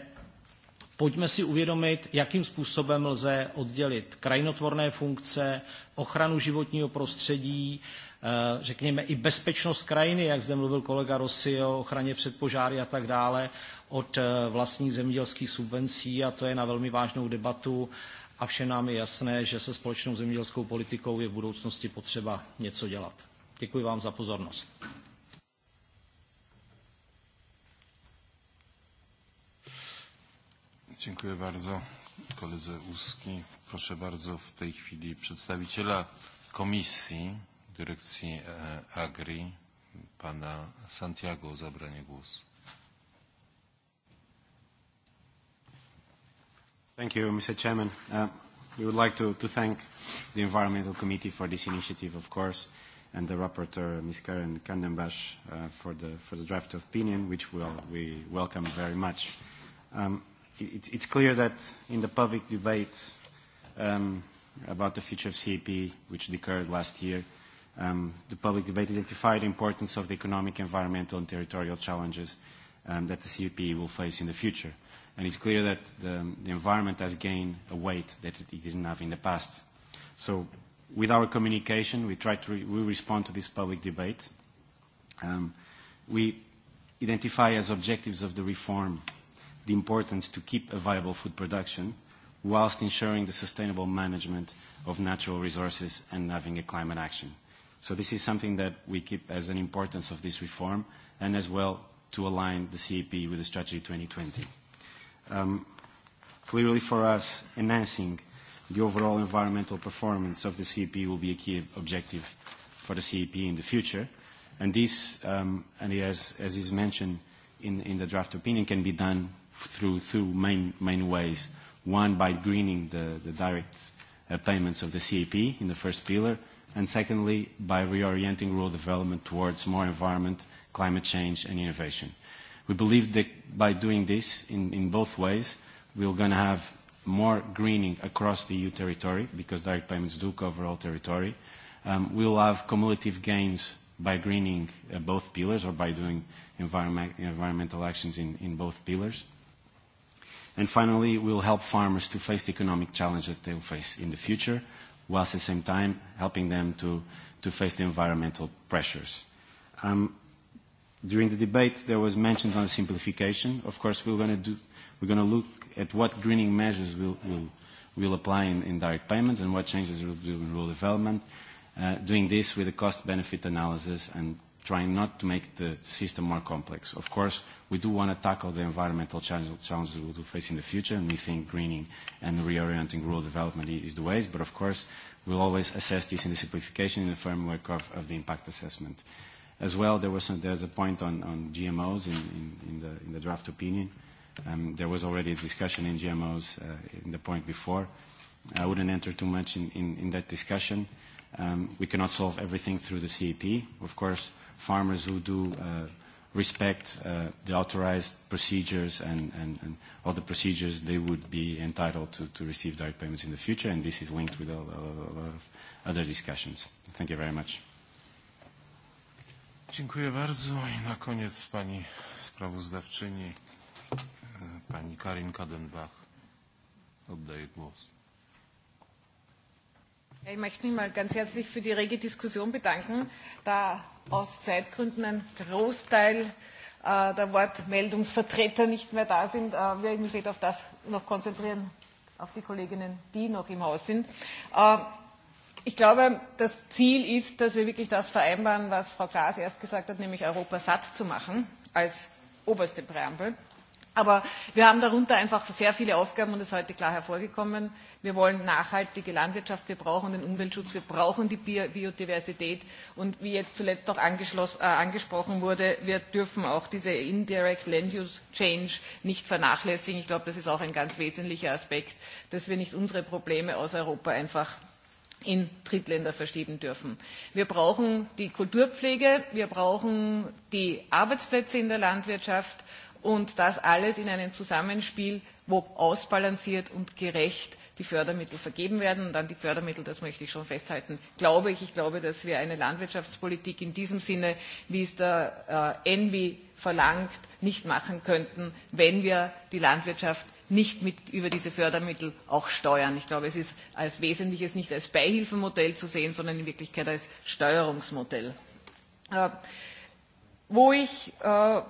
pojďme si uvědomit, jakým způsobem lze oddělit krajinotvorné funkce, ochranu životního prostředí Eh, řekněme, i bezpečnost krajiny, jak zde mluvil kolega Rossi o ochraně před požáry a tak dále, od eh, vlastních zemědělských subvencí a to je na velmi vážnou debatu a všem nám je jasné, že se společnou zemědělskou politikou je v budoucnosti potřeba něco dělat. Děkuji vám za pozornost. Dziękuję bardzo koledze Uski. Proszę bardzo w tej chwili przedstawiciela komisji dyrekcji e, Agri, pana Santiago o zabranie głosu. Thank you, Mr. Chairman. Uh, we would like to, to thank the Environmental Committee for this initiative, of course, and the rapporteur, Ms. Karen Kandenbash, uh, for, the, for the draft opinion, which we'll, we welcome very much. Um, it, it's clear that in the public debate um, about the future of CEP, which occurred last year, Um, the public debate identified the importance of the economic, environmental and territorial challenges um, that the CUP will face in the future. And it's clear that the, the environment has gained a weight that it didn't have in the past. So with our communication, we try to re we respond to this public debate. Um, we identify as objectives of the reform the importance to keep a viable food production whilst ensuring the sustainable management of natural resources and having a climate action. So this is something that we keep as an importance of this reform and as well to align the CAP with the Strategy 2020. Um, clearly for us, enhancing the overall environmental performance of the CAP will be a key objective for the CAP in the future. And this, um, and as, as is mentioned in, in the draft opinion, can be done through two main, main ways. One, by greening the, the direct uh, payments of the CAP in the first pillar, and secondly, by reorienting rural development towards more environment, climate change, and innovation. We believe that by doing this in, in both ways, we're going to have more greening across the EU territory because direct payments do cover all territory. Um, we'll have cumulative gains by greening uh, both pillars or by doing environment, environmental actions in, in both pillars. And finally, we'll help farmers to face the economic challenge that they'll face in the future whilst at the same time helping them to, to face the environmental pressures. Um, during the debate, there was mentions on simplification. Of course, we're going to do, we're going to look at what greening measures will will will apply in, in direct payments and what changes will do in rural development. Uh, doing this with a cost-benefit analysis and trying not to make the system more complex. Of course, we do want to tackle the environmental challenges we will face in the future, and we think greening and reorienting rural development is the ways. But of course, we'll always assess this in the simplification in the framework of, of the impact assessment. As well, there was some, there's a point on, on GMOs in, in, in, the, in the draft opinion. Um, there was already a discussion in GMOs uh, in the point before. I wouldn't enter too much in, in, in that discussion. Um, we cannot solve everything through the CEP. Of course, farmers who do uh, respect uh, the authorized procedures and, and, and other procedures, they would be entitled to, to receive direct payments in the future, and this is linked with a, a, a lot of other discussions. Thank you very much. Dziękuję bardzo. I na koniec pani sprawozdawczyni, e, pani Karin Kadenbach. Oddaję głos. Ich möchte mich mal ganz herzlich für die rege Diskussion bedanken, da aus Zeitgründen ein Großteil äh, der Wortmeldungsvertreter nicht mehr da sind. Äh, wir werden uns auf das noch konzentrieren, auf die Kolleginnen, die noch im Haus sind. Äh, ich glaube, das Ziel ist, dass wir wirklich das vereinbaren, was Frau Klaas erst gesagt hat, nämlich Europa satt zu machen als oberste Präambel. Aber wir haben darunter einfach sehr viele Aufgaben und das ist heute klar hervorgekommen. Wir wollen nachhaltige Landwirtschaft, wir brauchen den Umweltschutz, wir brauchen die Biodiversität und wie jetzt zuletzt auch äh, angesprochen wurde, wir dürfen auch diese Indirect Land Use Change nicht vernachlässigen. Ich glaube, das ist auch ein ganz wesentlicher Aspekt, dass wir nicht unsere Probleme aus Europa einfach in Drittländer verschieben dürfen. Wir brauchen die Kulturpflege, wir brauchen die Arbeitsplätze in der Landwirtschaft und das alles in einem Zusammenspiel, wo ausbalanciert und gerecht die Fördermittel vergeben werden. Und an die Fördermittel, das möchte ich schon festhalten, glaube ich. Ich glaube, dass wir eine Landwirtschaftspolitik in diesem Sinne, wie es der äh, Envi verlangt, nicht machen könnten, wenn wir die Landwirtschaft nicht mit über diese Fördermittel auch steuern. Ich glaube, es ist als Wesentliches nicht als Beihilfenmodell zu sehen, sondern in Wirklichkeit als Steuerungsmodell. Äh, wo ich äh,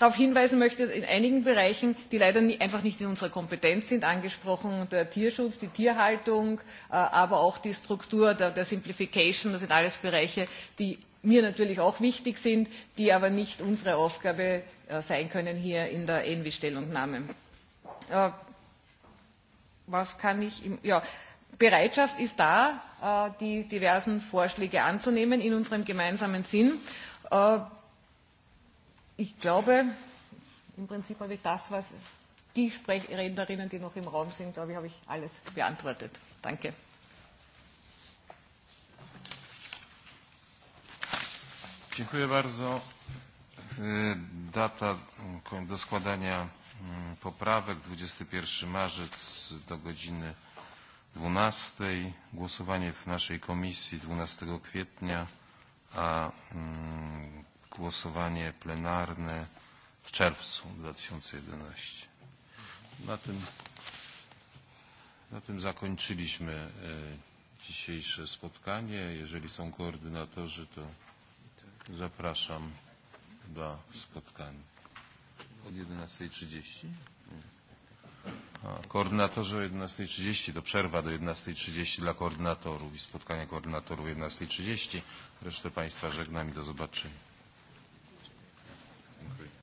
darauf hinweisen möchte, in einigen Bereichen, die leider nie, einfach nicht in unserer Kompetenz sind, angesprochen der Tierschutz, die Tierhaltung, äh, aber auch die Struktur der, der Simplification, das sind alles Bereiche, die mir natürlich auch wichtig sind, die aber nicht unsere Aufgabe äh, sein können hier in der ENVI-Stellungnahme. Äh, was kann ich, im, ja, Bereitschaft ist da, äh, die diversen Vorschläge anzunehmen in unserem gemeinsamen Sinn. Äh, ich glaube, im Prinzip habe ich das, was die Sprechrednerinnen, die noch im Raum sind, glaube ich, habe ich alles beantwortet. Danke. Dziękuję bardzo. Data mm, do składania mm, poprawek 21 marzec do godziny 12. Głosowanie w naszej komisji 12 kwietnia, a mm, głosowanie plenarne w czerwcu 2011. Na tym, na tym zakończyliśmy e, dzisiejsze spotkanie. Jeżeli są koordynatorzy, to zapraszam do spotkań od 11.30. A, koordynatorzy o 11.30, to przerwa do 11.30 dla koordynatorów i spotkanie koordynatorów o 11.30. Resztę Państwa żegnam i do zobaczenia.